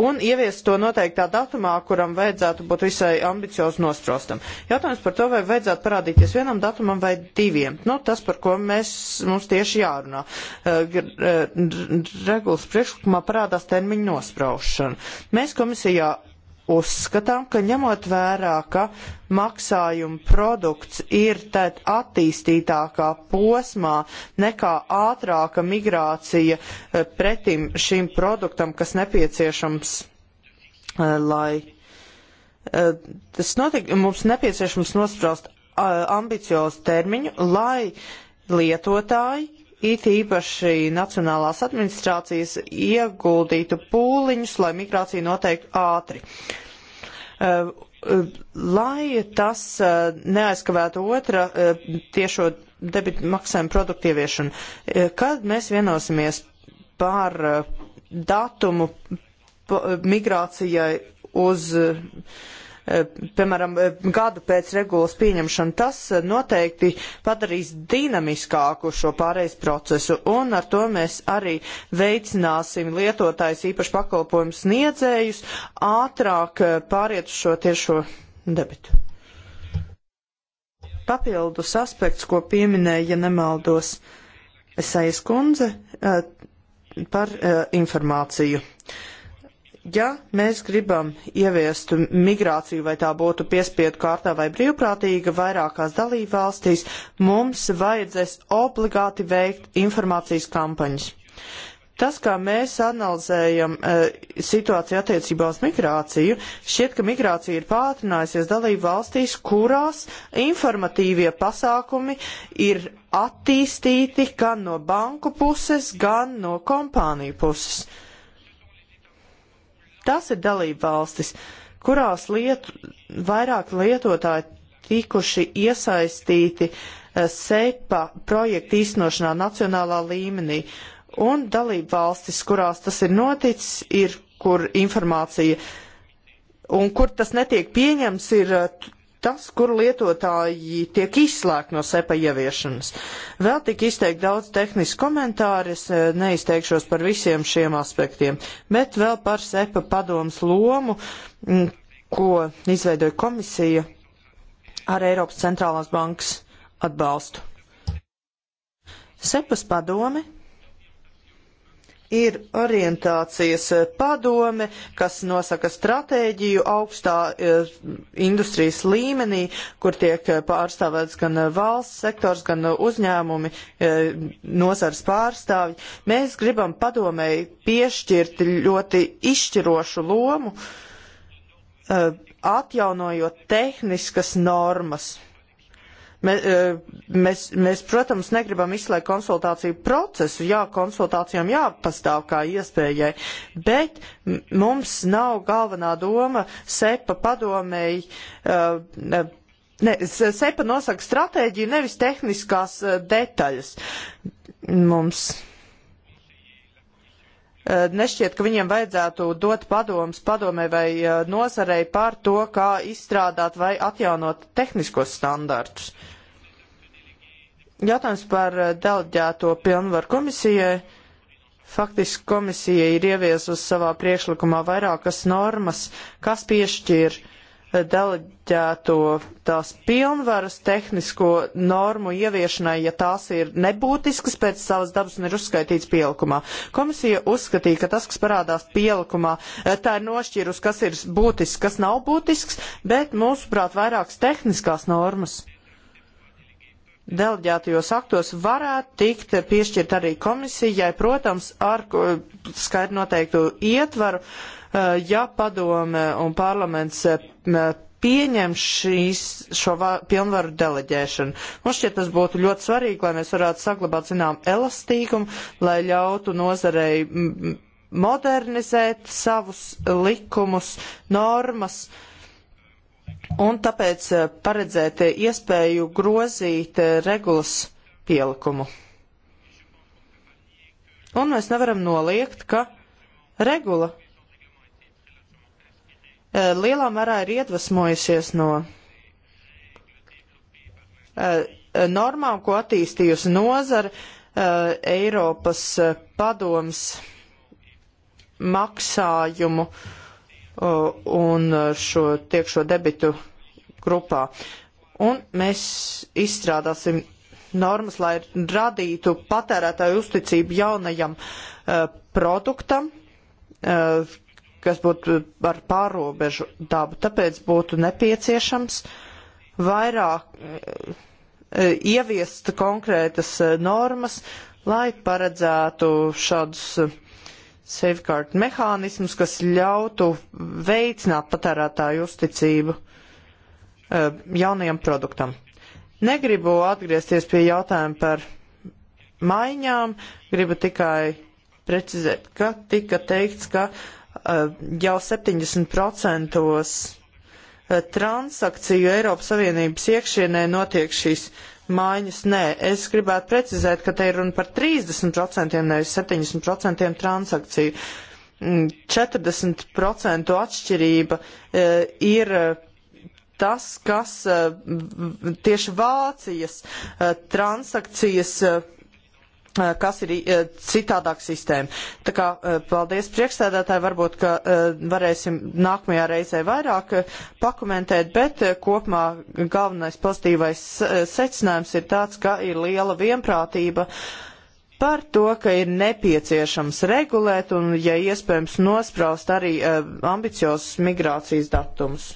[SPEAKER 3] un ieviest to noteiktā datumā, kuram vajadzētu būt visai ambiciozi nosprostam. Jautājums par to, vai vajadzētu parādīties vienam datumam vai diviem. Nu, tas, par ko mēs, mums tieši jārunā. Regulas priekšlikumā parādās termiņu nospraušana. Mēs komisijā uzskatām, ka ņemot vērā, ka maksājuma produkts ir tad attīstītākā posmā nekā ātrāka migrācija eh, pretim šim produktam, kas nepieciešams, eh, lai eh, tas notiek, mums nepieciešams nospraust ambiciozu termiņu, lai lietotāji it īpaši nacionālās administrācijas ieguldītu pūliņus, lai migrācija noteiktu ātri. Eh, eh, lai tas eh, neaizskavētu otra tiešo debitu maksājumu produktu ieviešanu, kad mēs vienosimies par datumu migrācijai uz uh, Eh, piemēram, eh, gadu pēc regulas pieņemšana, tas eh, noteikti padarīs dinamiskāku šo pārējais procesu, un ar to mēs arī veicināsim lietotājs īpaši pakalpojumu sniedzējus ātrāk pāriet uz šo tiešo debitu. Papildus aspekts, ko pieminēja, ja nemaldos, Esaijas kundze par informāciju Ja mēs gribam ieviest migrāciju, vai tā būtu piespiedu kārtā vai brīvprātīga, vairākās dalībvalstīs, mums vajadzēs obligāti veikt informācijas kampaņas. Tas, kā mēs analizējam e, situāciju attiecībā uz migrāciju, šķiet, ka migrācija ir pātrinājusies dalību valstīs, kurās informatīvie pasākumi ir attīstīti gan no banku puses, gan no kompāniju puses. Tas ir dalība valstis, kurās lietu, vairāk lietotāji tikuši iesaistīti eh, SEPA projektu īstenošanā nacionālā līmenī. Un dalība valstis, kurās tas ir noticis, ir, kur informācija un kur tas netiek pieņems, ir eh, tas, kur lietotāji tiek izslēgti no SEPA ieviešanas. Vēl tik izteikti daudz tehnisku komentāru, es eh, neizteikšos par visiem šiem aspektiem, bet vēl par SEPA padomas lomu, mm, ko izveidoja komisija ar Eiropas centrālās bankas atbalstu. SEPAS padome ir orientācijas eh, padome, kas nosaka stratēģiju augstā eh, industrijas līmenī, kur tiek eh, pārstāvēts gan valsts sektors, gan uzņēmumi, nozars pārstāvji. Mēs gribam padomēji piešķirt ļoti izšķirošu lomu, atjaunojot tehniskas normas E, mēs, mēs, protams, negribam izslēgt konsultāciju procesu, jā, konsultācijām jāpastāv kā iespējai, bet mums nav galvenā doma sepa padomēji. E, ne, sepa nosaka stratēģiju, nevis tehniskās e, detaļas. Mums Eh, nešķiet, ka viņiem vajadzētu dot padomus padomē vai eh, nozarei par to, kā izstrādāt vai atjaunot tehniskos standartus. Jautājums par eh, deleģēto pilnvaru komisijai. Faktiski komisija ir ieviesusi savā priekšlikumā vairākas normas, kas piešķir uh, deleģēto tās pilnvaras tehnisko normu ieviešanai, ja tās ir nebūtiskas pēc savas dabas un ir uzskaitīts pielikumā. Komisija uzskatīja, ka tas, kas parādās pielikumā, eh, tā ir nošķīrus, kas ir būtisks, kas nav būtisks, bet mūsuprāt vairākas tehniskās normas. Deleģētajos aktos varētu tikt piešķirt arī komisijai, protams, ar skaidru noteiktu ietvaru, uh, Eh, ja padome un parlaments eh, eh, pieņem šīs, šo va, pilnvaru deleģēšanu. Mums šķiet, tas būtu ļoti svarīgi, lai mēs varētu saglabāt, zinām, elastīgumu, lai ļautu nozarei modernizēt savus likumus, normas. Un tāpēc paredzēt iespēju grozīt regulas pielikumu. Un mēs nevaram noliegt, ka regula Eh, lielā mērā ir iedvesmojusies no eh, eh, normām, ko attīstījusi nozara Eiropas padomas maksājumu un šo tiekšo debitu grupā. Un mēs izstrādāsim normas, lai radītu patērētāju uzticību jaunajam produktam, kas būtu ar pārobežu dabu. Tāpēc būtu nepieciešams vairāk eh, ieviest konkrētas eh, normas, lai paredzētu šādus eh, safeguard mehānismus, kas ļautu veicināt patērētāju uzticību jaunajam produktam. Negribu atgriezties pie jautājuma par maiņām, gribu tikai precizēt, ka tika teikts, ka uh, Eh, jau 70% eh, transakciju Eiropas Savienības iekšienē notiek šīs maiņas. Nē, es gribētu precizēt, ka te ir runa par 30%, nevis 70% transakciju. 40% mm, atšķirība eh, ir tas, kas tieši Vācijas transakcijas Eh, kas ir eh, citādāk sistēma. Tā kā eh, paldies priekšsēdētāji, varbūt, ka varēsim nākamajā reizē vairāk pakomentēt, bet kopumā galvenais pozitīvais secinājums ir tāds, ka ir liela vienprātība par to, ka ir nepieciešams regulēt un, ja iespējams, nospraust arī ambiciozus migrācijas datumus.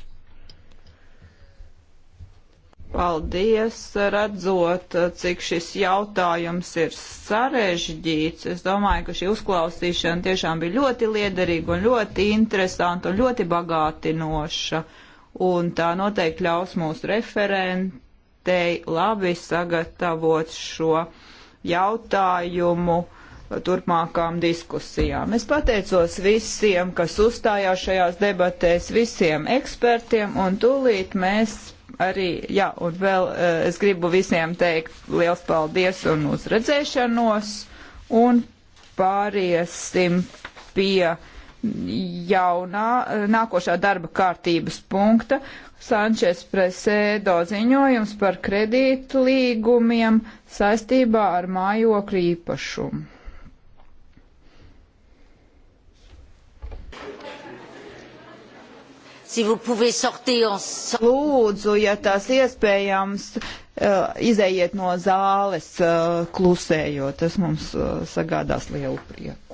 [SPEAKER 3] Paldies,
[SPEAKER 1] redzot, cik šis jautājums ir sarežģīts. Es domāju, ka šī uzklausīšana tiešām bija ļoti liederīga un ļoti interesanta un ļoti bagātinoša. Un tā noteikti ļaus mūsu referentei labi sagatavot šo jautājumu turpmākām diskusijām. Es pateicos visiem, kas uzstājās šajās debatēs, visiem ekspertiem, un tūlīt mēs arī, jā, un vēl eh, es gribu visiem teikt liels paldies un uzredzēšanos, un pāriesim pie jaunā, eh, nākošā darba kārtības punkta. Sančes presēdo ziņojums par kredītu līgumiem saistībā ar mājokļu īpašumu. si vous pouvez sortir en... Lūdzu, ja tās iespējams, eh, izējiet no zāles eh, klusējot, tas mums eh, sagādās
[SPEAKER 3] lielu prieku.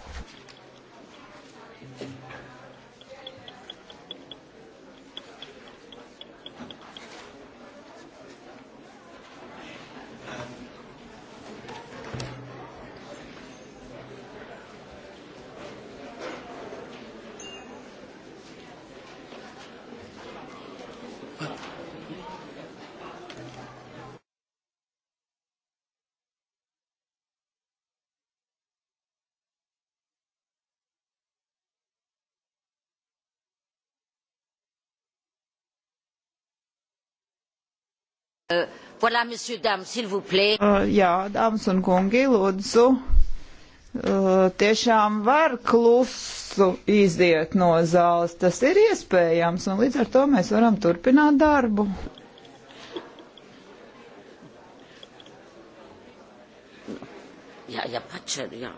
[SPEAKER 3] Euh, voilà,
[SPEAKER 1] monsieur, dame, s'il vous plaît. Uh, jā, dāmas un kungi, lūdzu. Uh, tiešām var klusu iziet no zāles. Tas ir iespējams, un līdz ar to mēs varam turpināt darbu.
[SPEAKER 3] Il n'y a,
[SPEAKER 2] y a pas de chaîne, il y a,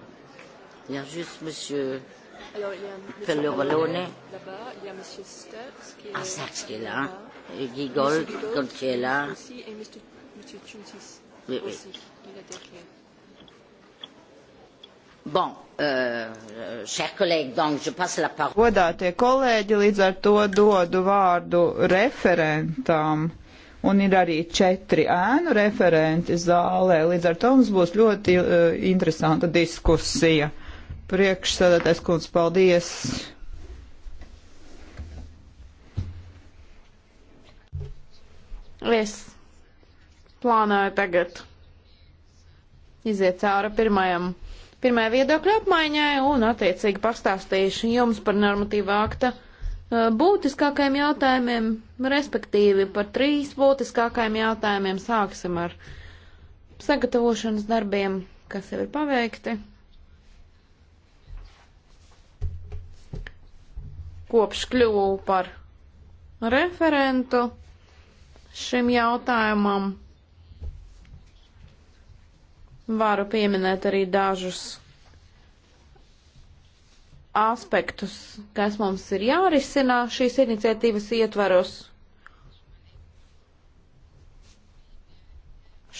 [SPEAKER 1] y a juste monsieur
[SPEAKER 3] Pellerolone. Là-bas, il y a monsieur Stax qui est, ah, Stax qui est là. là
[SPEAKER 1] Gigold, quand tu es là. Aussi,
[SPEAKER 3] et Mr.
[SPEAKER 2] Mr. Chuntis oui, aussi, oui. il est derrière.
[SPEAKER 1] Bon, euh, chers collègues, donc je passe la parole. Godātie kolēģi, līdz ar to dodu vārdu referentam. Un ir arī četri ēnu referenti zālē. Līdz ar to mums būs ļoti uh, interesanta diskusija. Priekšsēdētais kundze, paldies!
[SPEAKER 2] Es plānoju tagad iziet cauri pirmajam, pirmajai viedokļa apmaiņai un attiecīgi pastāstīšu jums par normatīvā akta būtiskākajiem jautājumiem, respektīvi par trīs būtiskākajiem jautājumiem sāksim ar sagatavošanas darbiem, kas jau ir paveikti. Kopš kļuvu par referentu šim jautājumam. Varu pieminēt arī dažus aspektus, kas mums ir jārisina šīs iniciatīvas ietvaros.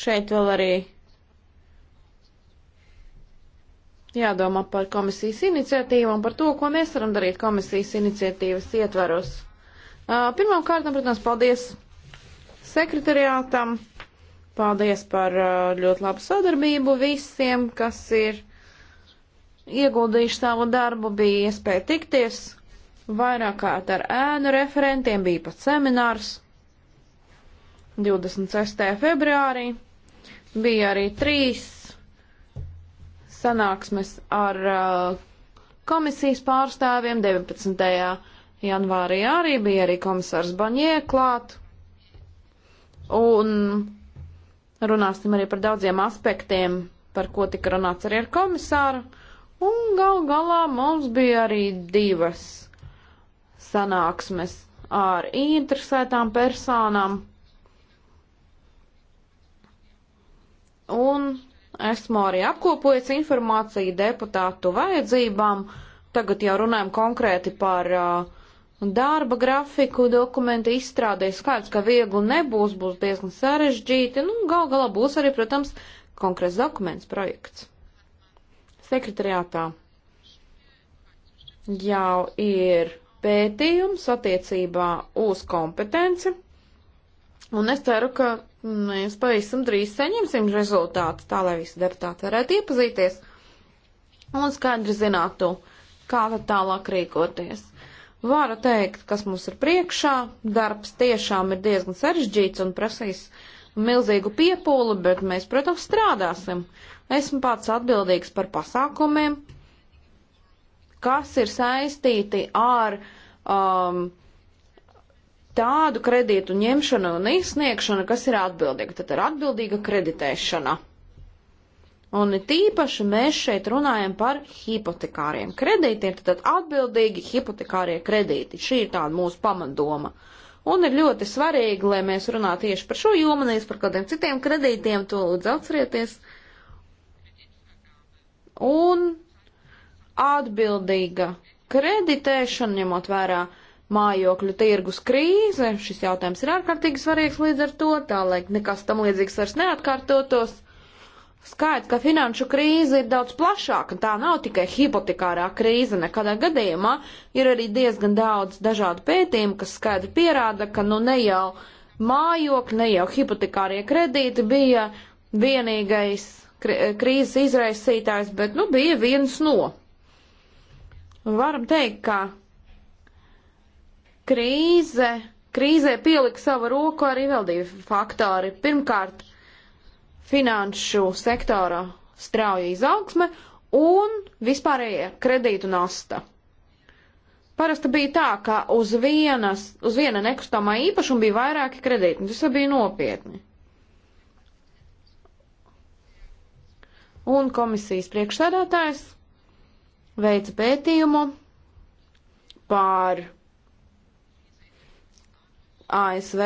[SPEAKER 2] Šeit vēl arī jādomā par komisijas iniciatīvu un par to, ko mēs varam darīt komisijas iniciatīvas ietvaros. Pirmām kārtām, protams, paldies sekretariātam. Paldies par uh, ļoti labu sadarbību visiem, kas ir ieguldījuši savu darbu, bija iespēja tikties vairāk kārt ar ēnu referentiem, bija pat seminārs 26. februārī, bija arī trīs sanāksmes ar uh, komisijas pārstāvjiem 19. janvārī arī bija arī komisārs Baņie klāt. Un runāsim arī par daudziem aspektiem, par ko tika runāts arī ar komisāru. Un gal galā mums bija arī divas sanāksmes ar interesētām personām. Un esmu arī apkopojis informāciju deputātu vajadzībām. Tagad jau runājam konkrēti par uh, darba grafiku dokumentu izstrādē skaidrs, ka viegli nebūs, būs diezgan sarežģīti, nu, gal galā būs arī, protams, konkrēts dokuments projekts. Sekretariātā jau ir pētījums attiecībā uz kompetenci, un es ceru, ka mēs pavisam drīz saņemsim rezultātu, tā lai visi deputāti varētu iepazīties un skaidri zinātu, kā tad tālāk rīkoties. Varu teikt, kas mums ir priekšā. Darbs tiešām ir diezgan sarežģīts un prasīs milzīgu piepūli, bet mēs, protams, strādāsim. Esmu pats atbildīgs par pasākumiem, kas ir saistīti ar um, tādu kredītu ņemšanu un izsniegšanu, kas ir atbildīga. Tad ir atbildīga kreditēšana. Un tīpaši mēs šeit runājam par hipotekāriem kredītiem, tad atbildīgi hipotekārie kredīti. Šī ir tāda mūsu pamatdoma. Un ir ļoti svarīgi, lai mēs runātu tieši par šo jomu, nevis par kādiem citiem kredītiem, to lūdzu atcerieties. Un atbildīga kreditēšana, ņemot vērā mājokļu tirgus krīze, šis jautājums ir ārkārtīgi svarīgs līdz ar to, tā lai nekas tam līdzīgs vairs neatkārtotos Skaidrs, ka finanšu krīze ir daudz plašāka, tā nav tikai hipotekārā krīze, nekādā gadījumā ir arī diezgan daudz dažādu pētījumu, kas skaidri pierāda, ka nu ne jau mājokļi, ne jau hipotekārie kredīti bija vienīgais krīzes izraisītājs, bet nu bija viens no. Varam teikt, ka krīze, krīzē pielika savu roku arī vēl divi faktori. Pirmkārt, finanšu sektora strauja izaugsme un vispārējie kredītu nasta. Parasti bija tā, ka uz, vienas, uz viena nekustamā īpašuma bija vairāki kredīti, un tas bija nopietni. Un komisijas priekšsēdētājs veica pētījumu pār ASV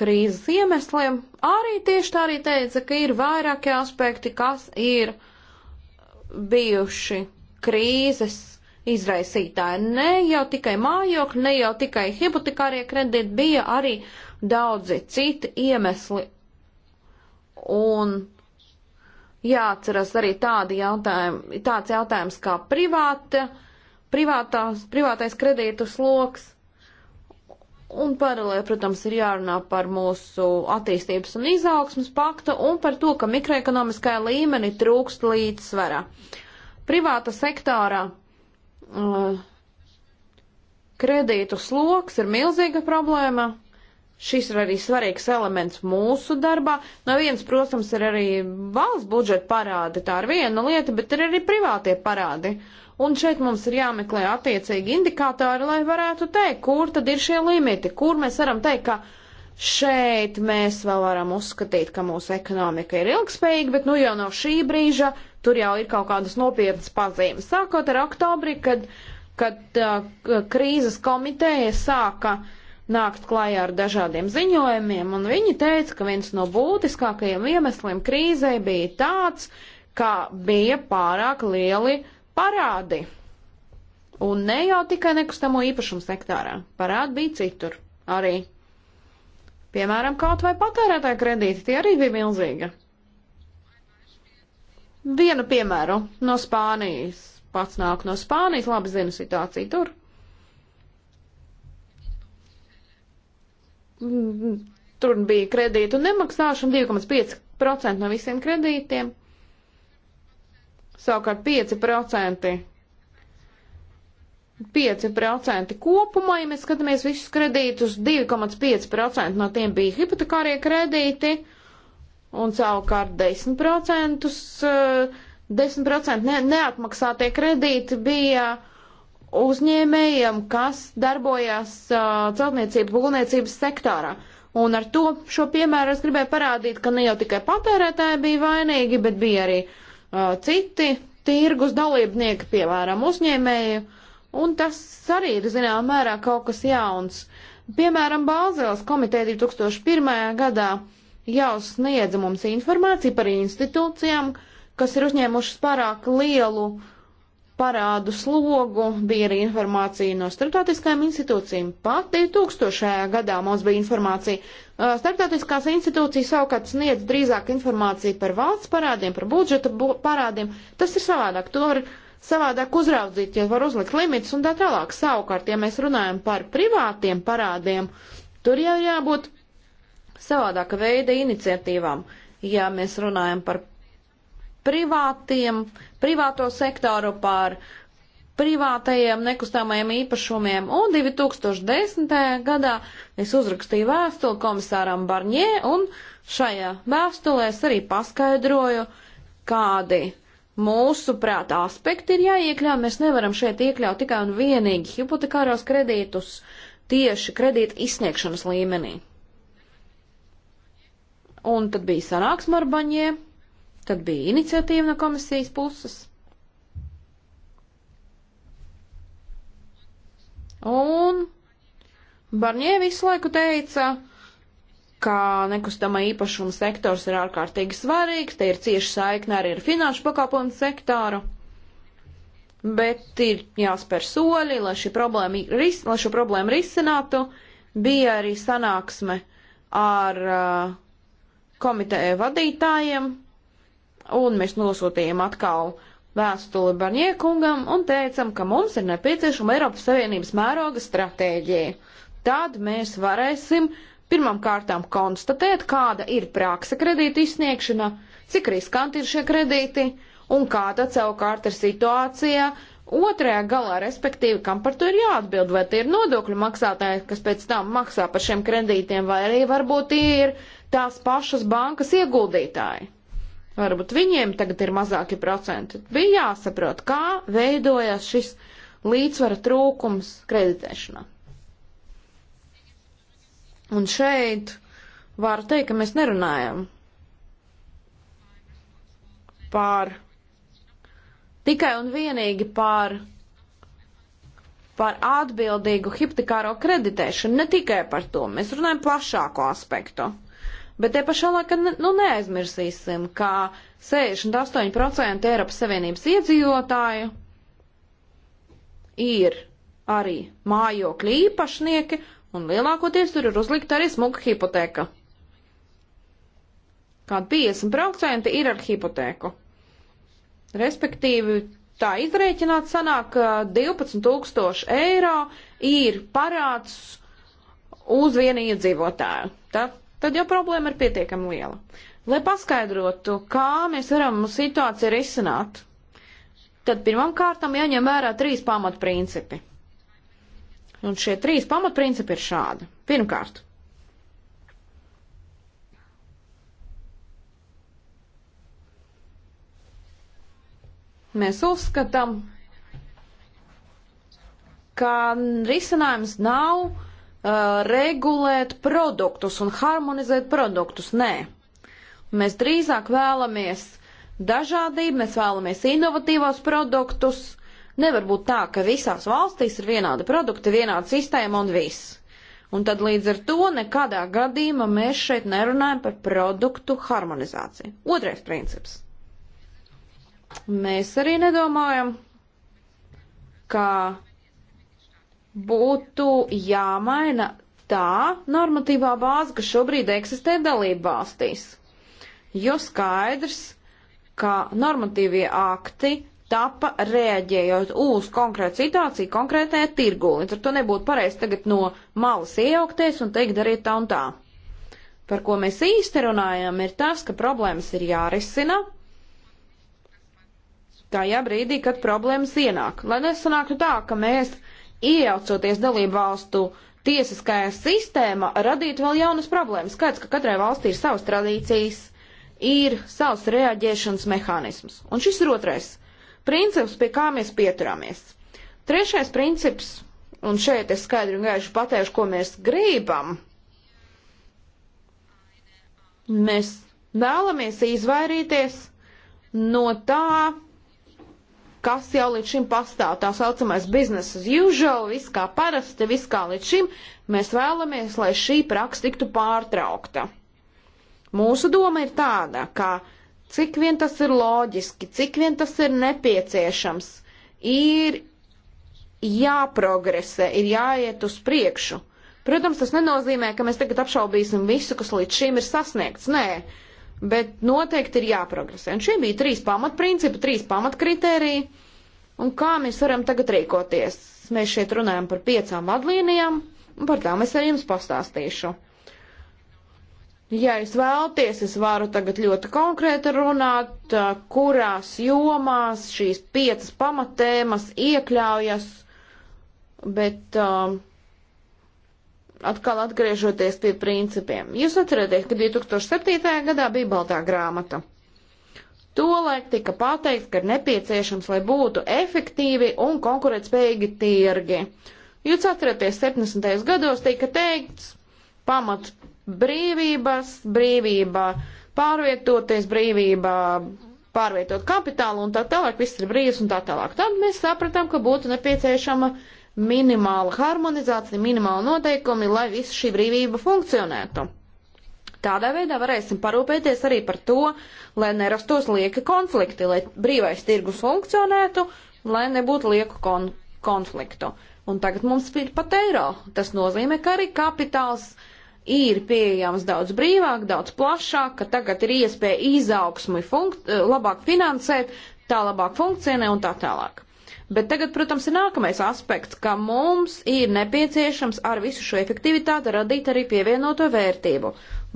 [SPEAKER 2] krīzes iemesliem, arī tieši tā arī teica, ka ir vairāki aspekti, kas ir bijuši krīzes izraisītāji. Ne jau tikai mājokļi, ne jau tikai hipotekārie kredīti, bija arī daudzi citi iemesli. Un jāatceras arī tādi jautājumi, tāds jautājums kā privāta, privātās, privātais kredītu sloks, Un paralēli, protams, ir jārunā par mūsu attīstības un izaugsmas paktu un par to, ka mikroekonomiskajā līmenī trūkst līdzsvera. Privāta sektorā uh, kredītu sloks ir milzīga problēma. Šis ir arī svarīgs elements mūsu darbā. No vienas, protams, ir arī valsts budžeta parādi, tā ir viena lieta, bet ir arī privātie parādi. Uh, Un šeit mums ir jāmeklē attiecīgi indikātori, lai varētu teikt, kur tad ir šie limiti, kur mēs varam teikt, ka šeit mēs vēl varam uzskatīt, ka mūsu ekonomika ir ilgspējīga, bet nu jau no šī brīža tur jau ir kaut kādas nopietnas pazīmes. Sākot ar oktobri, kad, kad uh, krīzes komiteja sāka nākt klājā ar dažādiem ziņojumiem, un viņi teica, ka viens no būtiskākajiem iemesliem krīzē bija tāds, ka bija pārāk lieli parādi. Un ne jau tikai nekustamo īpašumu sektārā. Parādi bija citur arī. Piemēram, kaut vai patērētāja kredīti, tie arī bija milzīgi. Vienu piemēru no Spānijas. Pats nāk no Spānijas, labi zinu situāciju tur. Mm, mm, tur bija kredītu nemaksāšana 2,5% no visiem kredītiem. Savukārt 5%, 5% kopumā, ja mēs skatāmies visus kredītus, 2,5% no tiem bija hipotekārie kredīti, un savukārt 10%, 10% eh, ne, neatmaksātie kredīti bija uzņēmējiem, kas darbojās eh, celtniecības, būvniecības sektorā. Un ar to šo piemēru es gribēju parādīt, ka ne jau tikai patērētāji bija vainīgi, bet bija arī uh, Uh, citi tirgus dalībnieki, piemēram, uzņēmēji, un tas arī ir, zinām, mērā kaut kas jauns. Piemēram, Bāzeles komiteja 2001. gadā jau sniedza mums informāciju par institūcijām, kas ir uzņēmušas pārāk lielu uh, parādu slogu, bija arī informācija no starptautiskajām institūcijām. Pat 2000. gadā mums bija informācija. Uh, starptautiskās institūcijas savukārt sniedz drīzāk informāciju par valsts parādiem, par budžeta parādiem. Tas ir savādāk. To var savādāk uzraudzīt, ja var uzlikt limits un tā tālāk. Savukārt, ja mēs runājam par privātiem parādiem, tur jau jābūt savādāka veida iniciatīvām. Ja mēs runājam par privātiem, privāto sektoru, par privātajiem nekustamajiem īpašumiem, un 2010. gadā es uzrakstīju vēstuli komisāram Barņē, un šajā vēstulē es arī paskaidroju, kādi mūsu prāta aspekti ir jāiekļauj. Mēs nevaram šeit iekļaut tikai un vienīgi hipotekāros kredītus tieši kredīta izsniegšanas līmenī. Un tad bija sanāksme ar Baņē, Tad bija iniciatīva no komisijas puses. Un Barņē visu laiku teica, ka nekustamā īpašuma sektors ir ārkārtīgi svarīgs, te ir cieši saikne arī ar finanšu pakalpojumu sektāru, bet ir jāspēr soļi, lai, problēma, ris, lai šo problēmu risinātu. Bija arī sanāksme ar uh, komiteju vadītājiem, un mēs nosūtījām atkal vēstuli Barņiekungam un teicam, ka mums ir nepieciešama Eiropas Savienības mēroga stratēģija. Tad mēs varēsim pirmām kārtām konstatēt, kāda ir praksa kredīta izsniegšana, cik riskanti ir šie kredīti un kāda savukārt ir situācija otrajā galā, respektīvi, kam par to ir jāatbild, vai tie ir nodokļu maksātāji, kas pēc tam maksā par šiem kredītiem, vai arī varbūt tie ir tās pašas bankas ieguldītāji varbūt viņiem tagad ir mazāki procenti. Bija jāsaprot, kā veidojas šis līdzsvara trūkums kreditēšanā. Un šeit varu teikt, ka mēs nerunājam par tikai un vienīgi par par atbildīgu hipotekāro kreditēšanu, ne tikai par to, mēs runājam plašāko aspektu. Bet te pašā laikā nu, neaizmirsīsim, ka 68% Eiropas Savienības iedzīvotāju ir arī mājokļu īpašnieki, un lielākoties tur ir uzlikta arī smuga hipoteka. Kāda 50% ir ar hipotēku. Respektīvi, tā izrēķināt sanāk 12 tūkstoši eiro ir parāds uz vienu iedzīvotāju. Tad tad jau problēma ir pietiekami liela. Lai paskaidrotu, kā mēs varam situāciju risināt, tad pirmam kārtam jāņem vērā trīs pamatprincipi. Un šie trīs pamatprincipi ir šādi. Pirmkārt, mēs uzskatām, ka risinājums nav Uh, regulēt produktus un harmonizēt produktus. Nē. Mēs drīzāk vēlamies dažādību, mēs vēlamies inovatīvos produktus. Nevar būt tā, ka visās valstīs ir vienādi produkti, vienāda sistēma un viss. Un tad līdz ar to nekādā gadījumā mēs šeit nerunājam par produktu harmonizāciju. Otrais princips. Mēs arī nedomājam, ka būtu jāmaina tā normatīvā bāze, kas šobrīd eksistē dalību valstīs. Jo skaidrs, ka normatīvie akti tapa reaģējot uz konkrētu situāciju, konkrētajā tirgū. Līdz ar to nebūtu pareizi tagad no malas iejaukties un teikt dariet tā un tā. Par ko mēs īsti runājam, ir tas, ka problēmas ir jārisina tajā brīdī, kad problēmas ienāk. Lai nesanāktu tā, ka mēs iejaucoties dalību valstu tiesiskajā sistēmā, radītu vēl jaunas problēmas. Skaidrs, ka katrai valstī ir savas tradīcijas, ir savs reaģēšanas mehānisms. Un šis ir otrais princips, pie kā mēs pieturāmies. Trešais princips, un šeit es skaidri un gaiši pateikšu, ko mēs gribam. Mēs vēlamies izvairīties no tā, kas jau līdz šim pastāv, tā saucamais business as usual, viss kā parasti, viss kā līdz šim, mēs vēlamies, lai šī praksa tiktu pārtraukta. Mūsu doma ir tāda, ka cik vien tas ir loģiski, cik vien tas ir nepieciešams, ir jāprogresē, ir jāiet uz priekšu. Protams, tas nenozīmē, ka mēs tagad apšaubīsim visu, kas līdz šim ir sasniegts. Nē, bet noteikti ir jāprogresē. Un šie bija trīs pamatprincipi, trīs pamatkritēriji, un kā mēs varam tagad rīkoties. Mēs šeit runājam par piecām vadlīnijām, un par tām es arī jums pastāstīšu. Ja es vēlties, es varu tagad ļoti konkrēti runāt, kurās jomās šīs piecas pamatēmas iekļaujas, bet uh, um, atkal atgriežoties pie principiem. Jūs atcerieties, ka 2007. gadā bija baltā grāmata. Tolaik tika pateikts, ka ir nepieciešams, lai būtu efektīvi un konkurētspējīgi tirgi. Jūs atcerieties, 70. gados tika teikts pamat brīvības, brīvība pārvietoties, brīvība pārvietot kapitālu un tā tālāk, viss ir brīvs un tā tālāk. Tad mēs sapratām, ka būtu nepieciešama uh, minimāla harmonizācija, minimāla noteikumi, lai visa šī brīvība funkcionētu. Tādā veidā varēsim parūpēties arī par to, lai nerastos lieki konflikti, lai brīvais tirgus funkcionētu, lai nebūtu lieku kon konfliktu. Un tagad mums ir pat eiro. Tas nozīmē, ka arī kapitāls ir pieejams daudz brīvāk, daudz plašāk, ka tagad ir iespēja izaugsmi labāk finansēt, tā labāk funkcionē un tā tālāk. Bet tagad, protams, ir nākamais aspekts, ka mums ir nepieciešams ar visu šo efektivitāti radīt arī pievienoto vērtību.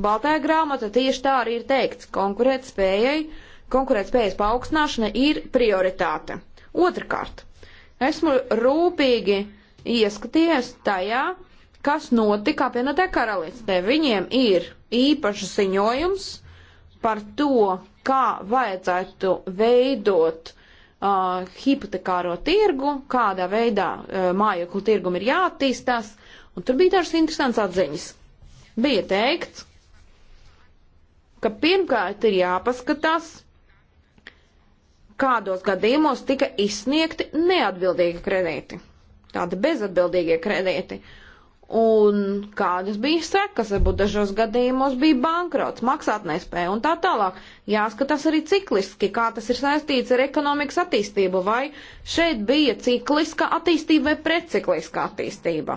[SPEAKER 2] Baltajā grāmata tieši tā arī ir teikts - konkurēt spējai, konkurēt spējas paaugstināšana ir prioritāte. Otrakārt, esmu rūpīgi ieskaties tajā, kas notika apvienotē karalistē. Viņiem ir īpašs ziņojums par to, kā vajadzētu veidot uh, hipotekāro tirgu, kādā veidā uh, mājokļu tirgum ir jāattīstās, un tur bija dažas interesantas atziņas. Bija teikts, ka pirmkārt ir jāpaskatās, kādos gadījumos tika izsniegti neatbildīgi kredīti, tādi bezatbildīgie kredīti. Uh, un kādas bija sekas, varbūt dažos gadījumos bija bankrots, maksātnespēja un tā tālāk. Jāskatās arī cikliski, kā tas ir saistīts ar ekonomikas attīstību, vai šeit bija cikliska attīstība vai precikliska attīstība.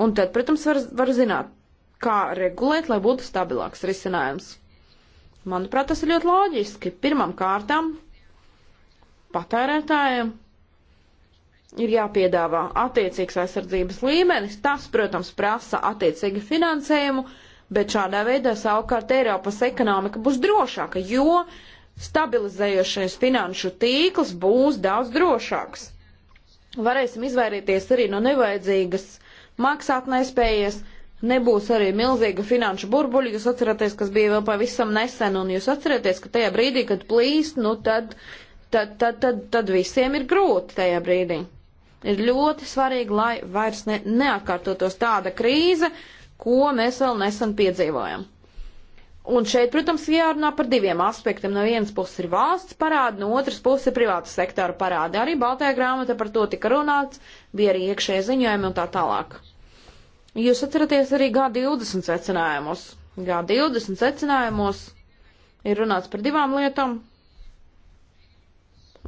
[SPEAKER 2] Un tad, protams, var, var zināt, kā regulēt, lai būtu stabilāks risinājums. Manuprāt, tas ir ļoti loģiski. Pirmam kārtām patērētājiem ir jāpiedāvā attiecīgs aizsardzības līmenis. Tas, protams, prasa attiecīgi finansējumu, bet šādā veidā savukārt Eiropas ekonomika būs drošāka, jo stabilizējošais finanšu tīkls būs daudz drošāks. Varēsim izvairīties arī no nevajadzīgas maksātnespējas, nebūs arī milzīga finanšu burbuļa. Jūs atceraties, kas bija vēl pavisam nesen, un jūs atceraties, ka tajā brīdī, kad plīst, nu tad, tad, tad, tad, tad visiem ir grūti tajā brīdī ir ļoti svarīgi, lai vairs ne, neatkārtotos tāda krīze, ko mēs vēl nesen piedzīvojam. Un šeit, protams, jārunā par diviem aspektiem. No vienas puses ir valsts parāda, no otras puses ir privāta sektora parāda. Arī Baltajā grāmatā par to tika runāts, bija arī iekšēji ziņojumi un tā tālāk. Jūs atceraties arī G20 secinājumus. G20 secinājumos ir runāts par divām lietām.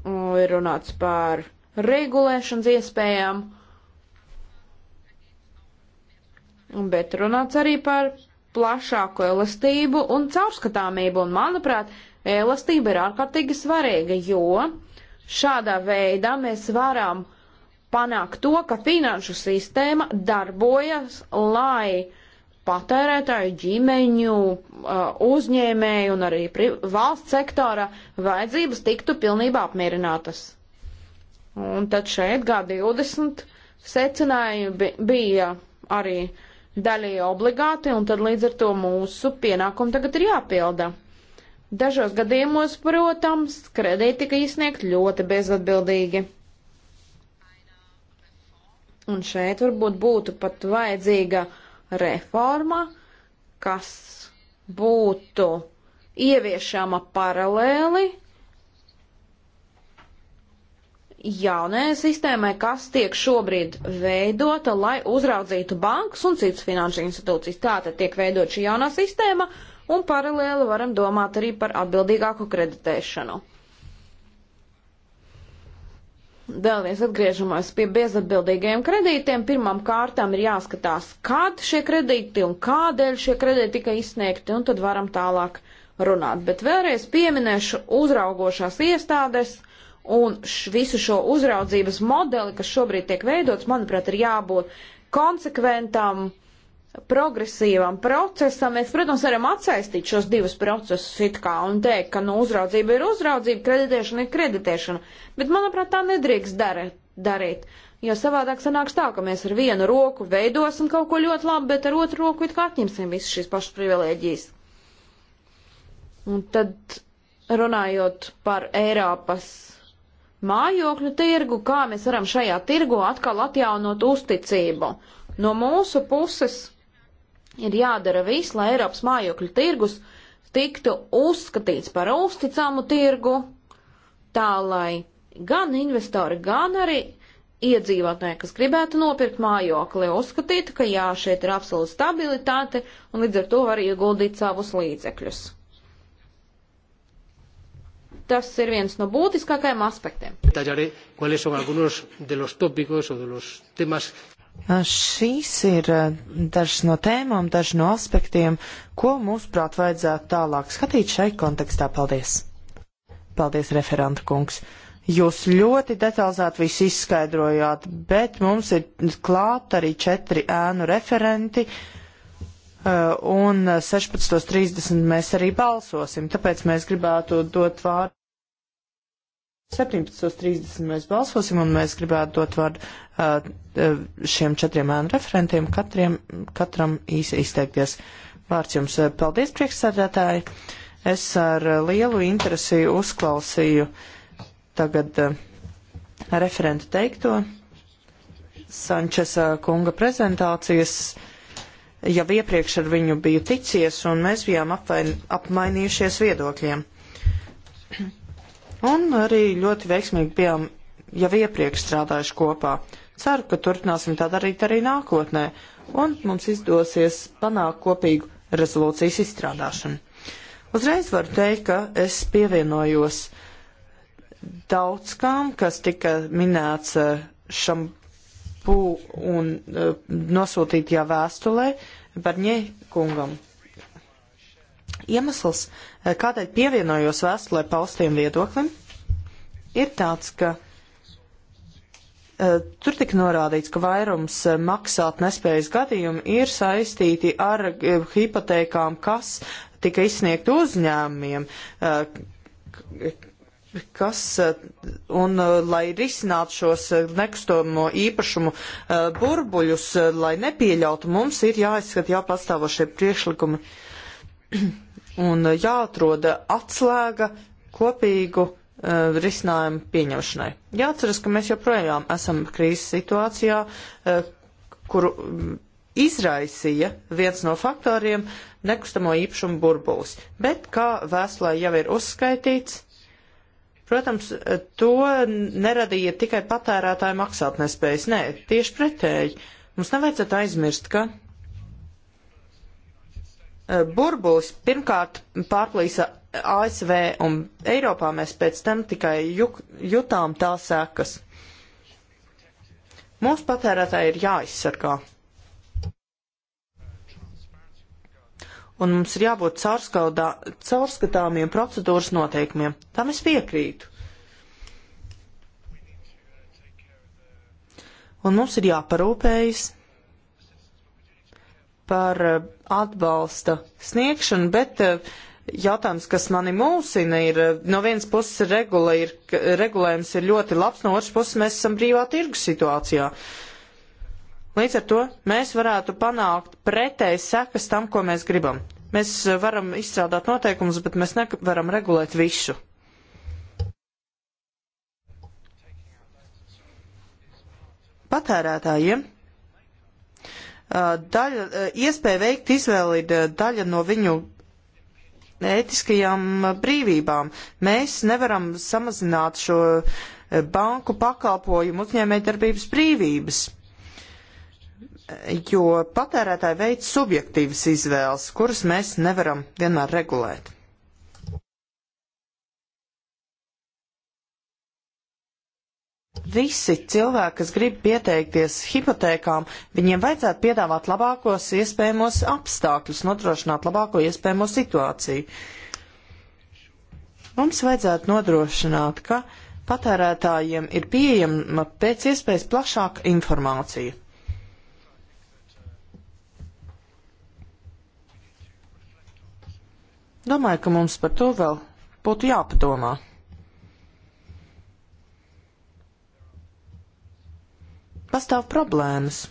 [SPEAKER 2] Ir runāts par regulēšanas iespējām. Bet runāts arī par plašāku elastību un caurskatāmību, un manuprāt, elastība ir ārkārtīgi svarīga, jo šādā veidā mēs varam panākt to, ka finanšu sistēma darbojas, lai patērētāju ģimeņu, uh, uzņēmēju un arī valsts sektora vajadzības tiktu pilnībā apmierinātas. Un tad šeit G20 secinājumi bija arī daļēji obligāti, un tad līdz ar to mūsu pienākumu tagad ir jāpilda. Dažos gadījumos, protams, kredīti tika izsniegt ļoti bezatbildīgi. Un šeit varbūt būtu pat vajadzīga reforma, kas būtu ieviešama paralēli jaunajai sistēmai, kas tiek šobrīd veidota, lai uzraudzītu bankas un citas finanšu institūcijas. Tātad tiek veidot šī jaunā sistēma un paralēli varam domāt arī par atbildīgāku kreditēšanu. Vēl viens atgriežamies pie bezatbildīgajiem kredītiem. Pirmām kārtām ir jāskatās, kad šie kredīti un kādēļ šie kredīti tika izsniegti, un tad varam tālāk runāt. Bet vēlreiz pieminēšu uzraugošās iestādes, uh, Un š, visu šo uzraudzības modeli, kas šobrīd tiek veidots, manuprāt, ir jābūt konsekventam, progresīvam procesam. Mēs, protams, varam atsaistīt šos divus procesus it kā un teikt, ka nu, uzraudzība ir uzraudzība, kreditēšana ir kreditēšana. Bet, manuprāt, tā nedrīkst darēt. darīt. Jo savādāk sanāks tā, ka mēs ar vienu roku veidosim kaut ko ļoti labu, bet ar otru roku it kā atņemsim visas šīs pašas privilēģijas. Un tad runājot par Eiropas mājokļu tirgu, kā mēs varam šajā tirgu atkal atjaunot uzticību. No mūsu puses ir jādara viss, lai Eiropas mājokļu tirgus tiktu uzskatīts par uzticamu tirgu, tā lai gan investori, gan arī iedzīvotāji, kas gribētu nopirkt mājokli, uzskatītu, ka jā, šeit ir absolūta stabilitāte un līdz ar to var ieguldīt savus līdzekļus tas ir viens no būtiskākajiem aspektiem.
[SPEAKER 3] Taļarē, Šīs ir dažas no tēmām, daži no aspektiem, ko mūsuprāt vajadzētu tālāk skatīt šai kontekstā. Paldies! Paldies, referenta kungs! Jūs ļoti detalizēti visu izskaidrojāt, bet mums ir klāt arī četri ēnu referenti, un 16.30 mēs arī balsosim, tāpēc mēs gribētu dot vārdu 17.30 mēs balsosim, un mēs gribētu dot vārdu uh, uh, šiem četriem ēnu referentiem, katriem, katram īsi izteikties. Vārds jums uh, paldies, priekšsēdētāji. Es ar lielu interesi uzklausīju tagad referentu teikto Sančesa kunga prezentācijas. Jau iepriekš ar viņu biju ticies, un mēs bijām apvain, apmainījušies viedokļiem un arī ļoti veiksmīgi bijām jau iepriekš strādājuši kopā. Ceru, ka turpināsim tā darīt arī nākotnē, un mums izdosies panākt kopīgu rezolūcijas izstrādāšanu. Uzreiz varu teikt, ka es pievienojos daudz kam, kas tika minēts eh, šam pū un eh, nosūtītajā vēstulē Barņē kungam. Iemesls, eh, kādēļ pievienojos vēstulē paustiem viedoklim, ir tāds, ka uh, tur tika norādīts, ka vairums uh, maksāt nespējas gadījumi ir saistīti ar uh, hipotekām, kas tika izsniegt uzņēmumiem, kas, un lai risinātu šos nekustamo īpašumu burbuļus, lai nepieļautu mums, ir jāizskat jau pastāvošie priekšlikumi. <clears throat> un jāatrod atslēga kopīgu uh, risinājumu pieņemšanai. Jāatceras, ka mēs joprojām esam krīzes situācijā, uh, kuru mm, izraisīja viens no faktoriem nekustamo īpašumu burbulis. Bet, kā vēstulē jau ir uzskaitīts, protams, to neradīja tikai patērētāju maksātnespējas. Nē, tieši pretēji. Mums nevajadzētu aizmirst, ka Eh, burbulis pirmkārt pārplīsa ASV un Eiropā mēs pēc tam tikai juk, jutām tā sekas. Mūsu patērētāji ir jāizsargā. Un mums ir jābūt caurskatāmiem procedūras noteikumiem. Tam es piekrītu. Un mums ir jāparūpējas par uh, atbalsta sniegšanu, bet eh, jautājums, kas mani mūsina, ir eh, no vienas puses regula ir, regulējums ir ļoti labs, no otras puses mēs esam brīvā tirgus situācijā. Līdz ar to mēs varētu panākt pretēji sekas tam, ko mēs gribam. Mēs eh, varam izstrādāt noteikumus, bet mēs nevaram regulēt visu. Patērētājiem. Ja? Uh, daļa, uh, iespēja veikt izvēli ir uh, daļa no viņu ētiskajām brīvībām. Mēs nevaram samazināt šo banku pakalpojumu uzņēmējdarbības brīvības, jo patērētāji veic subjektīvas izvēles, kuras mēs nevaram vienmēr regulēt. visi cilvēki, kas grib pieteikties hipotekām, viņiem vajadzētu piedāvāt labākos iespējamos apstākļus, nodrošināt labāko iespējamo situāciju. Mums vajadzētu nodrošināt, ka patērētājiem ir pieejama pēc iespējas plašāka informācija. Domāju, ka mums par to vēl būtu jāpadomā. pastāv problēmas.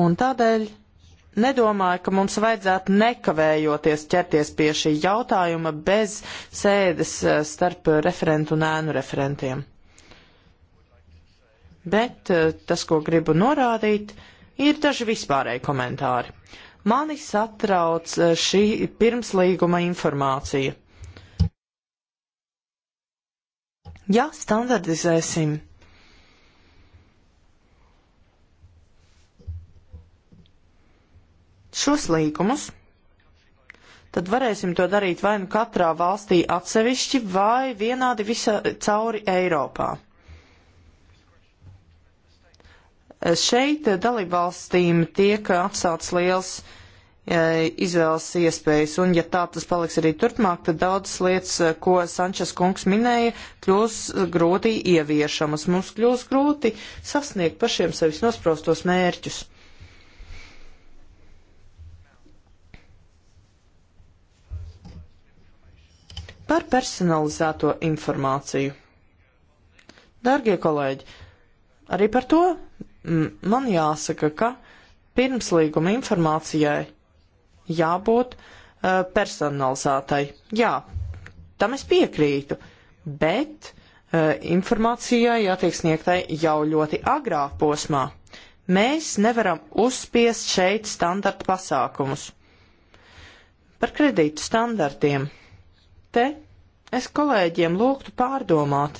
[SPEAKER 3] Un tādēļ nedomāju, ka mums vajadzētu nekavējoties ķerties pie šī jautājuma bez sēdes eh, starp referentu un ēnu referentiem. Bet eh, tas, ko gribu norādīt, ir daži vispārēji komentāri. Mani satrauc eh, šī pirmslīguma informācija. Ja standardizēsim šos līgumus, tad varēsim to darīt vai nu katrā valstī atsevišķi, vai vienādi visa cauri Eiropā. Šeit dalībvalstīm tiek atsauts liels e, izvēles iespējas, un ja tā tas paliks arī turpmāk, tad daudzas lietas, e, ko Sančes kungs minēja, kļūs grūti ieviešamas. Mums kļūs grūti sasniegt pašiem sevis nosprostos mērķus. Par personalizēto informāciju. Dargie kolēģi, arī par to man jāsaka, ka pirms līguma informācijai jābūt uh, personalizētai. Jā, tam es piekrītu, bet uh, informācijai jātiek sniegtai jau ļoti agrā posmā. Mēs nevaram uzspiest šeit standarta pasākumus. Par kredītu standartiem Te es kolēģiem lūgtu pārdomāt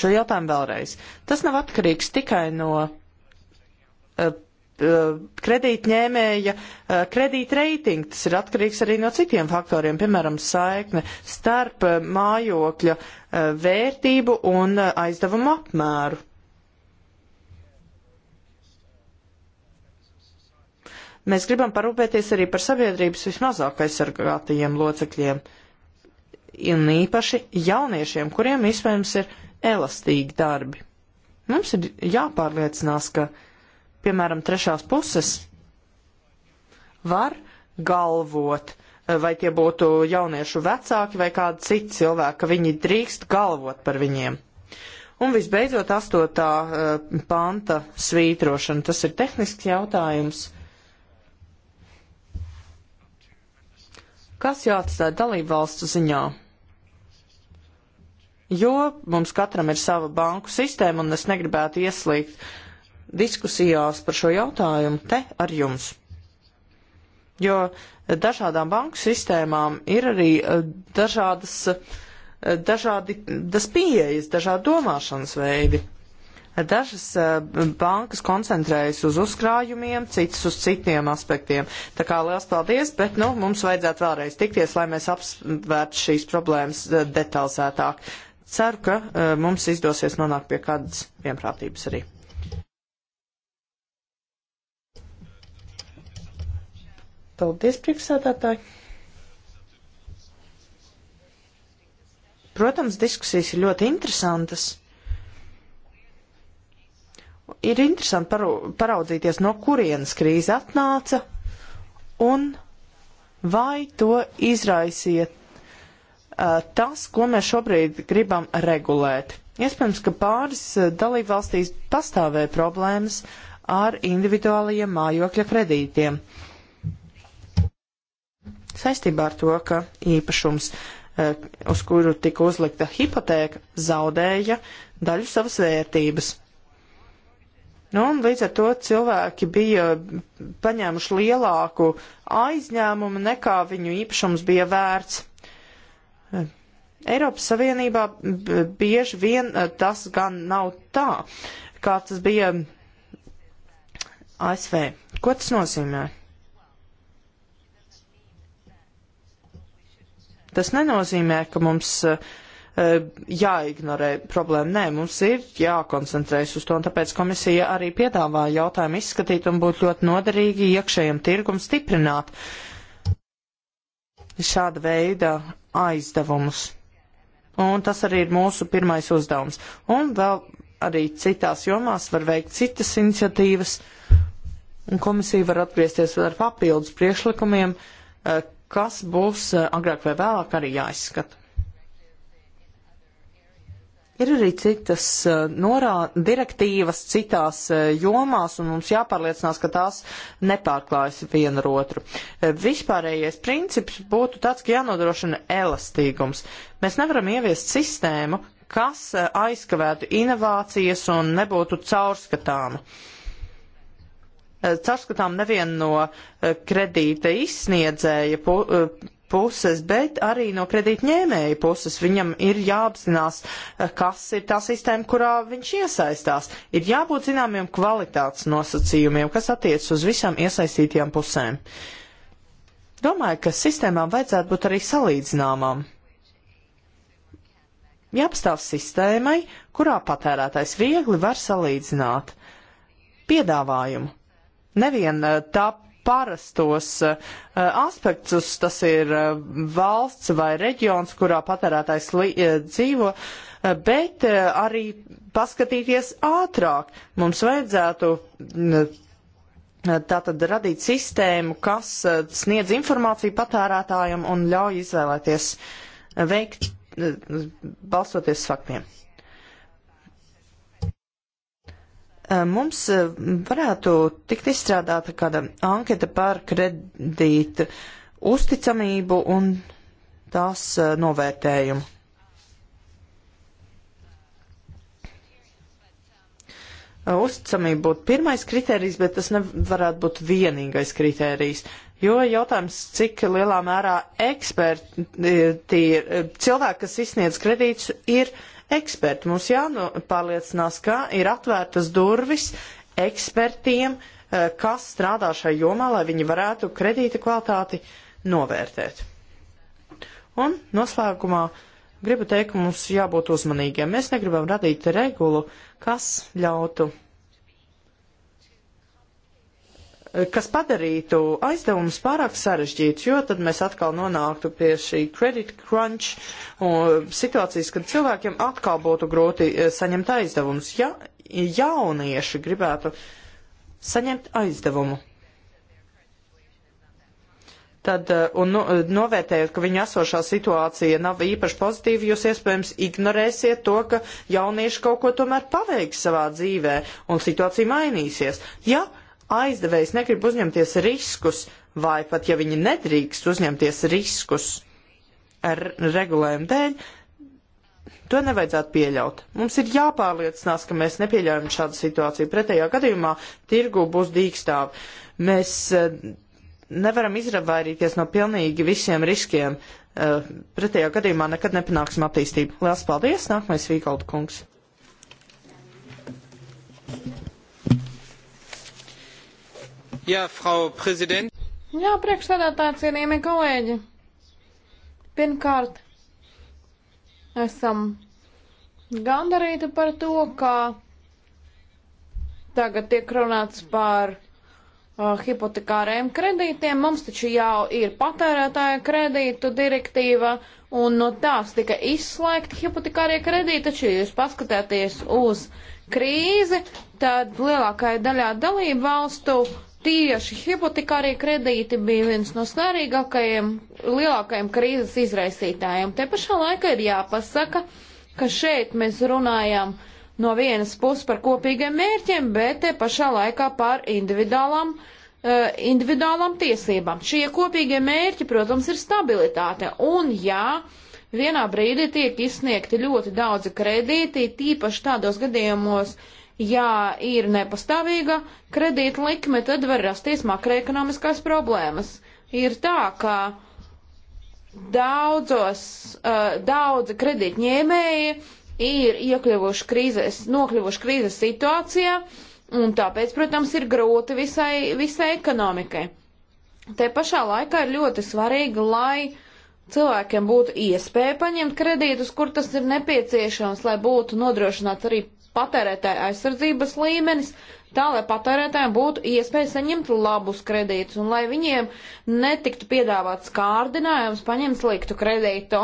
[SPEAKER 3] šo jautājumu vēlreiz. Tas nav atkarīgs tikai no uh, kredītņēmēja eh, kredītreitinga. Tas ir atkarīgs arī no citiem faktoriem, piemēram, saikne starp mājokļa vērtību un aizdevumu apmēru. Mēs gribam parūpēties arī par sabiedrības vismazāk aizsargātajiem locekļiem, un īpaši jauniešiem, kuriem iespējams ir elastīgi darbi. Mums ir jāpārliecinās, ka, piemēram, trešās puses var galvot, vai tie būtu jauniešu vecāki vai kādi citi cilvēki, ka viņi drīkst galvot par viņiem. Un visbeidzot, astotā eh, panta svītrošana. Tas ir tehnisks jautājums kas jāatstāja dalību valstu ziņā. Jo mums katram ir sava banku sistēma, un es negribētu ieslīgt diskusijās par šo jautājumu te ar jums. Jo dažādām banku sistēmām ir arī e, dažādas, e, dažādi, das pieejas, dažādi domāšanas veidi. Dažas eh, bankas koncentrējas uz uzkrājumiem, citas uz citiem aspektiem. Tā kā liels paldies, bet nu, mums vajadzētu vēlreiz tikties, lai mēs apsvērtu šīs problēmas eh, detalizētāk. Ceru, ka eh, mums izdosies nonākt pie kādas vienprātības arī. Paldies, priekšsēdētāji! Protams, diskusijas ir ļoti interesantas ir interesanti paraudzīties, no kurienes krīze atnāca un vai to izraisiet uh, tas, ko mēs šobrīd gribam regulēt. Iespējams, ka pāris dalībvalstīs pastāvēja problēmas ar individuālajiem mājokļa kredītiem. Saistībā ar to, ka īpašums, uh, uz kuru tika uzlikta hipotēka, zaudēja daļu savas vērtības Nu, un līdz ar to cilvēki bija paņēmuši lielāku aizņēmumu nekā viņu īpašums bija vērts. Eiropas Savienībā bieži vien eh, tas gan nav tā, kā tas bija ASV. Ko tas nozīmē? Tas nenozīmē, ka mums uh, E, jāignorē problēma. Nē, mums ir jākoncentrējas uz to, un tāpēc komisija arī piedāvā jautājumu izskatīt un būtu ļoti noderīgi iekšējiem tirgum stiprināt šāda veida aizdevumus. Un tas arī ir mūsu pirmais uzdevums. Un vēl arī citās jomās var veikt citas iniciatīvas, un komisija var atgriezties ar papildus priešlikumiem, e, kas būs e, agrāk vai vēlāk arī jāizskata. Ir arī citas eh, norā, direktīvas citās eh, jomās, un mums jāpārliecinās, ka tās nepārklājas viena ar otru. Eh, vispārējais princips būtu tāds, ka jānodrošina elastīgums. Mēs nevaram ieviest sistēmu, kas aizkavētu inovācijas un nebūtu caurskatāma caurskatām nevienu no kredīta izsniedzēja puses, bet arī no kredītņēmēja puses. Viņam ir jāapzinās, eh, kas ir tā sistēma, kurā viņš iesaistās. Ir jābūt zināmiem kvalitātes nosacījumiem, kas attiec uz visām iesaistītajām pusēm. Domāju, ka sistēmām vajadzētu būt arī salīdzināmām. Jāpastāv sistēmai, kurā patērētājs viegli var salīdzināt piedāvājumu. Nevien eh, tā parastos uh, aspektus, tas ir uh, valsts vai reģions, kurā patērētājs li, uh, dzīvo, bet arī paskatīties ātrāk. Mums vajadzētu tātad radīt sistēmu, kas sniedz informāciju patērētājam un ļauj izvēlēties veikt balstoties faktiem. Mums varētu tikt izstrādāta kāda anketa par kredītu uzticamību un tās novērtējumu. Uzticamība būtu pirmais kriterijs, bet tas nevarētu būt vienīgais kriterijs. Jo jautājums, cik lielā mērā eksperti, cilvēki, kas izsniedz kredītus, ir eksperti. Mums jāpārliecinās, ka ir atvērtas durvis ekspertiem, eh, kas strādā šai jomā, lai viņi varētu kredīta kvalitāti novērtēt. Un noslēgumā gribu teikt, ka mums jābūt uzmanīgiem. Mēs negribam radīt regulu, kas ļautu kas padarītu aizdevumus pārāk sarežģītus, jo tad mēs atkal nonāktu pie šī credit crunch situācijas, kad cilvēkiem atkal būtu grūti eh, saņemt aizdevumus. Ja jaunieši gribētu saņemt aizdevumu, tad, eh, un nu, novērtējot, ka viņa esošā situācija nav īpaši pozitīva, jūs iespējams ignorēsiet to, ka jaunieši kaut ko tomēr paveiks savā dzīvē un situācija mainīsies. Ja aizdevējs negrib uzņemties riskus, vai pat ja viņi nedrīkst uzņemties riskus ar regulējumu dēļ, to nevajadzētu pieļaut. Mums ir jāpārliecinās, ka mēs nepieļaujam šādu situāciju. Pretējā gadījumā tirgu būs dīkstāvi. Mēs eh, nevaram izravairīties no pilnīgi visiem riskiem. Eh, pretējā gadījumā nekad nepanāksim attīstību. Lielas paldies! Nākamais Vīgalda kungs. Jā, Frau Prezident.
[SPEAKER 2] Jā, priekšsēdētāji, cienījamie kolēģi. Pirmkārt, esam gandarīti par to, ka tagad tiek runāts par uh, hipotekāriem kredītiem. Mums taču jau ir patērētāja kredītu direktīva, un no tās tika izslēgti hipotekārie kredīti, taču jūs paskatēties uz krīzi, tad lielākajai daļā dalību valstu uh, Tieši hipotekārie kredīti bija viens no svarīgākajiem, lielākajiem krīzes izraisītājiem. Te pašā laikā ir jāpasaka, ka šeit mēs runājam no vienas puses par kopīgiem mērķiem, bet te pašā laikā par individuālām, uh, individuālām tiesībām. Šie kopīgie mērķi, protams, ir stabilitāte. Un jā, vienā brīdī tiek izsniegti ļoti daudzi kredīti, tīpaši tādos gadījumos, uh, Ja ir nepastāvīga kredīta likme, tad var rasties makroekonomiskās problēmas. Ir tā, ka daudzos, uh, daudzi kredītņēmēji ir iekļuvuši krīzes, nokļuvuši krīzes situācijā, un tāpēc, protams, ir grūti visai, visai ekonomikai. Te pašā laikā ir ļoti svarīgi, lai cilvēkiem būtu iespēja paņemt kredītus, kur tas ir nepieciešams, lai būtu nodrošināts arī patērētāja aizsardzības līmenis, tā lai patērētājiem būtu iespēja saņemt labus kredītus un lai viņiem netiktu piedāvāts kārdinājums paņemt sliktu kredītu.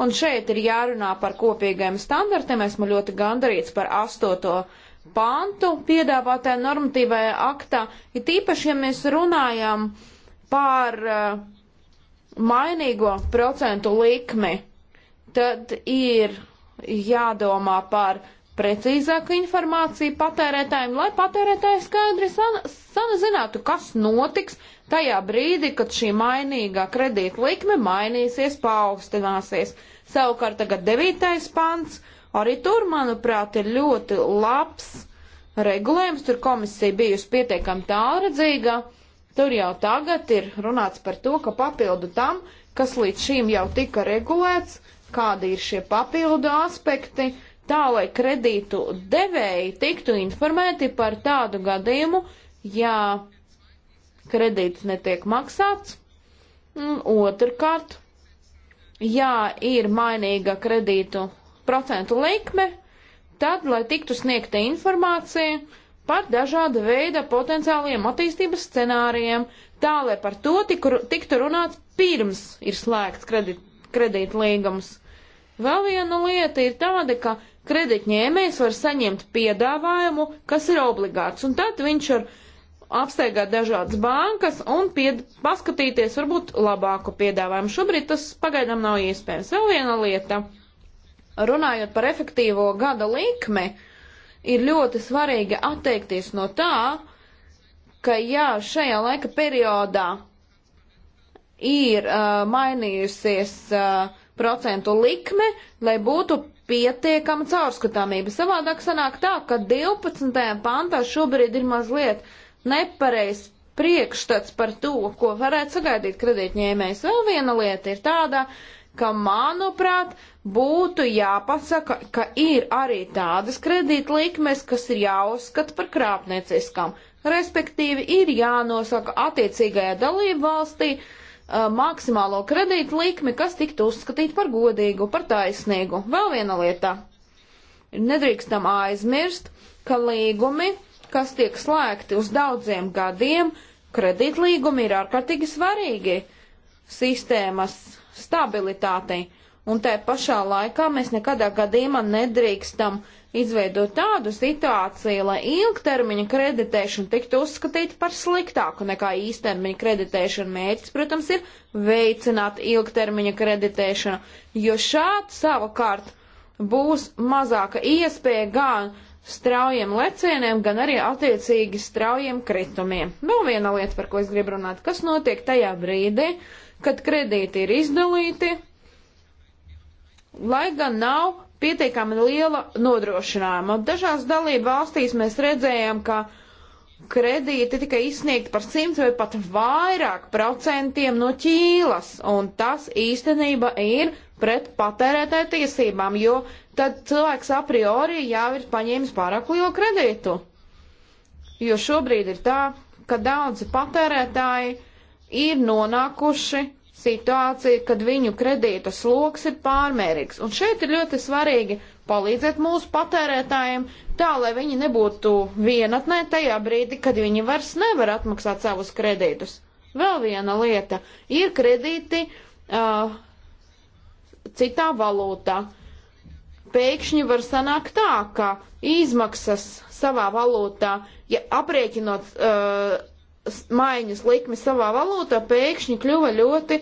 [SPEAKER 2] Un šeit ir jārunā par kopīgiem standartiem. Esmu ļoti gandarīts par astoto pantu piedāvātajā normatīvajā aktā. Ir ja tīpaši, ja mēs runājam par uh, mainīgo procentu likmi, tad ir jādomā par uh, precīzāku informāciju patērētājiem, lai patērētāji skaidri sanazinātu, kas notiks tajā brīdī, kad šī mainīgā kredīta likme mainīsies, paaugstināsies. Savukārt tagad devītais pants, arī tur, manuprāt, ir ļoti labs regulējums, tur komisija bijusi pietiekami tālredzīga, tur jau tagad ir runāts par to, ka papildu tam, kas līdz šīm jau tika regulēts, kādi ir šie papildu aspekti, uh, tā, lai kredītu devēji tiktu informēti par tādu gadījumu, ja kredīts netiek maksāts. Un otrkārt, ja ir mainīga kredītu procentu likme, tad, lai tiktu sniegta informācija par dažāda veida potenciāliem attīstības scenārijiem, tā, lai par to tiktu runāts pirms ir slēgts kredīt, kredīt līgums. Vēl viena lieta ir tāda, ka kreditņēmējs var saņemt piedāvājumu, kas ir obligāts, un tad viņš var apsteigāt dažādas bankas un pied, paskatīties varbūt labāku piedāvājumu. Šobrīd tas pagaidām nav iespējams. Vēl viena lieta, runājot par efektīvo gada likmi, ir ļoti svarīgi atteikties no tā, ka jā, šajā laika periodā ir uh, mainījusies uh, procentu likme, lai būtu pietiekama caurskatāmība. Savādāk sanāk tā, ka 12. pantā šobrīd ir mazliet nepareizs priekšstats par to, ko varētu sagaidīt kredītņēmējs. Vēl viena lieta ir tāda, ka, manuprāt, būtu jāpasaka, ka ir arī tādas kredītlikmes, kas ir jāuzskata par krāpnieciskām. Respektīvi, ir jānosaka attiecīgajā dalību valstī, uh, Uh, maksimālo kredītu likmi, kas tiktu uzskatīta par godīgu, par taisnīgu. Vēl viena lieta. Nedrīkstam aizmirst, ka līgumi, kas tiek slēgti uz daudziem gadiem, kredītlīgumi ir ārkārtīgi svarīgi sistēmas stabilitātei. Un tā pašā laikā mēs nekadā gadījumā nedrīkstam uh, izveidot tādu situāciju, lai ilgtermiņa kreditēšana tiktu uzskatīta par sliktāku nekā īstermiņa kreditēšana. Mērķis, protams, ir veicināt ilgtermiņa kreditēšanu, jo šāds savukārt būs mazāka iespēja gan straujiem lecieniem, gan arī attiecīgi straujiem kritumiem. Vēl viena lieta, par ko es gribu runāt, kas notiek tajā brīdī, kad kredīti ir izdalīti, lai gan nav pietiekami liela nodrošinājuma. Dažās dalību valstīs mēs redzējām, ka kredīti tika izsniegti par 100 vai pat vairāk procentiem no ķīlas, un tas īstenība ir pret patērētāju tiesībām, jo tad cilvēks a priori jau ir paņēmis pārāk lielu kredītu. Jo šobrīd ir tā, ka daudzi patērētāji ir nonākuši situācija, kad viņu kredīta sloks ir pārmērīgs. Un šeit ir ļoti svarīgi palīdzēt mūsu patērētājiem, tā lai viņi nebūtu vienatnē tajā brīdī, kad viņi vairs nevar atmaksāt savus kredītus. Vēl viena lieta - ir kredīti uh, citā valūtā. Pēkšņi var sanākt tā, ka izmaksas savā valūtā, ja aprēķinot uh, maiņas likme savā valūtā pēkšņi kļuva ļoti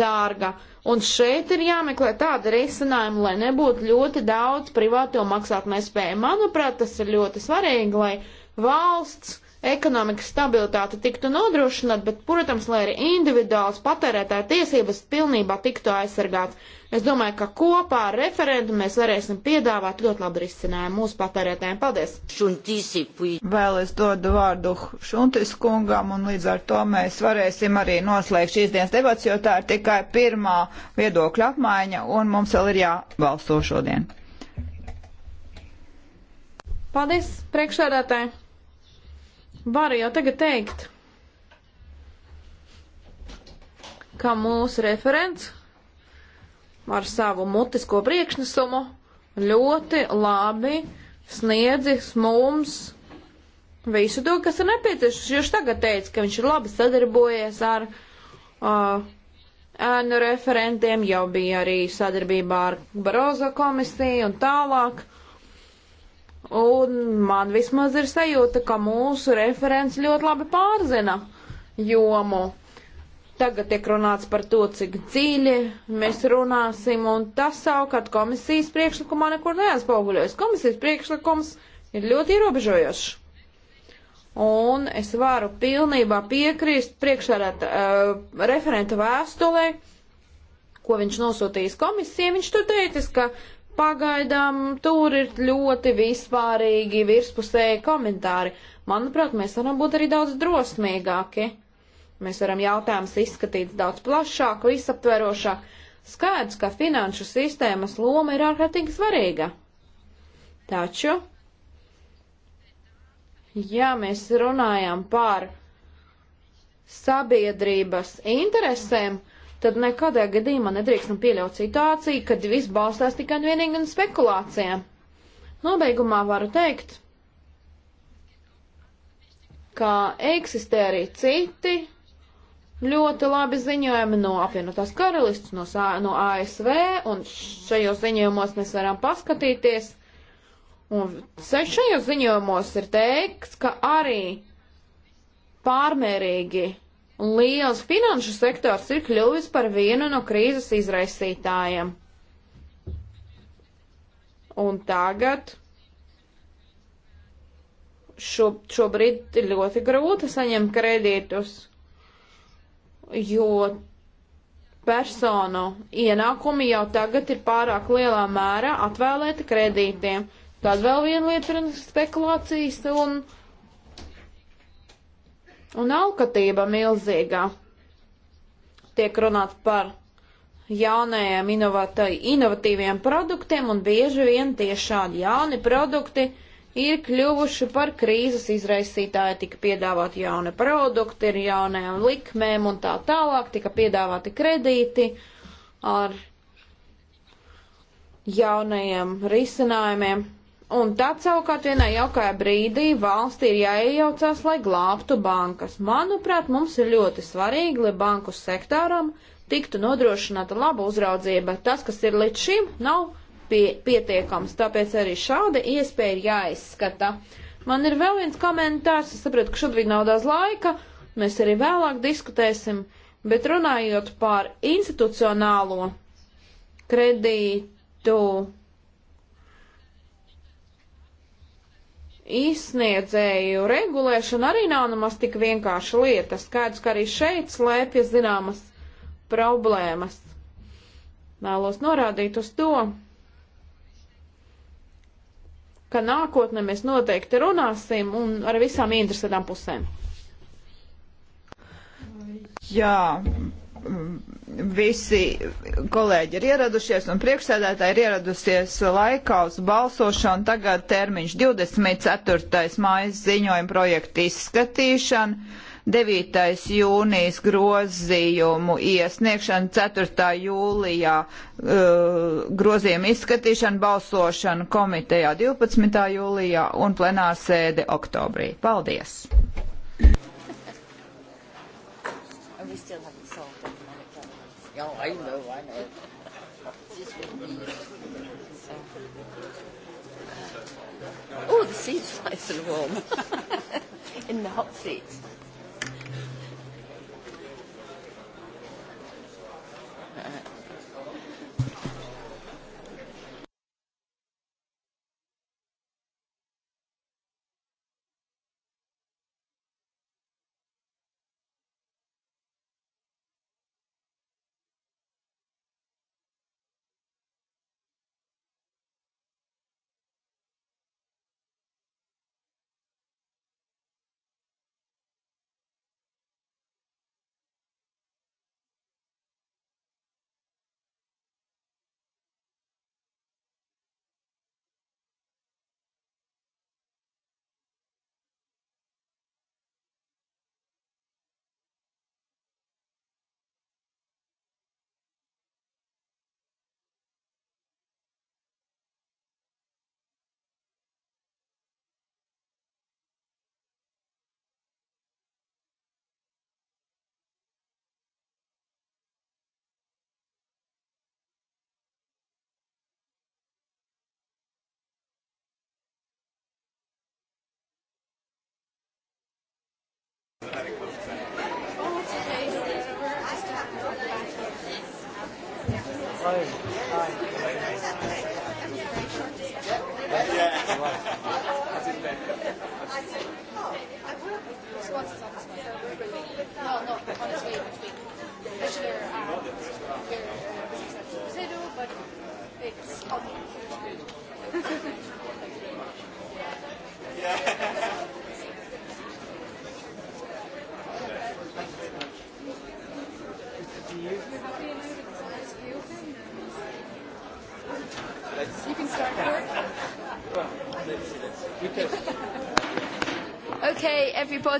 [SPEAKER 2] dārga. Un šeit ir jāmeklē tāda risinājuma, lai nebūtu ļoti daudz privāto maksātnespēju. Manuprāt, tas ir ļoti svarīgi, lai valsts ekonomikas stabilitāte tiktu nodrošināta, bet, protams, lai arī individuāls patērētāja tiesības pilnībā tiktu aizsargāts. Es domāju, ka kopā ar referendumu mēs varēsim piedāvāt ļoti labu risinājumu mūsu patērētājiem.
[SPEAKER 1] Paldies! Vēl es dodu vārdu Šuntis kungam, un līdz ar to mēs varēsim arī noslēgt šīs dienas debats, jo tā ir tikai pirmā viedokļa apmaiņa, un mums vēl ir jābalso šodien.
[SPEAKER 2] Paldies, priekšsēdētāji! Varu jau tagad teikt, ka mūsu referents ar savu mutisko priekšnesumu ļoti labi sniedzis mums visu to, kas ir nepieciešams. Viņš tagad teica, ka viņš ir labi sadarbojies ar uh, ēnu referentiem, jau bija arī sadarbībā ar Barozo komisiju un tālāk. Un man vismaz ir sajūta, ka mūsu referents ļoti labi pārzina jomu. Tagad tiek runāts par to, cik dziļi mēs runāsim, un tas savukārt komisijas priekšlikumā nekur neatspoguļojas. Komisijas priekšlikums ir ļoti ierobežojošs. Un es varu pilnībā piekrīst priekšsarāt uh, eh, referenta vēstulē, ko viņš nosūtījis komisijai. Viņš tur teicis, ka pagaidām tur ir ļoti vispārīgi virspusēji komentāri. Manuprāt, mēs varam būt arī daudz drosmīgāki. Mēs varam jautājumus izskatīt daudz plašāk, visaptverošāk. Skaidrs, ka finanšu sistēmas loma ir ārkārtīgi svarīga. Taču, ja mēs runājam par sabiedrības interesēm, tad nekadā gadījumā nedrīkstam nu pieļaut situāciju, kad viss balstās tikai un vienīgi un spekulācijām. Nobeigumā varu teikt, ka eksistē arī citi ļoti labi ziņojumi no apvienotās karalistas, no, no ASV, un šajos ziņojumos mēs varam paskatīties. Un šajos ziņojumos ir teikts, ka arī pārmērīgi liels finanšu sektors ir kļuvis par vienu no krīzes izraisītājiem. Un tagad šo, šobrīd ir ļoti grūti saņemt kredītus jo personu ienākumi jau tagad ir pārāk lielā mērā atvēlēti kredītiem. Tad vēl viena lieta ir spekulācijas un, un alkatība milzīgā. Tiek runāts par jaunajiem inovatīviem produktiem, un bieži vien tie šādi jauni produkti uh, ir kļuvuši par krīzes izraisītāju, tika piedāvāti jauni produkti ar jaunajām likmēm un tā tālāk, tika piedāvāti kredīti ar jaunajiem risinājumiem. Un tad savukārt vienā jaukajā brīdī valstī ir jāiejaucās, lai glābtu bankas. Manuprāt, mums ir ļoti svarīgi, lai banku sektoram tiktu nodrošināta laba uzraudzība. Tas, kas ir līdz šim, nav pie, pietiekams, tāpēc arī šāda iespēja ir jāizskata. Man ir vēl viens komentārs, es saprotu, ka šobrīd nav daudz laika, mēs arī vēlāk diskutēsim, bet runājot par institucionālo kredītu izsniedzēju regulēšana arī nav nemaz tik vienkārša lieta. Skaidrs, ka arī šeit slēpjas zināmas problēmas. Vēlos norādīt uz to, ka nākotnē mēs noteikti runāsim un ar visām interesētām pusēm.
[SPEAKER 1] Jā, visi kolēģi ir ieradušies un priekšsēdētāji ir ieradusies laikā uz balsošanu. Tagad termiņš 24. mājas ziņojuma projekta izskatīšana. 9. jūnijas grozījumu iesniegšana, 4. jūlijā uh, grozījumu izskatīšana, balsošana komitejā 12. jūlijā un plenārsēde oktobrī. Paldies!
[SPEAKER 3] No, I know, I know. Uh, oh, the seat's <laughs> nice and warm. <laughs> In the hot seat. Uh,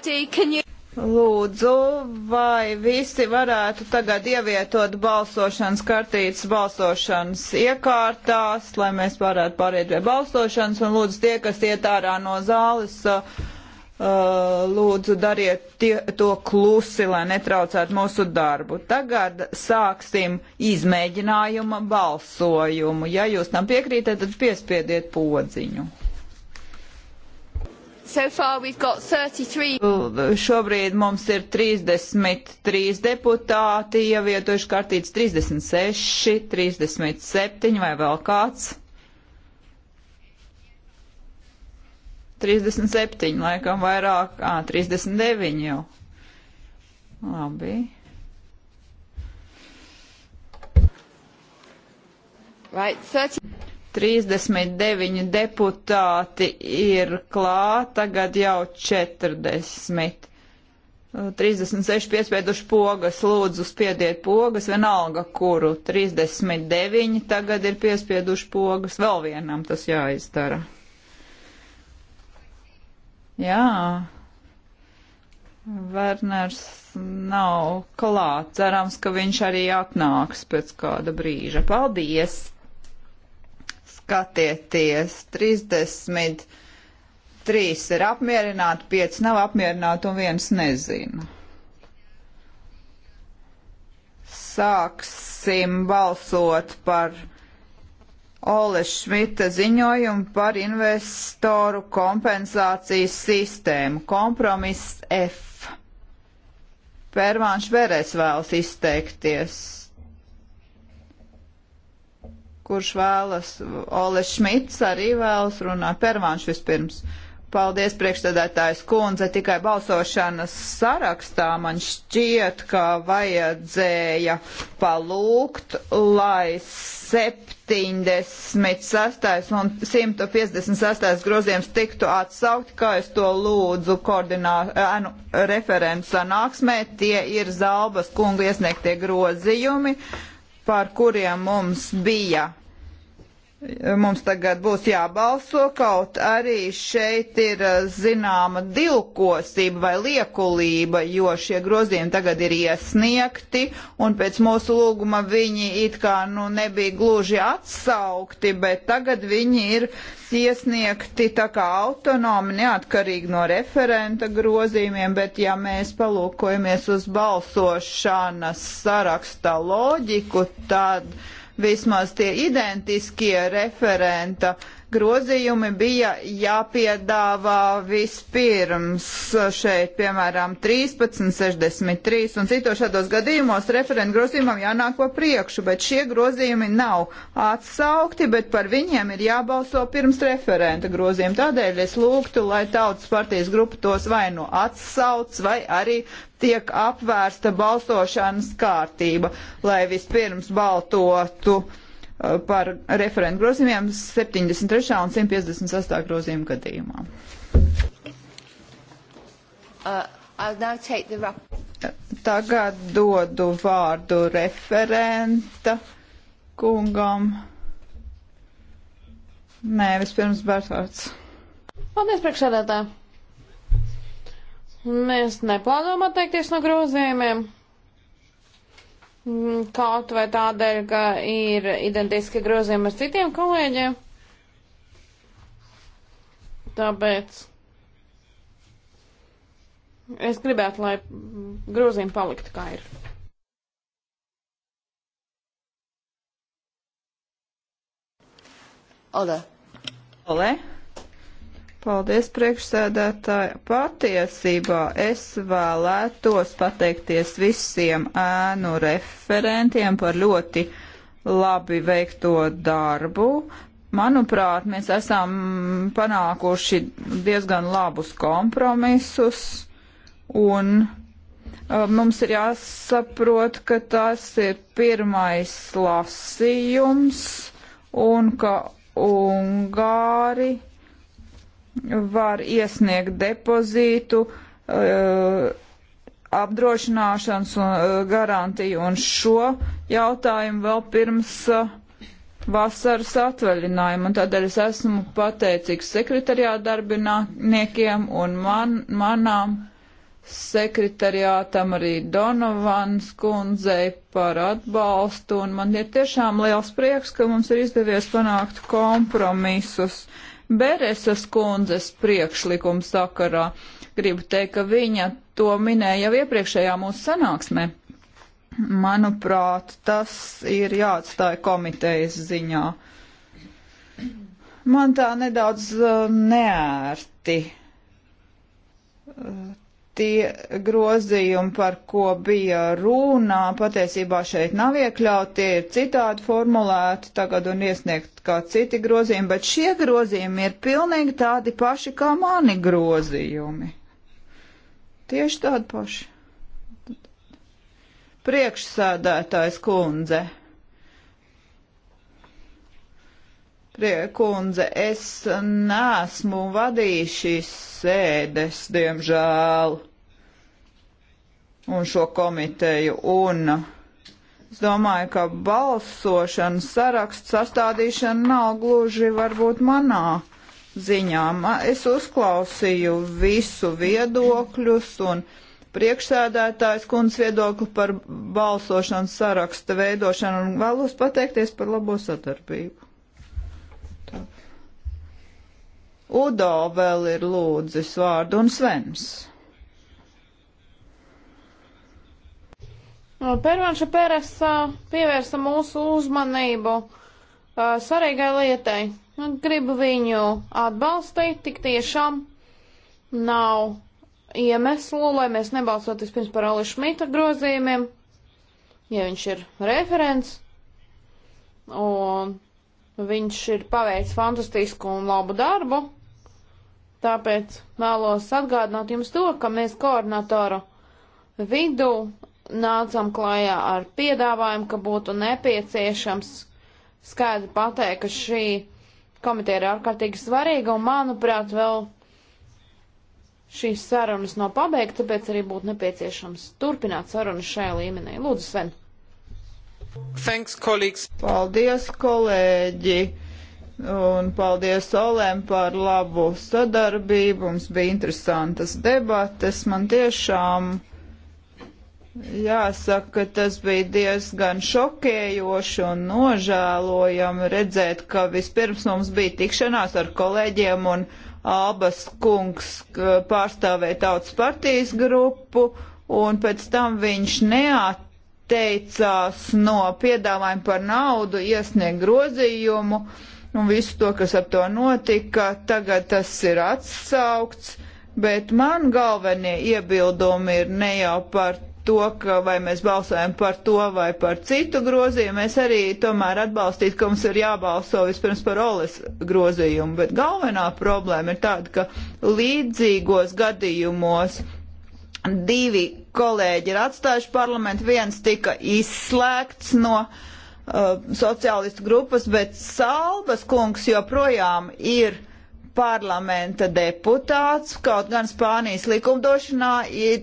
[SPEAKER 1] Voti, can you... Lūdzu, vai visi varētu tagad ievietot balsošanas kartītes balsošanas iekārtās, lai mēs varētu pāriet pie balsošanas, un lūdzu tie, kas iet ārā no zāles, uh, uh, lūdzu dariet tie, to klusi, lai netraucētu mūsu darbu. Tagad sāksim izmēģinājuma balsojumu. Ja jūs tam piekrītat, tad piespiediet podziņu. So far we've got 33. Šobrīd mums ir 33 deputāti ievietojuši kartītes 36, 37 vai vēl kāds. 37, laikam vairāk, ā, 39 jau. Labi. Right, 30. 39 deputāti ir klāt, tagad jau 40. 36 piespieduši pogas, lūdzu spiediet pogas, vienalga kuru. 39 tagad ir piespieduši pogas, vēl vienam tas jāizdara. Jā, Verners nav klāt, cerams, ka viņš arī atnāks pēc kāda brīža. Paldies! skatieties, 33 ir apmierināti, 5 nav apmierināti un viens nezina. Sāksim balsot par Ole Šmita ziņojumu par investoru kompensācijas sistēmu. Kompromiss F. Pērvāns Veres vēlas izteikties kurš vēlas, Ole Šmits arī vēlas runāt, Pervāns vispirms. Paldies, priekšstādātājs kundze, tikai balsošanas sarakstā man šķiet, ka vajadzēja palūgt, lai 76. un 158. grozījums tiktu atsaukt, kā es to lūdzu koordinā, anu, referents sanāksmē. Tie ir Zalbas kunga iesniegtie grozījumi, par kuriem mums bija Mums tagad būs jābalso, kaut arī šeit ir eh, zināma divkosība vai liekulība, jo šie grozījumi tagad ir iesniegti, un pēc mūsu lūguma viņi it kā nu, nebija gluži atsaukti, bet tagad viņi ir iesniegti tā kā autonomi, neatkarīgi no referenta grozījumiem, bet ja mēs palūkojamies uz balsošanas saraksta loģiku, tad. Uh, vismaz tie identiskie referenta uh, grozījumi bija jāpiedāvā vispirms šeit, piemēram, 13, 63 un citos šādos gadījumos referentu grozījumam jānāko priekšu, bet šie grozījumi nav atsaukti, bet par viņiem ir jābalso pirms referenta grozījuma. Tādēļ es lūgtu, lai tautas partijas grupa tos vai nu atsauc, vai arī tiek apvērsta balsošanas kārtība, lai vispirms baltotu par referentu grozījumiem 73. un 158. grozījuma gadījumā. Uh, Tagad dodu vārdu referenta kungam. Nē, vispirms Bērtvārds.
[SPEAKER 2] Paldies, priekšsēdētāji! Mēs neplānojam atteikties no grozījumiem. Mm, kaut vai tādēļ, ka ir identiski grozījumi ar citiem kolēģiem. Tāpēc es gribētu, lai grozījumi paliktu kā ir.
[SPEAKER 1] Ole. Ole. Paldies, priekšsēdētāji. Patiesībā es vēlētos pateikties visiem ēnu referentiem par ļoti labi veikto darbu. Manuprāt, mēs esam panākuši diezgan labus kompromisus un uh, mums ir jāsaprot, ka tas ir pirmais lasījums un ka Ungāri var iesniegt depozītu, eh, apdrošināšanas un eh, garantiju un šo jautājumu vēl pirms eh, vasaras atvaļinājumu, un tādēļ es esmu pateicīgs sekretariāta darbiniekiem un man, manām sekretariātam arī Donovans kundzei par atbalstu, un man ir tiešām liels prieks, ka mums ir izdevies panākt kompromisus. Uh, Bereses kundzes priekšlikuma sakarā. Gribu teikt, ka viņa to minēja jau iepriekšējā mūsu sanāksmē. Manuprāt, tas ir jāatstāja komitejas ziņā. Man tā nedaudz uh, neērti uh, tie grozījumi, par ko bija runa, patiesībā šeit nav iekļauti, tie ir citādi formulēti tagad un iesniegt kā citi grozījumi, bet šie grozījumi ir pilnīgi tādi paši kā mani grozījumi. Tieši tādi paši. Priekšsēdētājs kundze. Priekundze, es nesmu vadījis šīs sēdes, diemžēl, un šo komiteju, un es domāju, ka balsošanas saraksts sastādīšana nav gluži varbūt manā ziņā. Es uzklausīju visu viedokļus un priekšsēdētājs kundas viedokli par balsošanas saraksta veidošanu un vēlos pateikties par labo sadarbību. Udo vēl ir lūdzis vārdu un Svens.
[SPEAKER 2] Pērvanša Pēres pievērsa mūsu uzmanību uh, svarīgai lietai. Gribu viņu atbalstīt, tik tiešām nav iemeslu, lai mēs nebalsotu vispirms par Alu Šmita grozījumiem, ja viņš ir referents, un viņš ir paveicis fantastisku un labu darbu. Tāpēc vēlos atgādināt jums to, ka mēs koordinatoru vidū nācam klājā ar piedāvājumu, ka būtu nepieciešams skaidri pateikt, ka šī komiteja ir ārkārtīgi svarīga un, manuprāt, vēl šīs sarunas nav pabeigta, tāpēc arī būtu nepieciešams turpināt sarunas šajā līmenī. Lūdzu, Sven!
[SPEAKER 1] Thanks, colleagues! Paldies, kolēģi! Un paldies Olēm par labu sadarbību. Mums bija interesantas debates. Man tiešām jāsaka, ka tas bija diezgan šokējoši un nožēlojami redzēt, ka vispirms mums bija tikšanās ar kolēģiem un abas kungs pārstāvēja tautas partijas grupu, un pēc tam viņš neatteicās no piedāvājuma par naudu iesniegt grozījumu. Uh, un visu to, kas ap to notika. Tagad tas ir atsaukts, bet man galvenie iebildumi ir ne jau par to, ka vai mēs balsojam par to vai par citu grozījumu. Mēs arī tomēr atbalstītu, ka mums ir jābalso vispirms par Oles grozījumu, bet galvenā problēma ir tāda, ka līdzīgos gadījumos divi kolēģi ir atstājuši parlamentu, viens tika izslēgts no uh, Uh, sociālistu grupas, bet Salbas kungs joprojām ir parlamenta deputāts, kaut gan Spānijas likumdošanā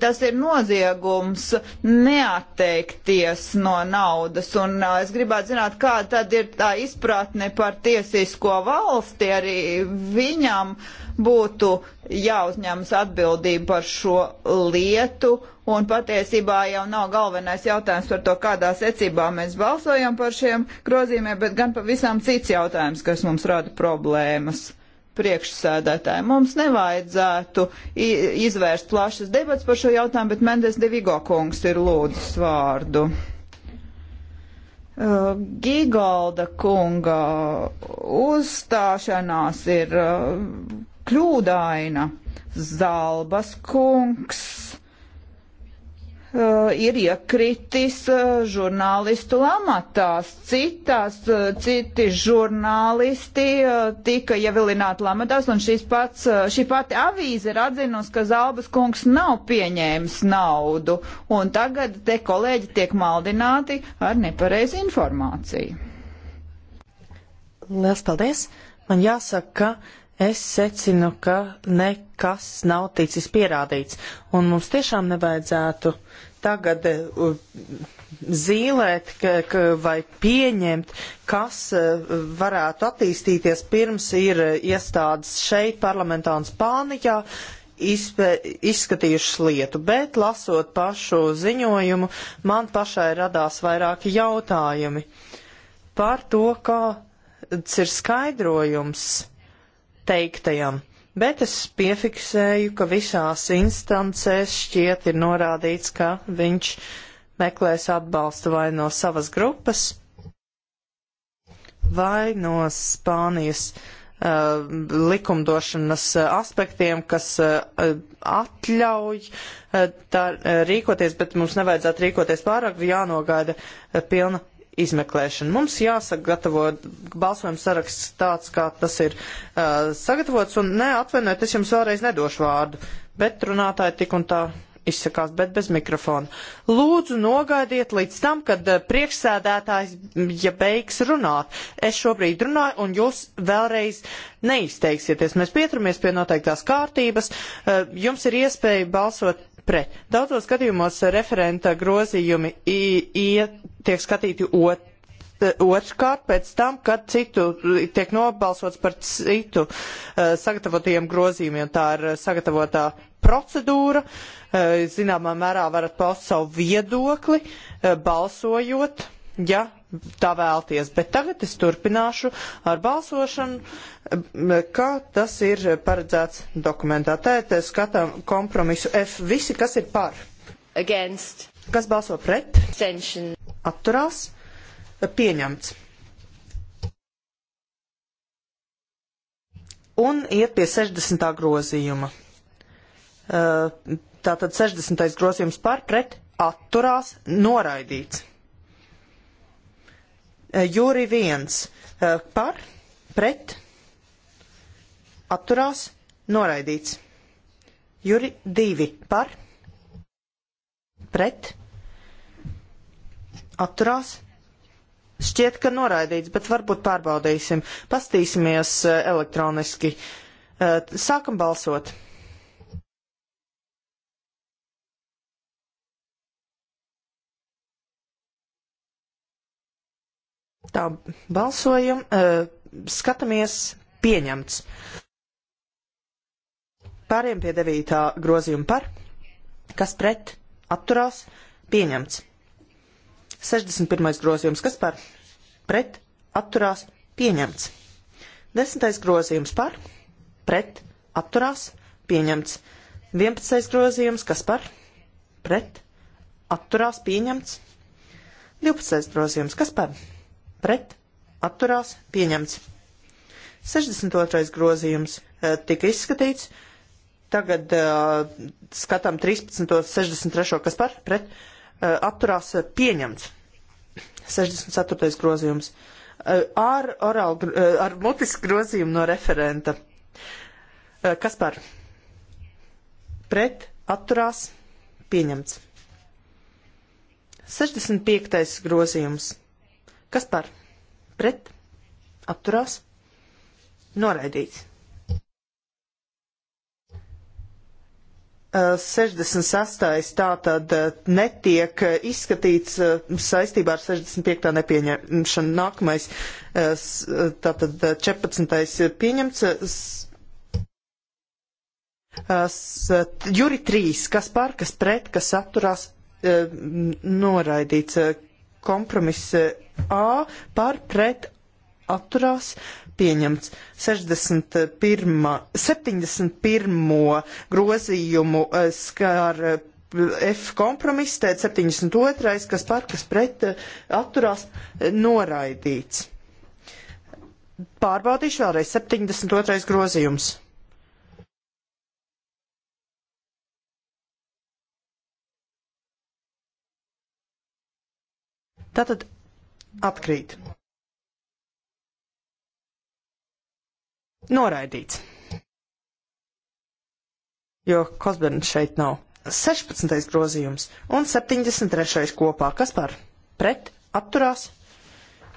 [SPEAKER 1] tas ir noziegums neatteikties no naudas. Un uh, es gribētu zināt, kāda tad ir tā izpratne par tiesisko valsti, arī viņam būtu jāuzņemas atbildība par šo lietu Un patiesībā jau nav galvenais jautājums par to, kādā secībā mēs balsojam par šiem grozījumiem, bet gan pavisam cits jautājums, kas mums rada problēmas priekšsēdētāji. Mums nevajadzētu izvērst plašas debats par šo jautājumu, bet Mendes de Vigo kungs ir lūdzis vārdu. Uh, Gigalda kunga uzstāšanās ir uh, kļūdaina. Zalbas kungs uh, ir iekritis uh, žurnālistu lamatās. Citās, uh, citi žurnālisti uh, tika ievilināti lamatās, un šis pats, uh, šī pati avīze ir atzinusi, ka Zalbas kungs nav pieņēmis naudu, un tagad te kolēģi tiek maldināti ar nepareizu informāciju.
[SPEAKER 3] Lielas paldies! Man jāsaka, ka Es secinu, ka nekas nav ticis pierādīts, un mums tiešām nevajadzētu tagad uh, zīlēt ka, ka, vai pieņemt, kas uh, varētu attīstīties pirms ir uh, iestādes šeit parlamentā un Spānijā izpē, izskatījušas lietu, bet lasot pašu ziņojumu, man pašai radās vairāki jautājumi par to, kāds ir skaidrojums teiktajam, bet es piefiksēju, ka visās instancēs šķiet ir norādīts, ka viņš meklēs atbalstu vai no savas grupas, vai no Spānijas uh, likumdošanas aspektiem, kas uh, atļauj uh, tā uh, rīkoties, bet mums nevajadzētu rīkoties pārāk, jānogaida uh, pilna izmeklēšanu. Mums jāsagatavo balsojums saraksts tāds, kā tas ir uh, sagatavots, un ne atvainojiet, es jums vēlreiz nedošu vārdu, bet runātāji tik un tā izsakās, bet bez mikrofona. Lūdzu, nogaidiet līdz tam, kad uh, priekšsēdētājs, ja beigs runāt. Es šobrīd runāju, un jūs vēlreiz neizteiksieties. Mēs pieturamies pie noteiktās kārtības. Uh, jums ir iespēja balsot ITRE. Daudzos gadījumos referenta grozījumi iet, tiek skatīti ot, otrkārt pēc tam, kad citu tiek nobalsots par citu uh, sagatavotajiem grozījumiem. Tā ir sagatavotā procedūra. Uh, zināmā mērā varat paust savu viedokli, uh, balsojot, ja tā vēlties, bet tagad es turpināšu ar balsošanu, kā tas ir paredzēts dokumentā. Tātad skatām kompromisu F. Visi, kas ir par? Against. Kas balso pret? Abstention. Atturās. Pieņemts. Un iet pie 60. grozījuma. Tātad 60. grozījums par pret atturās noraidīts. Eh, Jūri viens eh, par, pret, atturās, noraidīts. Jūri divi par, pret, atturās. Šķiet, ka noraidīts, bet varbūt pārbaudīsim. Pastīsimies eh, elektroniski. Sākam balsot. Tā balsojam, skatāmies, pieņemts. Pāriem pie devītā grozījuma par, kas pret, atturās, pieņemts. 61. grozījums, kas par, pret, atturās, pieņemts. 10. grozījums par, pret, atturās, pieņemts. 11. grozījums, kas par, pret, atturās, pieņemts. 12. grozījums, kas par, pret, atturās, pieņemts. 62. grozījums eh, tika izskatīts. Tagad uh, skatām 13.63. kas par pret uh, atturās pieņemts. 64. grozījums. Uh, ar, oral, uh, ar mutisku grozījumu no referenta. Uh, kas par pret atturās pieņemts. 65. grozījums. Kas par? Pret? Apturās? Noraidīts. 68. tātad netiek izskatīts saistībā ar 65. nepieņemšanu. Nākamais tātad 14. pieņemts. Juri 3. Kas par, kas pret, kas atturās, noraidīts kompromiss A par pret atturās pieņemts 61, 71. grozījumu eh, skar eh, F kompromiss, tēt 72. kas par, kas pret eh, atturās noraidīts. Pārbaudīšu vēlreiz 72. grozījums. Tātad atkrīt. Noraidīts. Jo Kosberns šeit nav. 16. grozījums un 73. kopā. Kas par? Pret? Atturās?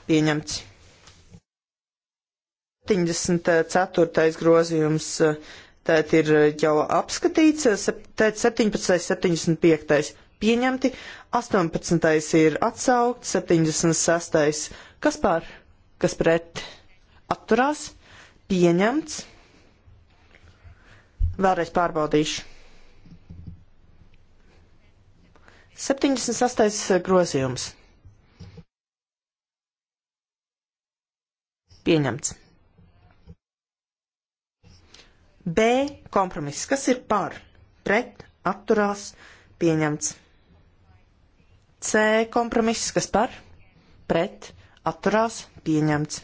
[SPEAKER 3] Pieņemts. 74. grozījums eh, tēt ir jau apskatīts, tēt 17. 75 pieņemti, 18. ir atsaukt, 76. kas par, kas pret, atturās, pieņemts. Vēlreiz pārbaudīšu. 78. grozījums. Pieņemts. B kompromiss. Kas ir par? Pret, atturās, pieņemts. C kompromiss, kas par, pret, atturās, pieņemts.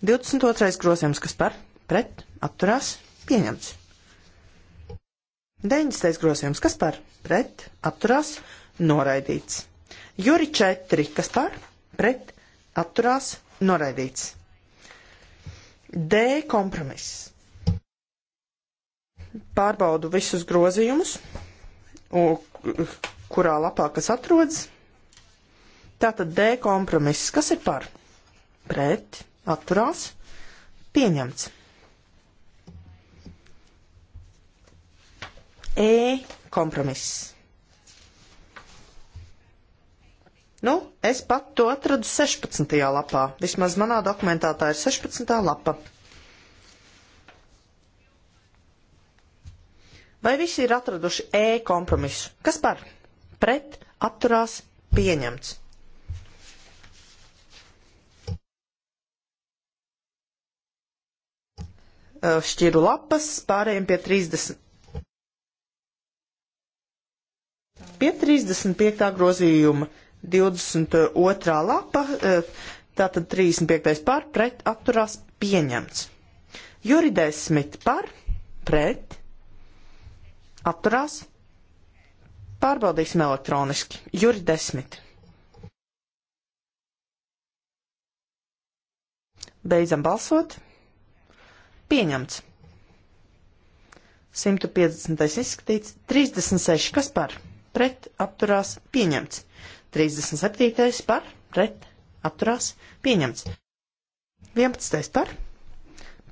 [SPEAKER 3] 22. grozījums, kas par, pret, atturās, pieņemts. 90. grozījums, kas par, pret, atturās, noraidīts. Juri 4, kas par, pret, atturās, noraidīts. D kompromiss. Pārbaudu visus grozījumus, kurā lapā kas atrodas. Tātad D kompromiss, kas ir par? Pret, atturās, pieņemts. E kompromiss. Nu, es pat to atradu 16. lapā. Vismaz manā dokumentā tā ir 16. lapa. Vai visi ir atraduši E kompromisu? Kas par? pret atturās pieņemts. Šķiru lapas, pārējiem pie 30. Pie 35. grozījuma 22. lapa, tātad 35. pār pret atturās pieņemts. Juri 10 par pret atturās pieņemts. Pārbaudīsim elektroniski. Juri desmit. Beidzam balsot. Pieņemts. 150. izskatīts. 36. Kas par? Pret apturās pieņemts. 37. par? Pret apturās pieņemts. 11. par?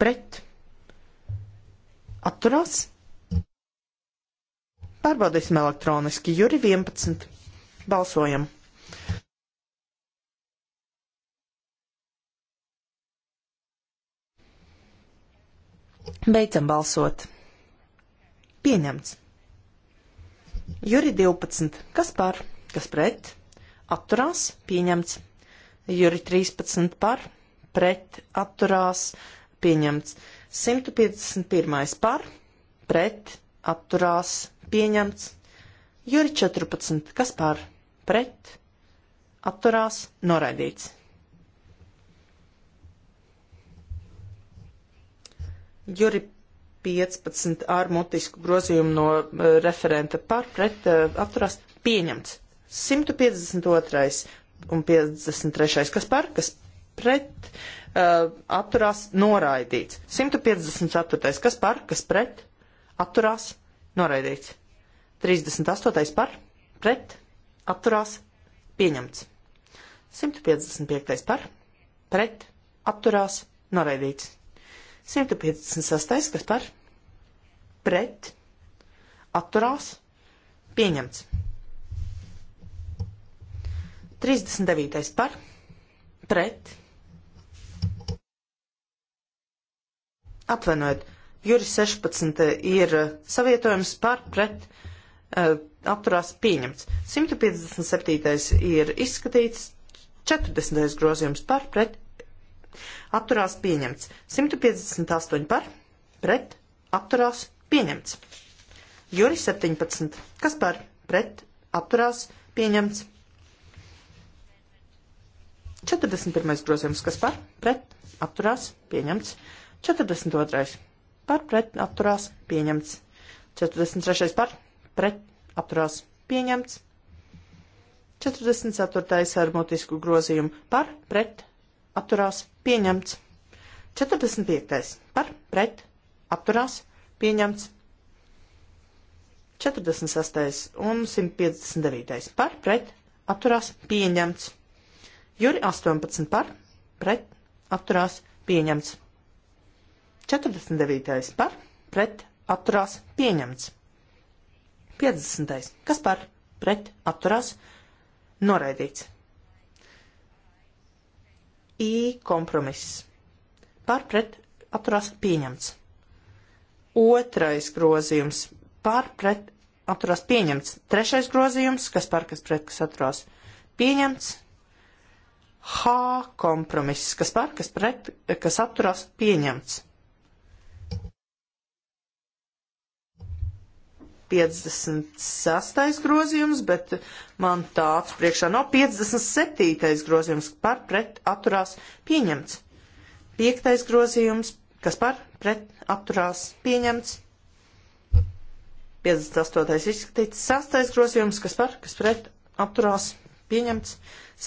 [SPEAKER 3] Pret apturās Pārbaudīsim elektroniski. Juri 11. Balsojam. Beidzam balsot. Pieņemts. Juri 12. Kas par? Kas pret? Atturās. Pieņemts. Juri 13. Par? Pret. Atturās. Pieņemts. 151. Par? Pret. Atturās pieņemts. Juri 14. Kas par? Pret. Atturās. Noraidīts. Juri 15 ar mutisku grozījumu no uh, referenta par pret uh, atturās pieņemts. 152. un 53. kas par, kas pret uh, atturās noraidīts. 154. kas par, kas pret atturās noraidīts. 38. par, pret, atturās, pieņemts. 155. par, pret, atturās, noraidīts. 156. kas par, pret, atturās, pieņemts. 39. par, pret, atvainojiet, juris 16 ir savietojums par, pret, atturās Eh, apturās pieņemts. 157. ir izskatīts, 40. grozījums par pret apturās pieņemts. 158 par pret apturās pieņemts. Juri 17. Kas par pret apturās pieņemts? 41. grozījums. Kas par pret apturās pieņemts? 42. par pret apturās pieņemts. 43. par pret apturās pieņemts. 44. ar mutisku grozījumu par pret apturās pieņemts. 45. par pret apturās pieņemts. 46. un 159. par pret apturās pieņemts. Juri 18 par pret apturās pieņemts. 49. par pret apturās pieņemts. 50. Kas par? Pret. Atturās. Noraidīts. I kompromiss. Par pret atturās pieņemts. Otrais grozījums. Par pret atturās pieņemts. Trešais grozījums. Kas par, kas pret, kas atturās pieņemts. H kompromiss. Kas par, kas pret, kas atturās pieņemts. 56. grozījums, bet man tāds priekšā nav 57. grozījums par pret atturās pieņemts. 5. grozījums, kas par pret atturās pieņemts. 58. izskatīts. 6. grozījums, kas par, kas pret atturās pieņemts.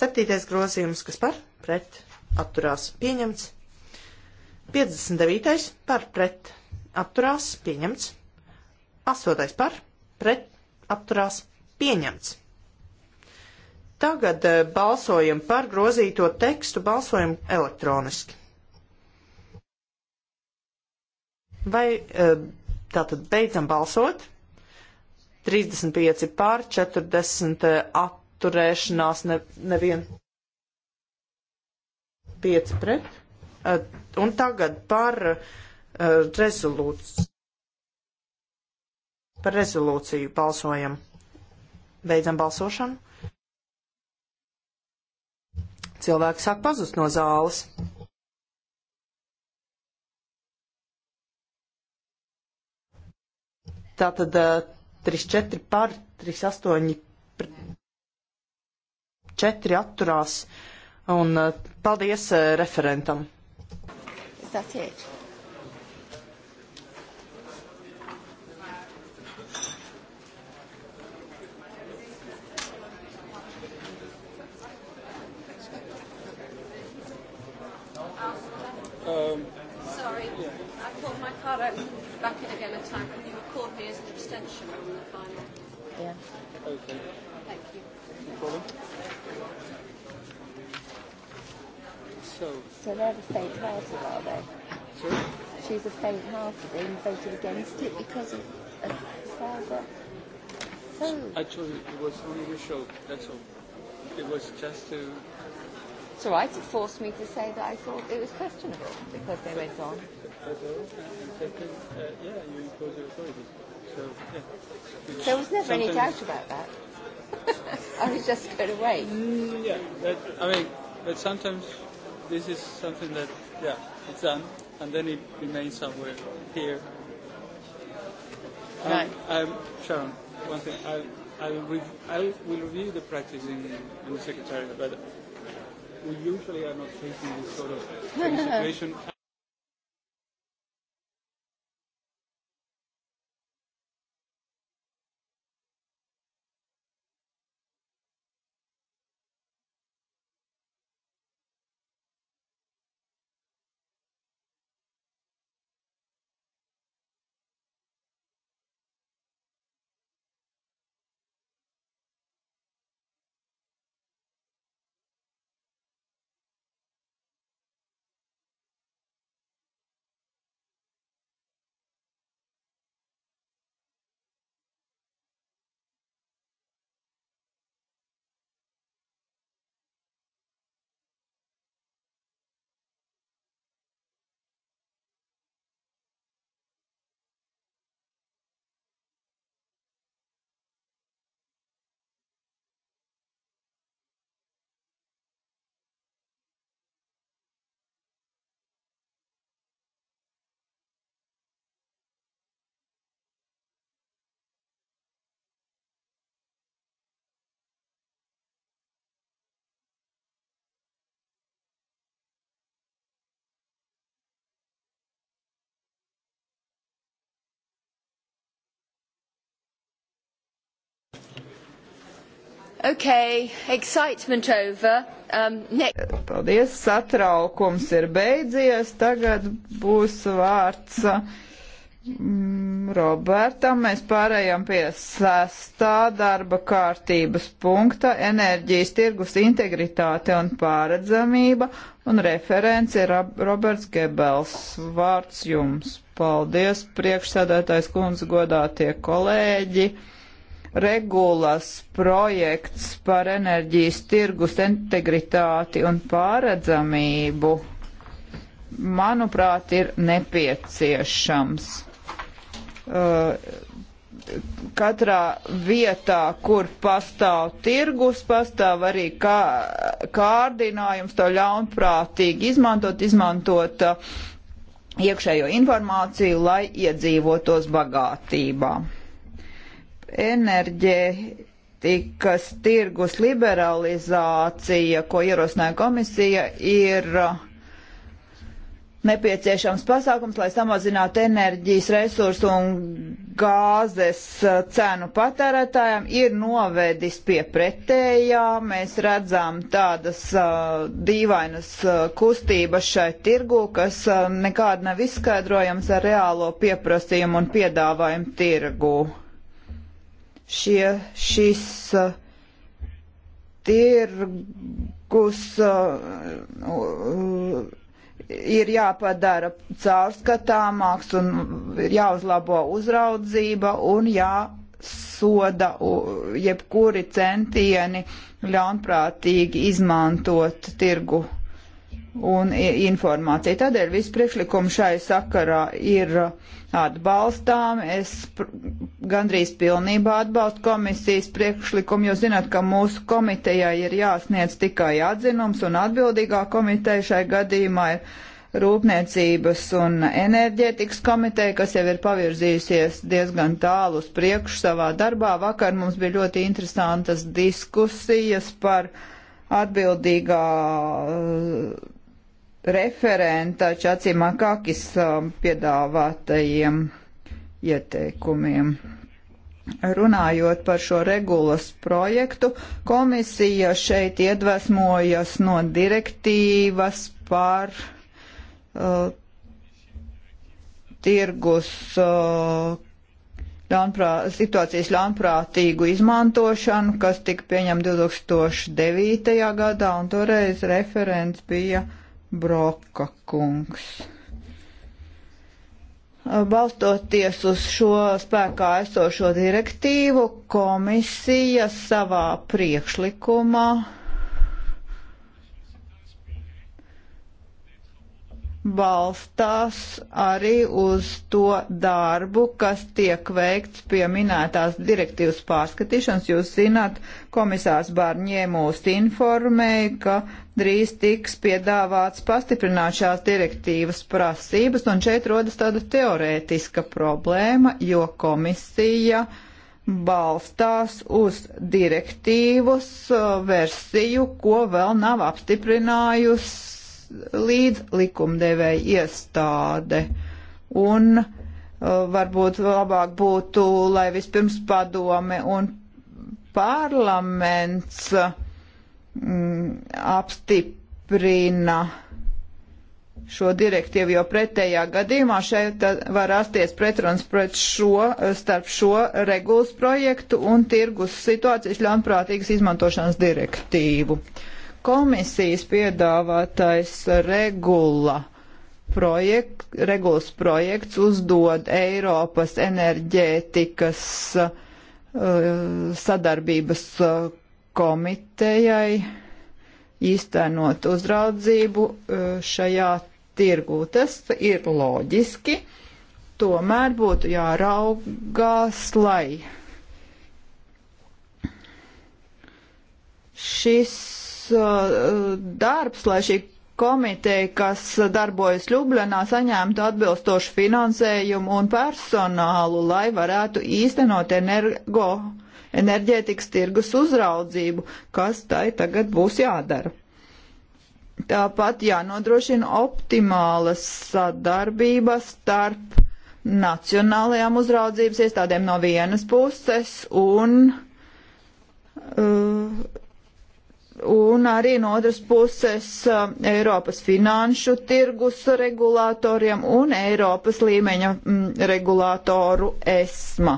[SPEAKER 3] 7. grozījums, kas par pret atturās pieņemts. 59. par pret atturās pieņemts. Astotais par, pret, apturās, pieņemts. Tagad eh, balsojam par grozīto tekstu, balsojam elektroniski. Vai eh, tātad beidzam balsot? 35 pār 40 atturēšanās ne, nevien 5 pret. Eh, un tagad par rezolūciju. Par rezolūciju balsojam. Beidzam balsošanu. Cilvēki sāk pazust no zāles. Tātad 3-4 par, 3-8 4 atturās. Un paldies referentam. Is that it?
[SPEAKER 2] vote back in again in time. Can you record me as an abstention on the final?
[SPEAKER 3] Yeah. Okay. Thank you. No problem. So.
[SPEAKER 1] So they're the faint-hearted, are they? Sorry? She's a faint-hearted and voted
[SPEAKER 3] against it because of uh, a father. So.
[SPEAKER 1] Actually, it was only a show. That's all. It was just to.
[SPEAKER 3] It's all right. It forced me to say that I thought it was questionable because they went on
[SPEAKER 1] that oath, and second, uh, yeah,
[SPEAKER 3] you impose your authority. So, yeah. There was never Sometimes any doubt about that.
[SPEAKER 2] <laughs> I was just going away. Mm, yeah,
[SPEAKER 3] but I mean, but sometimes this is something that, yeah, it's done, and then it remains somewhere here. Um, right. I'm Sharon. One thing, I, I will, re- I will review the practice in, in the secretariat, but
[SPEAKER 2] we usually are not facing this
[SPEAKER 3] sort of <laughs> situation.
[SPEAKER 1] Okay, excitement over. Um, ne... Paldies, satraukums ir beidzies. Tagad būs vārds mm, Robertam. Mēs pārējām pie sestā darba kārtības punkta - enerģijas tirgus integritāte un pāredzamība. Un referents ir Roberts Gebels. Vārds jums. Paldies, priekšsēdētājs kundze, godātie kolēģi regulas projekts par enerģijas tirgus integritāti un pāredzamību, manuprāt, ir nepieciešams. Uh, katrā vietā, kur pastāv tirgus, pastāv arī kā, kārdinājums to ļaunprātīgi izmantot, izmantot uh, iekšējo informāciju, lai iedzīvotos bagātībā enerģētikas tirgus liberalizācija, ko ierosināja komisija, ir uh, nepieciešams pasākums, lai samazinātu enerģijas resursu un gāzes uh, cenu patērētājiem, ir novedis pie pretējā. Mēs redzam tādas uh, dīvainas uh, kustības šai tirgu, kas uh, nekādi nav izskaidrojams ar reālo pieprasījumu un piedāvājumu tirgu. Uh, šie, šis uh, tirgus uh, uh, ir jāpadara caurskatāmāks un ir jāuzlabo uzraudzība un jāsoda jebkuri centieni ļaunprātīgi izmantot tirgu un informāciju. Tādēļ viss priekšlikums šai sakarā ir uh, atbalstām. Es gandrīz pilnībā atbalstu komisijas priekšlikumu, jo zināt, ka mūsu komitejai ir jāsniedz tikai atzinums un atbildīgā komiteja šai gadījumā ir Rūpniecības un enerģētikas komiteja, kas jau ir pavirzījusies diezgan tālu uz priekšu savā darbā. Vakar mums bija ļoti interesantas diskusijas par atbildīgā referenta Čacīmā Kakis um, piedāvātajiem ieteikumiem. Runājot par šo regulas projektu, komisija šeit iedvesmojas no direktīvas par uh, tirgus uh, ļaunprā, situācijas ļaunprātīgu izmantošanu, kas tika pieņemta 2009. gadā, un toreiz referents bija uh, Broka kungs. Balstoties uz šo spēkā esošo direktīvu, komisija savā priekšlikumā balstās arī uz to darbu, kas tiek veikts pie minētās direktīvas pārskatīšanas. Jūs zināt, komisārs Barņē mūs informēja, ka drīz tiks piedāvāts pastiprināt šās direktīvas prasības, un šeit rodas tāda teorētiska problēma, jo komisija balstās uz direktīvas uh, versiju, ko vēl nav apstiprinājusi līdz likumdevēja iestāde. Un uh, varbūt labāk būtu, lai vispirms padome un parlaments mm, apstiprina šo direktīvu, jo pretējā gadījumā šeit uh, var rasties pretruns pret šo, uh, starp šo regulas projektu un tirgus situācijas ļaunprātīgas izmantošanas direktīvu. Uh, Komisijas piedāvātais regula projekt, regulas projekts uzdod Eiropas enerģētikas uh, sadarbības uh, komitejai īstenot uzraudzību uh, šajā tirgū. Tas ir loģiski, tomēr būtu jāraugās, lai šis Uh, darbs, lai šī komiteja, kas darbojas Ljubļanā, saņemtu atbilstošu finansējumu un personālu, lai varētu īstenot energo, enerģētikas tirgus uzraudzību, kas tai tagad būs jādara. Tāpat jānodrošina optimāla sadarbība starp nacionālajām uzraudzības iestādēm no vienas puses un uh, un arī no otras puses um, Eiropas finanšu tirgus regulātoriem un Eiropas līmeņa mm, regulātoru ESMA.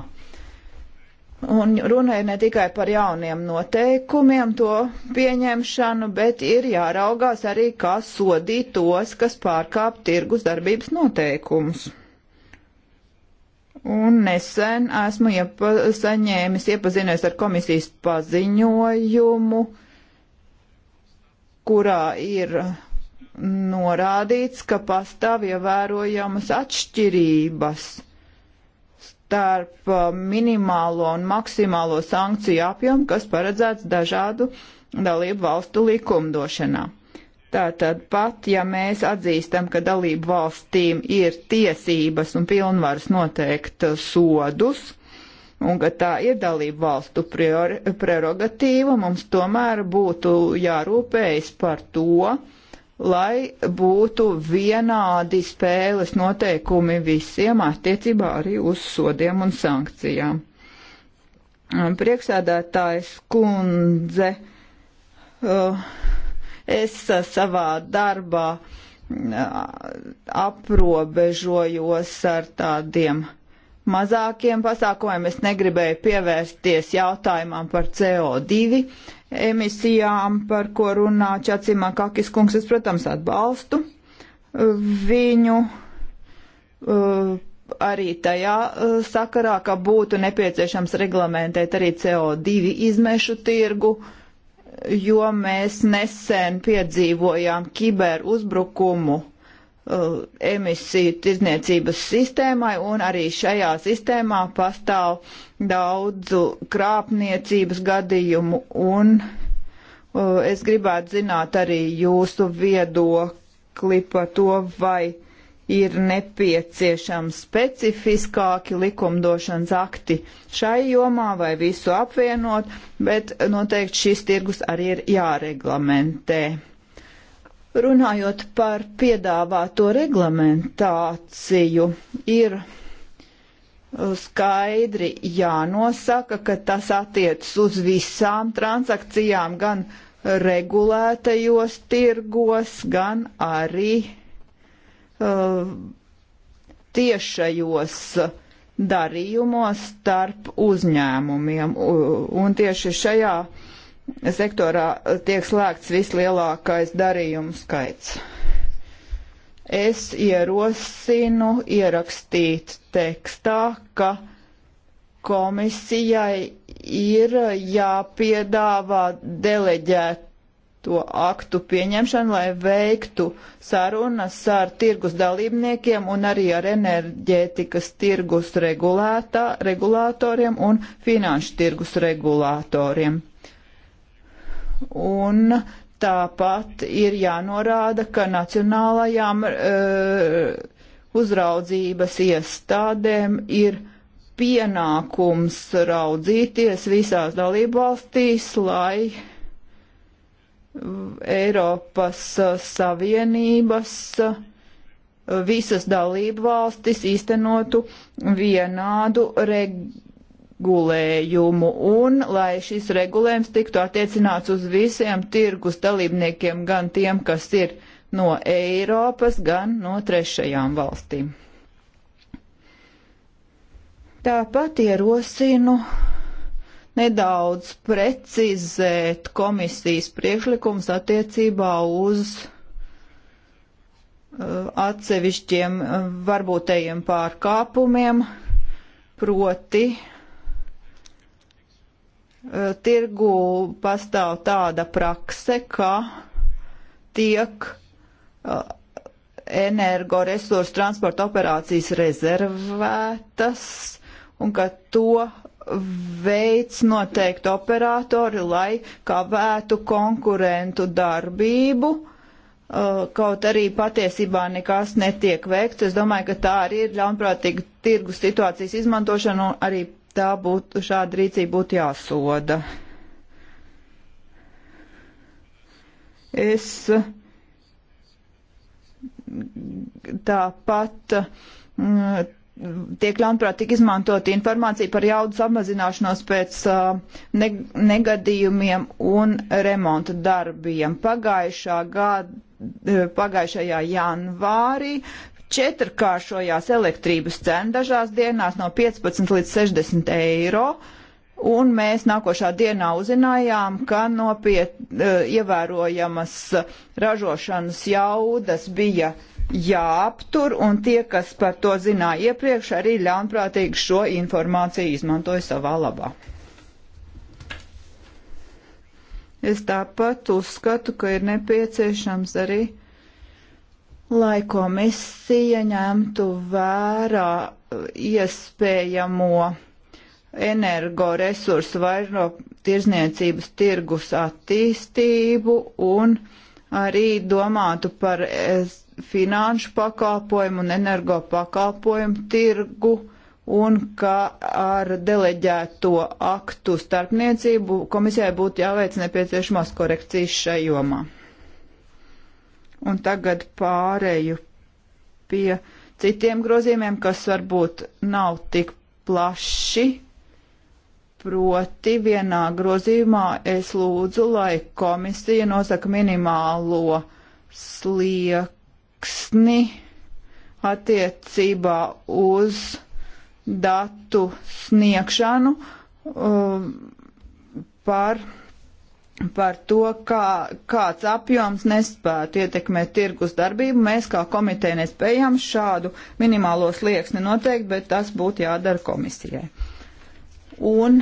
[SPEAKER 1] Un runa ir ne tikai par jauniem noteikumiem, to pieņemšanu, bet ir jāraugās arī, kā sodīt tos, kas pārkāp tirgus darbības noteikumus. Un nesen esmu iepa saņēmis, iepazinies ar komisijas paziņojumu uh, kurā ir norādīts, ka pastāv ievērojamas atšķirības starp uh, minimālo un maksimālo sankciju apjomu, kas paredzēts dažādu dalību valstu likumdošanā. Tātad pat, ja mēs atzīstam, ka dalību valstīm ir tiesības un pilnvaras noteikt uh, sodus, un ka tā ir dalību valstu priori, prerogatīva, mums tomēr būtu jārūpējas par to, lai būtu vienādi spēles noteikumi visiem attiecībā arī uz sodiem un sankcijām. Priekšsēdētājs kundze, uh, es savā darbā uh, aprobežojos ar tādiem mazākiem pasākumiem. Es negribēju pievērsties jautājumam par CO2 emisijām, par ko runā Čacimā Kakis kungs. Es, protams, atbalstu viņu uh, arī tajā uh, sakarā, ka būtu nepieciešams reglamentēt arī CO2 izmešu tirgu, jo mēs nesen piedzīvojām kiberuzbrukumu uzbrukumu Uh, emisiju tirdzniecības sistēmai, un arī šajā sistēmā pastāv daudzu krāpniecības gadījumu, un uh, es gribētu zināt arī jūsu viedokli par to, vai ir nepieciešami specifiskāki likumdošanas akti šai jomā vai visu apvienot, bet noteikti šis tirgus arī ir jāreglamentē Runājot par piedāvāto reglamentāciju, ir uh, skaidri jānosaka, ka tas attiecas uz visām transakcijām, gan regulētajos tirgos, gan arī uh, tiešajos darījumos starp uzņēmumiem. Un tieši šajā uh, sektorā tiek slēgts vislielākais darījumu skaits. Es ierosinu ierakstīt tekstā, ka komisijai ir jāpiedāvā deleģēto aktu pieņemšanu, lai veiktu sarunas ar tirgus dalībniekiem un arī ar enerģētikas tirgus regulētā, regulātoriem un finanšu tirgus regulātoriem un tāpat ir jānorāda, ka nacionālajām uh, uzraudzības iestādēm ir pienākums raudzīties visās dalībvalstīs, lai Eiropas Savienības visas dalībvalstis īstenotu vienādu regulējumu regulējumu un lai šis regulējums tiktu attiecināts uz visiem tirgus dalībniekiem, gan tiem, kas ir no Eiropas, gan no trešajām valstīm. Tāpat ierosinu nedaudz precizēt komisijas priekšlikums attiecībā uz uh, atsevišķiem uh, varbūtējiem pārkāpumiem, proti Eh, tirgu pastāv tāda prakse, ka tiek eh, energoresursu transporta operācijas rezervētas un ka to veids noteikti operatori, lai kavētu konkurentu darbību, eh, kaut arī patiesībā nekas netiek veikts. Es domāju, ka tā arī ir ļaunprātīga tirgus situācijas izmantošana un arī tā būtu, šāda rīcība būtu jāsoda. Es tāpat mm, tiek ļaunprātīgi izmantot informāciju par jaudu samazināšanos pēc mm, ne negadījumiem un remonta darbiem. Pagājušā gada, pagājušajā janvārī četrkāršojās elektrības cena dažās dienās no 15 līdz 60 eiro. Un mēs nākošā dienā uzzinājām, ka nopiet uh, ievērojamas ražošanas jaudas bija jāaptur, un tie, kas par to zināja iepriekš, arī ļaunprātīgi šo informāciju izmantoja savā labā. Es tāpat uzskatu, ka ir nepieciešams arī uh, lai komisija ņemtu vērā iespējamo energoresursu vairo tirzniecības tirgus attīstību un arī domātu par finanšu pakalpojumu un energo pakalpojumu tirgu un ka ar deleģēto aktu starpniecību komisijai būtu jāveic nepieciešamās korekcijas šajomā. Un tagad pārēju pie citiem grozījumiem, kas varbūt nav tik plaši. Proti vienā grozījumā es lūdzu, lai komisija nosaka minimālo slieksni attiecībā uz datu sniegšanu um, par par to, kā, kāds apjoms nespētu ietekmēt tirgus darbību. Mēs kā komiteja nespējam šādu minimālo slieksni noteikt, bet tas būtu jādara komisijai. Un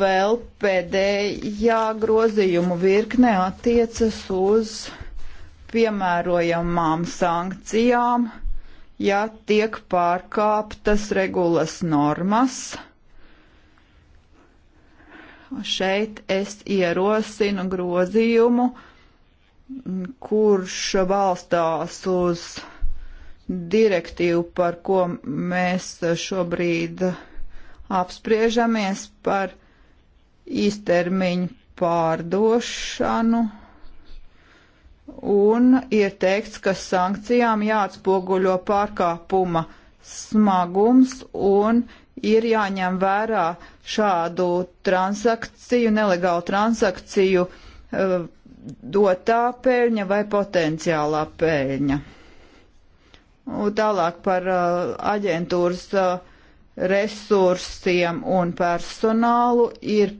[SPEAKER 1] vēl pēdējā grozījumu virkne attiecas uz piemērojamām sankcijām, ja tiek pārkāptas regulas normas šeit es ierosinu grozījumu, kurš balstās uz direktīvu, par ko mēs šobrīd apspriežamies par īstermiņu pārdošanu. Un ir teikts, ka sankcijām jāatspoguļo pārkāpuma smagums un uh, ir jāņem vērā šādu transakciju, nelegālu transakciju uh, dotā pēļņa vai potenciālā pēļņa. Un tālāk par uh, aģentūras uh, resursiem un personālu ir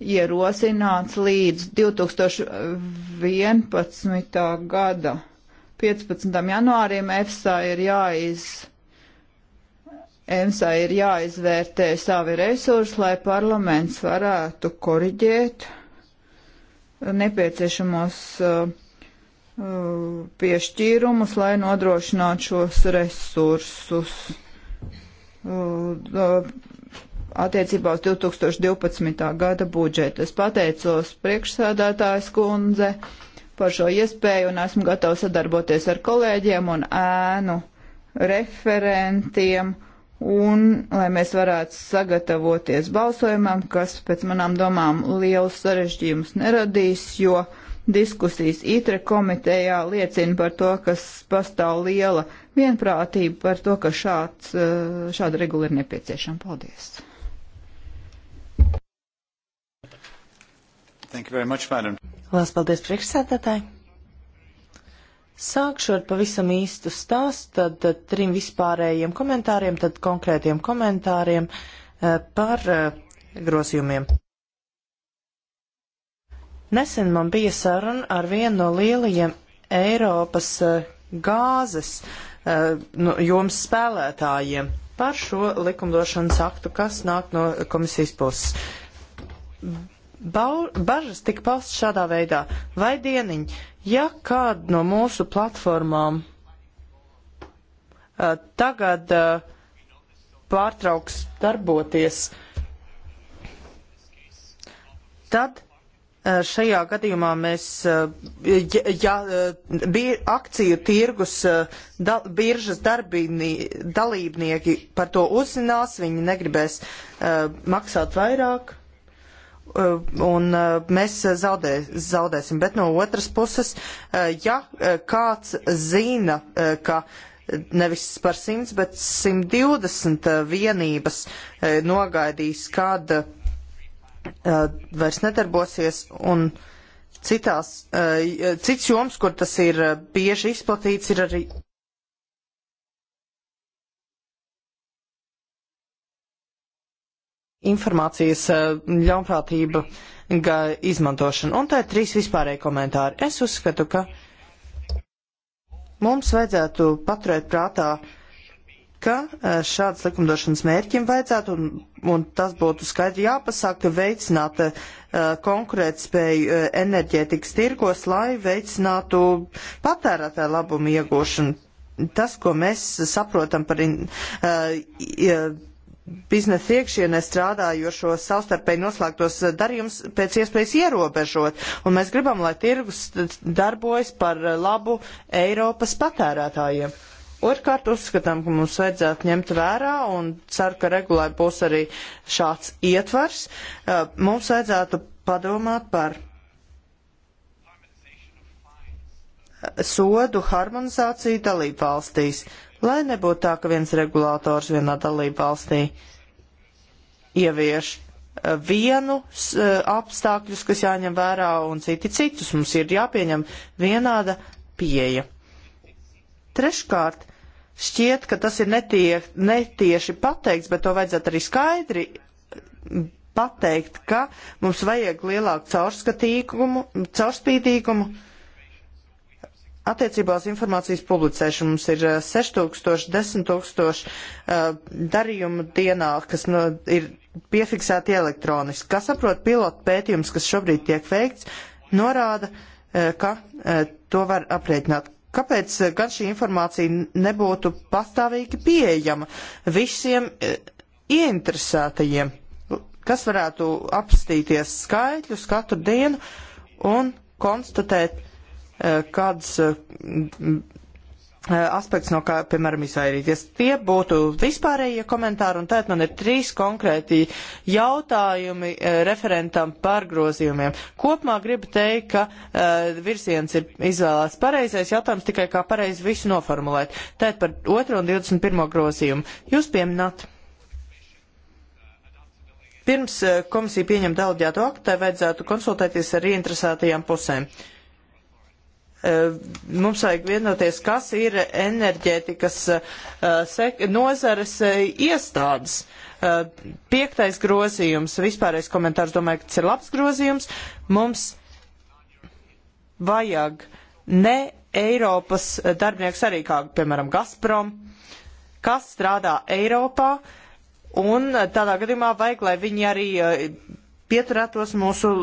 [SPEAKER 1] ierosināts līdz 2011. gada 15. janvārim EFSA ir jāiz EMSA ir jāizvērtē savi resursi, lai parlaments varētu koriģēt nepieciešamos uh, uh piešķīrumus, lai nodrošinātu šos resursus. Uh, uh attiecībā uz 2012. gada budžetu. Es pateicos priekšsēdētājas kundze par šo iespēju un esmu gatava sadarboties ar kolēģiem un ēnu referentiem un lai mēs varētu sagatavoties balsojumam, kas pēc manām domām liels sarežģījums neradīs, jo diskusijas ITRE komitejā liecina par to, kas pastāv liela vienprātība par to, ka šāds, uh, šāda regula ir nepieciešama. Paldies! Much,
[SPEAKER 3] Lās paldies priekšsēdētāji! Sākšu ar pavisam īstu stāstu, tad, tad trim vispārējiem komentāriem, tad konkrētiem komentāriem uh, par uh, grozījumiem. Nesen man bija saruna ar vienu no lielajiem Eiropas uh, gāzes nu, joms spēlētājiem par šo likumdošanas aktu, kas nāk no komisijas puses. Baur, bažas tika paustas šādā veidā. Vai dieniņ, ja kāda no mūsu platformām uh, tagad uh, pārtrauks darboties, tad eh, Šajā gadījumā mēs, ja, ja bir, akciju tirgus da, biržas darbīnī, dalībnieki par to uzzinās, viņi negribēs uh, maksāt vairāk, Eh, un eh, mēs eh, zaudē, zaudēsim. Bet no otras puses, ja kāds zina, ka nevis par 100, bet 120 vienības nogaidīs, kad vairs nedarbosies un citās, cits joms, kur tas ir bieži izplatīts, ir arī informācijas eh, ļaunprātība izmantošana. Un tā ir trīs vispārēji komentāri. Es uzskatu, ka mums vajadzētu paturēt prātā, ka eh, šādas likumdošanas mērķim vajadzētu, un, un tas būtu skaidri jāpasaka, veicināt uh, konkurētspēju uh, enerģētikas tirgos, lai veicinātu patērētāju labumu iegūšanu. Tas, ko mēs saprotam par in, uh, biznesa iekšienē strādājošo savstarpēji noslēgtos darījumus pēc iespējas ierobežot, un mēs gribam, lai tirgus darbojas par labu Eiropas patērētājiem. Otrkārt, uzskatām, ka mums vajadzētu ņemt vērā, un ceru, ka regulai būs arī šāds ietvars, uh, mums vajadzētu padomāt par sodu harmonizāciju dalību valstīs lai nebūtu tā, ka viens regulators vienā dalība valstī ievieš eh, vienu eh, apstākļus, kas jāņem vērā, un citi citus. Mums ir jāpieņem vienāda pieeja. Treškārt, šķiet, ka tas ir netie, netieši pateikts, bet to vajadzētu arī skaidri pateikt, ka mums vajag lielāku caurskatīgumu, caurspīdīgumu. Mm Attiecībā uz informācijas publicēšanu mums ir 6000, eh, 10000 eh, darījumu dienā, kas no, nu, ir piefiksēti elektroniski. Kā saprot, pilotu pētījums, kas šobrīd tiek veikts, norāda, eh, ka to var aprēķināt. Kāpēc gan šī informācija nebūtu pastāvīgi pieejama visiem ieinteresētajiem, kas varētu apstīties skaitļus katru dienu un konstatēt, Eh, kāds eh, eh, aspekts, no kā, piemēram, izvairīties. Tie būtu vispārējie komentāri, un tātad man ir trīs konkrēti jautājumi referentam par grozījumiem. Kopumā gribu teikt, ka uh, virsiens ir izvēlēts pareizais jautājums, tikai kā pareizi visu noformulēt. Tātad par 2. un 21. grozījumu. Jūs pieminat. Pirms komisija pieņem delģētu aktu, tai vajadzētu konsultēties ar ieinteresētajām pusēm. Uh, Eh, mums vajag vienoties, kas ir enerģētikas eh, nozares eh, iestādes. Piektais grozījums, vispārējais komentārs, domāju, ka tas ir labs grozījums. Mums vajag ne Eiropas darbinieks arī kā, piemēram, Gazprom, kas strādā Eiropā, un tādā gadījumā vajag, lai viņi arī pieturētos mūsu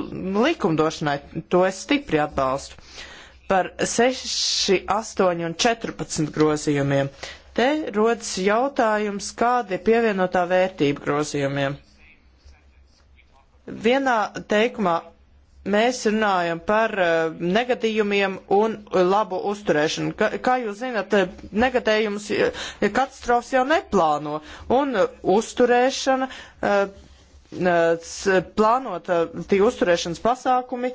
[SPEAKER 3] likumdošanai. To es stipri atbalstu. Uh, par 6, 8 un 14 grozījumiem. Te rodas jautājums, kāda ir pievienotā vērtība grozījumiem. Vienā teikumā mēs runājam par eh, negadījumiem un labu uzturēšanu. Kā, kā jūs zināt, negadējumus eh, katastrofas jau neplāno, un eh, uzturēšana, plānota tie uzturēšanas pasākumi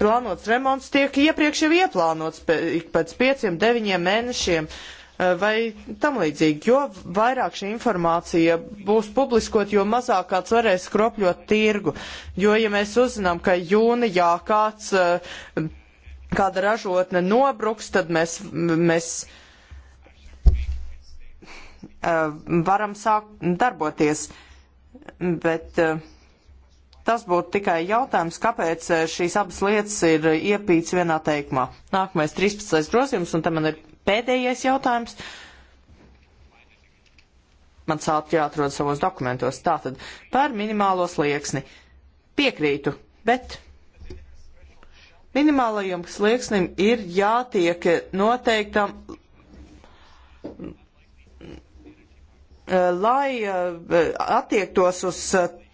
[SPEAKER 3] plānots remonts tiek iepriekš jau ieplānots pēc pieciem, deviņiem mēnešiem eh, vai tam līdzīgi. Jo vairāk šī informācija būs publiskot, jo mazāk kāds varēs kropļot tirgu. Jo, ja mēs uzzinām, ka jūnijā kāds, eh, kāda ražotne nobruks, tad mēs, mēs eh, varam sākt darboties. Bet uh, Tas būtu tikai jautājums, kāpēc eh, šīs abas lietas ir iepīts vienā teikumā. Nākamais 13. grozījums, un te man ir pēdējais jautājums. Man sāpīgi jāatrod savos dokumentos. Tātad par minimālo slieksni. Piekrītu, bet minimālajam slieksnim ir jātiek noteiktam, eh, lai eh, attiektos uz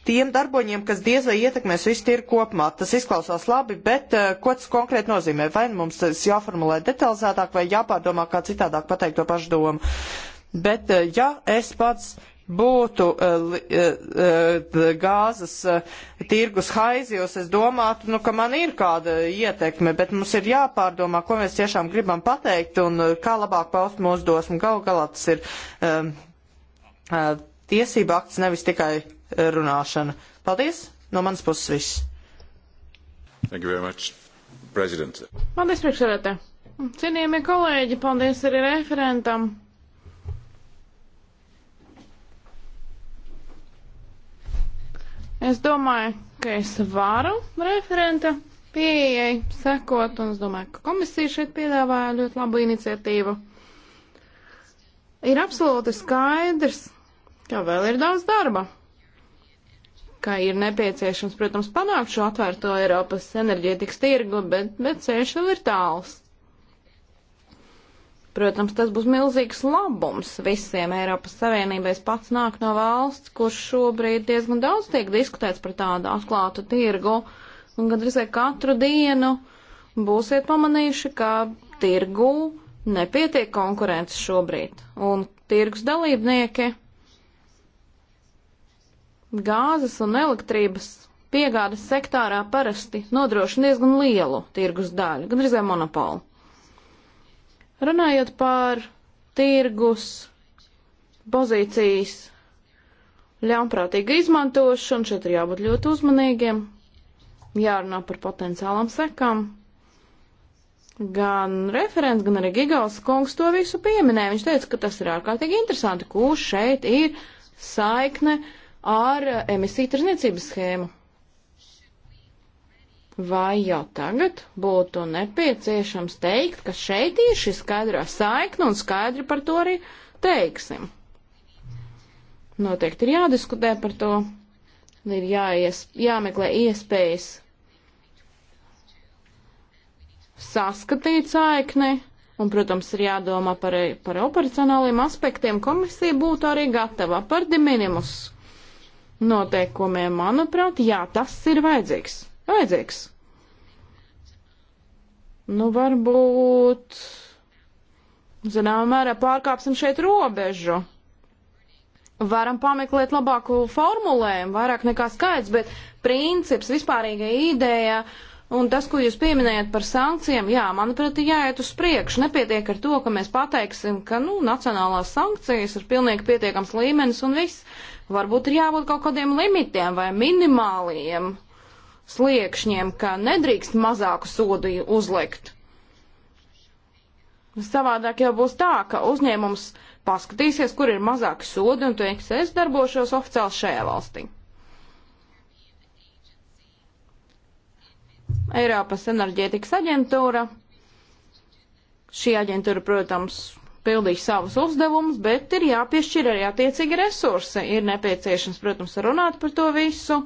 [SPEAKER 3] tiem darboņiem, kas diez vai ietekmēs visu tirgu kopumā. Tas izklausās labi, bet uh, ko tas konkrēti nozīmē? Vai nu mums tas jāformulē detalizētāk, vai jāpārdomā, kā citādāk pateikt to pašu domu. Bet uh, ja es pats būtu uh, uh, gāzes uh, tirgus haizijos, es domātu, nu, ka man ir kāda ietekme, bet mums ir jāpārdomā, ko mēs tiešām gribam pateikt un kā labāk paust mūsu dosmu. Galu galā tas ir tiesība akts, nevis tikai runāšana. Paldies! No manas puses viss.
[SPEAKER 1] Thank you very much, President.
[SPEAKER 3] Paldies, priekšsēdētē. Cienījamie kolēģi, paldies
[SPEAKER 2] arī referentam. Es domāju, ka es varu referenta pieejai sekot, un es domāju, ka komisija šeit piedāvāja ļoti labu iniciatīvu. Ir absolūti skaidrs, ka vēl ir daudz darba ka ir nepieciešams, protams, panākt šo atvērto Eiropas enerģētikas tirgu, bet, bet ceļš vēl ir tāls. Protams, tas būs milzīgs labums visiem Eiropas Savienībai. Es pats nāku no valsts, kur šobrīd diezgan daudz tiek diskutēts par tādu atklātu tirgu, un gandrīz katru dienu būsiet pamanījuši, ka tirgu nepietiek konkurence šobrīd, un tirgus dalībnieki gāzes un elektrības piegādes sektārā parasti nodrošina diezgan lielu tirgus daļu, gan arī monopolu. Runājot par tirgus pozīcijas ļaunprātīgu izmantošanu, šeit ir jābūt ļoti uzmanīgiem, jārunā par potenciālām sekām. Gan referents, gan arī Gigals kungs to visu pieminēja. Viņš teica, ka tas ir ārkārtīgi interesanti, kurš šeit ir saikne uh, ar eh, emisiju tirzniecības schēmu. Vai jau tagad būtu nepieciešams teikt, ka šeit ir šī skaidrā saikna un skaidri par to arī teiksim? Noteikti ir jādiskutē par to, ir jāies, jāmeklē iespējas saskatīt saikni, un, protams, ir jādomā par, par operacionāliem aspektiem. Komisija būtu arī gatava par diminimus noteikumiem, manuprāt, jā, tas ir vajadzīgs. Vajadzīgs. Nu, varbūt, zināmā mērā, pārkāpsim šeit robežu. Varam pameklēt labāku formulējumu, vairāk nekā skaidrs, bet princips, vispārīga ideja un tas, ko jūs pieminējat par sankcijām, jā, manuprāt, ir jāiet uz priekšu. Nepietiek ar to, ka mēs pateiksim, ka, nu, nacionālās sankcijas ir pilnīgi pietiekams līmenis un viss. Varbūt ir jābūt kaut kādiem limitiem vai minimāliem sliekšņiem, ka nedrīkst mazāku sodu uzlikt. Savādāk jau būs tā, ka uzņēmums paskatīsies, kur ir mazāki sodi un teiks, es darbošos oficiāli šajā valstī. Eiropas enerģētikas aģentūra. Šī aģentūra, protams, pildīs savus uzdevumus, bet ir jāpiešķir arī attiecīgi resursi. Ir nepieciešams, protams, runāt par to visu,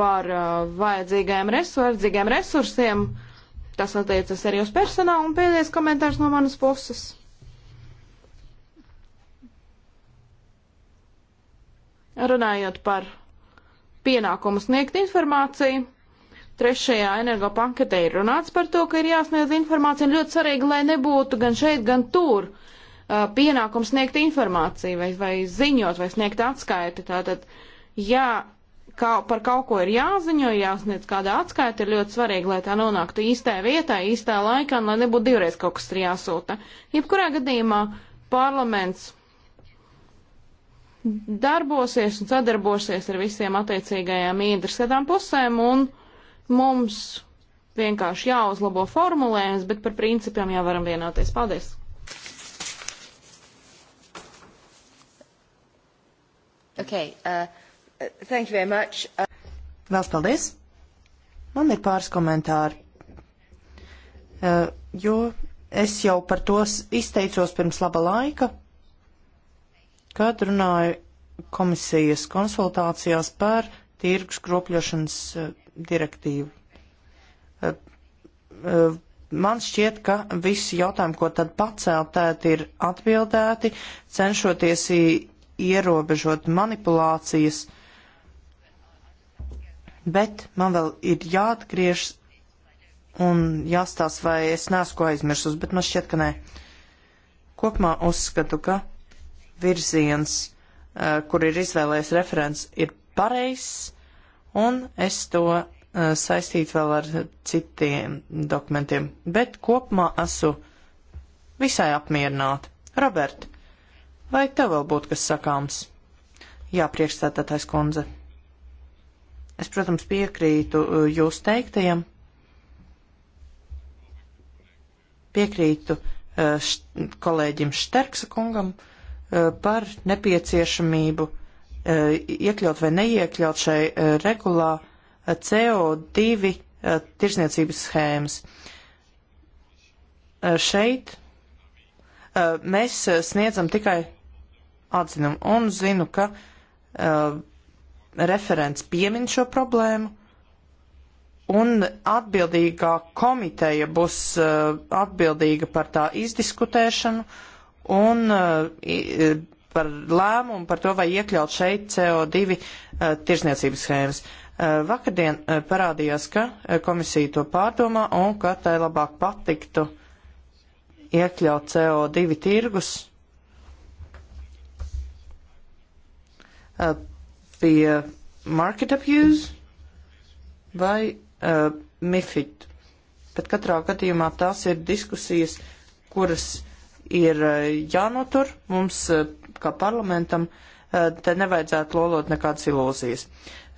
[SPEAKER 2] par uh, vajadzīgajiem, resurs, vajadzīgajiem resursiem. Tas attiecas arī uz personālu un pēdējais komentārs no manas puses. Runājot par pienākumu sniegt informāciju, trešajā energopaketē ir runāts par to, ka ir jāsniedz informācija ļoti svarīgi, lai nebūtu gan šeit, gan tur pienākums sniegt informāciju vai, vai ziņot vai sniegt atskaiti. Tātad, ja kā, par kaut ko ir jāziņo, jāsniedz kāda atskaita, ir ļoti svarīgi, lai tā nonāktu īstā vietā, īstā laikā, un lai nebūtu divreiz kaut kas ir jāsūta. Jebkurā gadījumā parlaments darbosies un sadarbosies ar visiem attiecīgajām interesētām pusēm, un mums vienkārši jāuzlabo formulējums, bet par principiem jau varam vienoties. Paldies!
[SPEAKER 3] Okay, uh, thank you very much. Uh... Vēl paldies. Man ir pāris komentāri. Uh, jo es jau par tos izteicos pirms laba laika, kad runāju komisijas konsultācijās par tirgus kropļošanas uh, direktīvu. Uh, uh, man šķiet, ka visi jautājumi, ko tad pacēl, tēt ir atbildēti, cenšoties ierobežot manipulācijas, bet man vēl ir jāatgriežas un jāstāsta, vai es neesmu ko aizmirsus, bet man šķiet, ka nē. Kopumā uzskatu, ka virziens, eh, kur ir izvēlējies referents, ir pareizs, un es to eh, saistītu vēl ar citiem dokumentiem. Bet kopumā esmu visai apmierināta. Robert, Vai tev vēl būtu kas sakāms? Jā, priekšstādātais kundze. Es, protams, piekrītu uh, jūs teiktajam. Piekrītu uh, št, kolēģim Šterksa kungam uh, par nepieciešamību iekļaut vai neiekļaut šai regulā CO2 tirsniecības schēmas. Šeit mēs sniedzam tikai atzinumu. Un zinu, ka uh, referents piemin šo problēmu. Un atbildīgā komiteja būs uh, atbildīga par tā izdiskutēšanu un uh, i, uh, par lēmumu par to, vai iekļaut šeit CO2 uh, tirzniecības schēmas. Uh, vakardien uh, parādījās, ka uh, komisija to pārdomā un ka tai labāk patiktu iekļaut CO2 tirgus pie uh, market abuse vai uh, MIFID. Bet katrā gadījumā tās ir diskusijas, kuras ir uh, jānotur mums uh, kā parlamentam. Uh, te nevajadzētu lolot nekādas ilūzijas.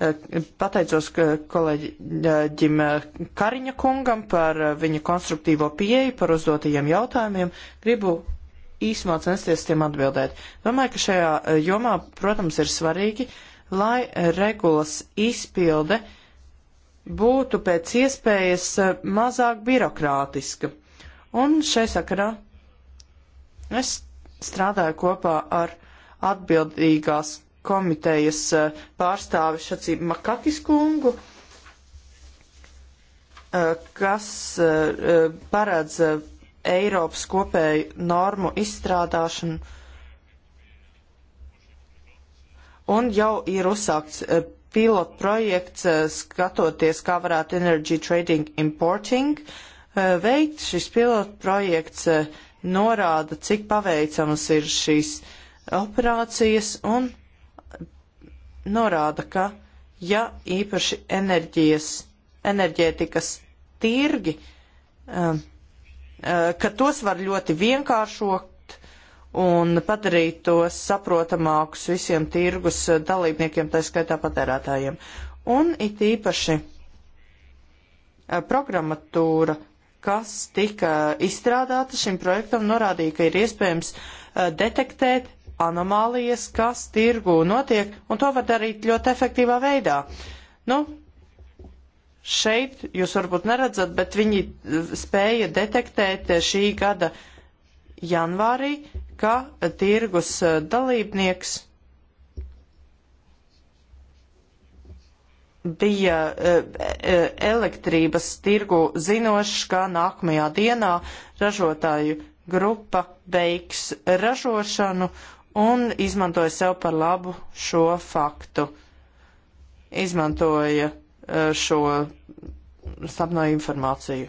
[SPEAKER 3] Uh, pateicos uh, kolēģim uh, Kariņa kungam par uh, viņa konstruktīvo pieeju, par uzdotajiem jautājumiem. Gribu īsumā censties tiem atbildēt. Domāju, ka šajā eh, jomā, protams, ir svarīgi, lai eh, regulas izpilde būtu pēc iespējas eh, mazāk birokrātiska. Un šai sakarā es strādāju kopā ar atbildīgās komitejas pārstāvi Šacī Makakis kungu, kas paredz Eiropas kopēju normu izstrādāšanu. Un jau ir uzsākts eh, pilot projekts, eh, skatoties, kā varētu Energy Trading Importing eh, veikt. Šis pilot projekts norāda, cik paveicamas ir šīs operācijas un norāda, ka ja īpaši enerģijas, enerģētikas tirgi um, Eh, ka tos var ļoti vienkāršot un padarīt tos saprotamākus visiem tirgus eh, dalībniekiem, tā skaitā patērētājiem. Un it īpaši eh, programmatūra, kas tika izstrādāta šim projektam, norādīja, ka ir iespējams detektēt anomālijas, kas tirgū notiek, un to var darīt ļoti efektīvā veidā. Nu, šeit jūs varbūt neredzat, bet viņi eh, spēja detektēt eh, šī gada janvārī, ka tirgus eh, dalībnieks bija elektrības tirgu zinošs, ka nākamajā dienā ražotāju grupa beigs ražošanu un izmantoja sev par labu šo faktu. Izmantoja Eh, šo sapno informāciju.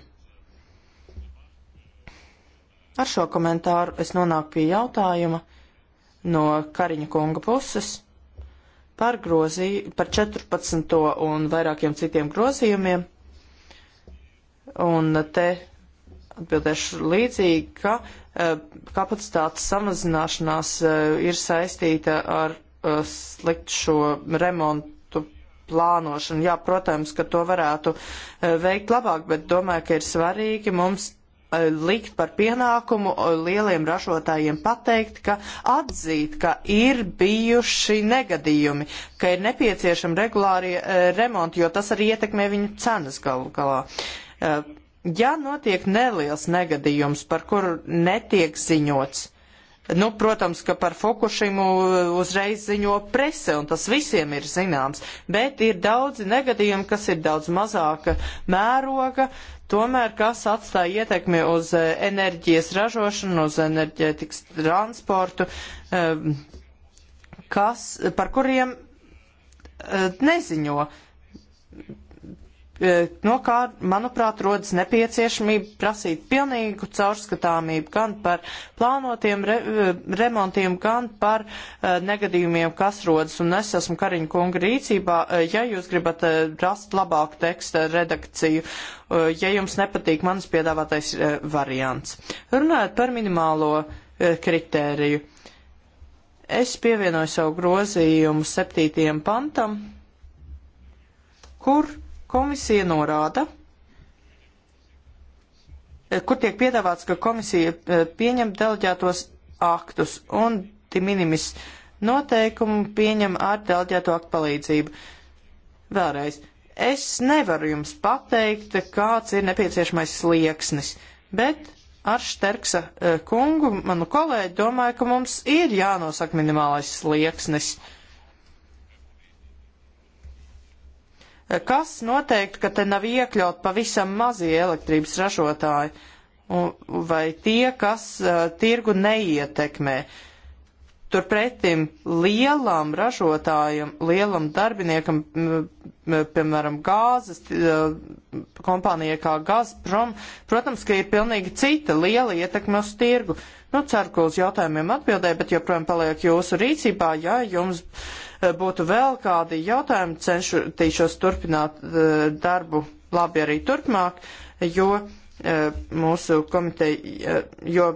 [SPEAKER 3] Ar šo komentāru es nonāku pie jautājuma no Kariņa kunga puses par, grozī, par 14. un vairākiem citiem grozījumiem. Un te atbildēšu līdzīgi, ka uh, kapacitātes samazināšanās uh, ir saistīta ar uh, sliktu šo remontu plānošanu. Jā, protams, ka to varētu e, veikt labāk, bet domāju, ka ir svarīgi mums e, likt par pienākumu e, lieliem ražotājiem pateikt, ka atzīt, ka ir bijuši negadījumi, ka ir nepieciešami regulāri remonti, jo tas arī ietekmē viņu cenas galu galā. Ja notiek neliels negadījums, par kuru netiek ziņots, Nu, protams, ka par Fukushimu uh, uzreiz ziņo prese, un tas visiem ir zināms, bet ir daudzi negadījumi, kas ir daudz mazāka mēroga, tomēr kas atstāja ietekmi uz uh, enerģijas ražošanu, uz enerģētikas transportu, um, kas, par kuriem uh, neziņo E, no kā, manuprāt, rodas nepieciešamība prasīt pilnīgu caurskatāmību gan par plānotiem re, e, remontiem, gan par uh, negadījumiem, kas rodas. Un es esmu Kariņa kunga rīcībā, uh, ja jūs gribat uh, rast labāku teksta redakciju, uh, ja jums nepatīk manas piedāvātais uh, variants. Runājot par minimālo uh, kritēriju, es pievienoju savu grozījumu septītajam pantam, kur Komisija norāda, eh, kur tiek piedāvāts, ka komisija eh, pieņem deleģētos aktus un de minimis noteikumu pieņem ar deleģēto aktu palīdzību. Vēlreiz, es nevaru jums pateikt, kāds ir nepieciešamais slieksnis, bet ar Šterksa eh, kungu, manu kolēģi, domāju, ka mums ir jānosaka minimālais slieksnis. Uh, Kas noteikti, ka te nav iekļaut pavisam mazie elektrības ražotāji vai tie, kas uh, tirgu neietekmē? Turpretim lielam ražotājam, lielam darbiniekam, piemēram, gāzes kompānijai kā Gazprom, protams, ka ir pilnīgi cita liela ietekme uz tirgu. Nu, ceru, ka uz jautājumiem atbildēju, bet joprojām paliek jūsu rīcībā, ja jums Eh, būtu vēl kādi jautājumi, cenšoties turpināt eh, darbu labi arī turpmāk, jo eh, mūsu komiteja, jo,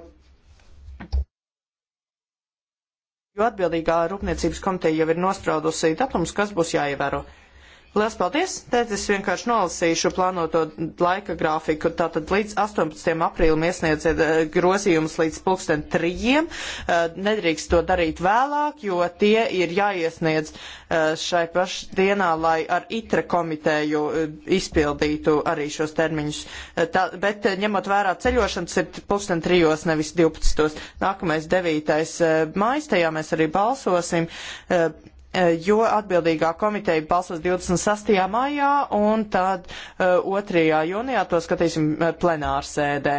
[SPEAKER 3] jo atbildīgā rūpniecības komiteja jau ir nostraudusi datums, kas būs jāievēro. Lielas paldies! Tad es vienkārši nolasīšu plānoto laika grafiku. Tātad līdz 18. aprīlim iesniedziet eh, grozījumus līdz pulksten trījiem. Eh, nedrīkst to darīt vēlāk, jo tie ir jāiesniedz eh, šai paš dienā, lai ar itra komiteju izpildītu arī šos termiņus. Tā, bet ņemot vērā ceļošanas ir pulksten trijos, nevis 12. Nākamais 9. mājas, tajā mēs arī balsosim. Eh, jo atbildīgā komiteja balsos 26. maijā un tad 2. Eh, jūnijā to skatīsim eh, plenārsēdē.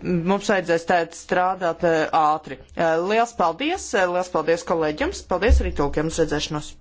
[SPEAKER 3] Mums vajadzēs tēt strādāt ātri. Liels paldies, liels paldies kolēģiem, paldies arī tūkiem uz redzēšanos.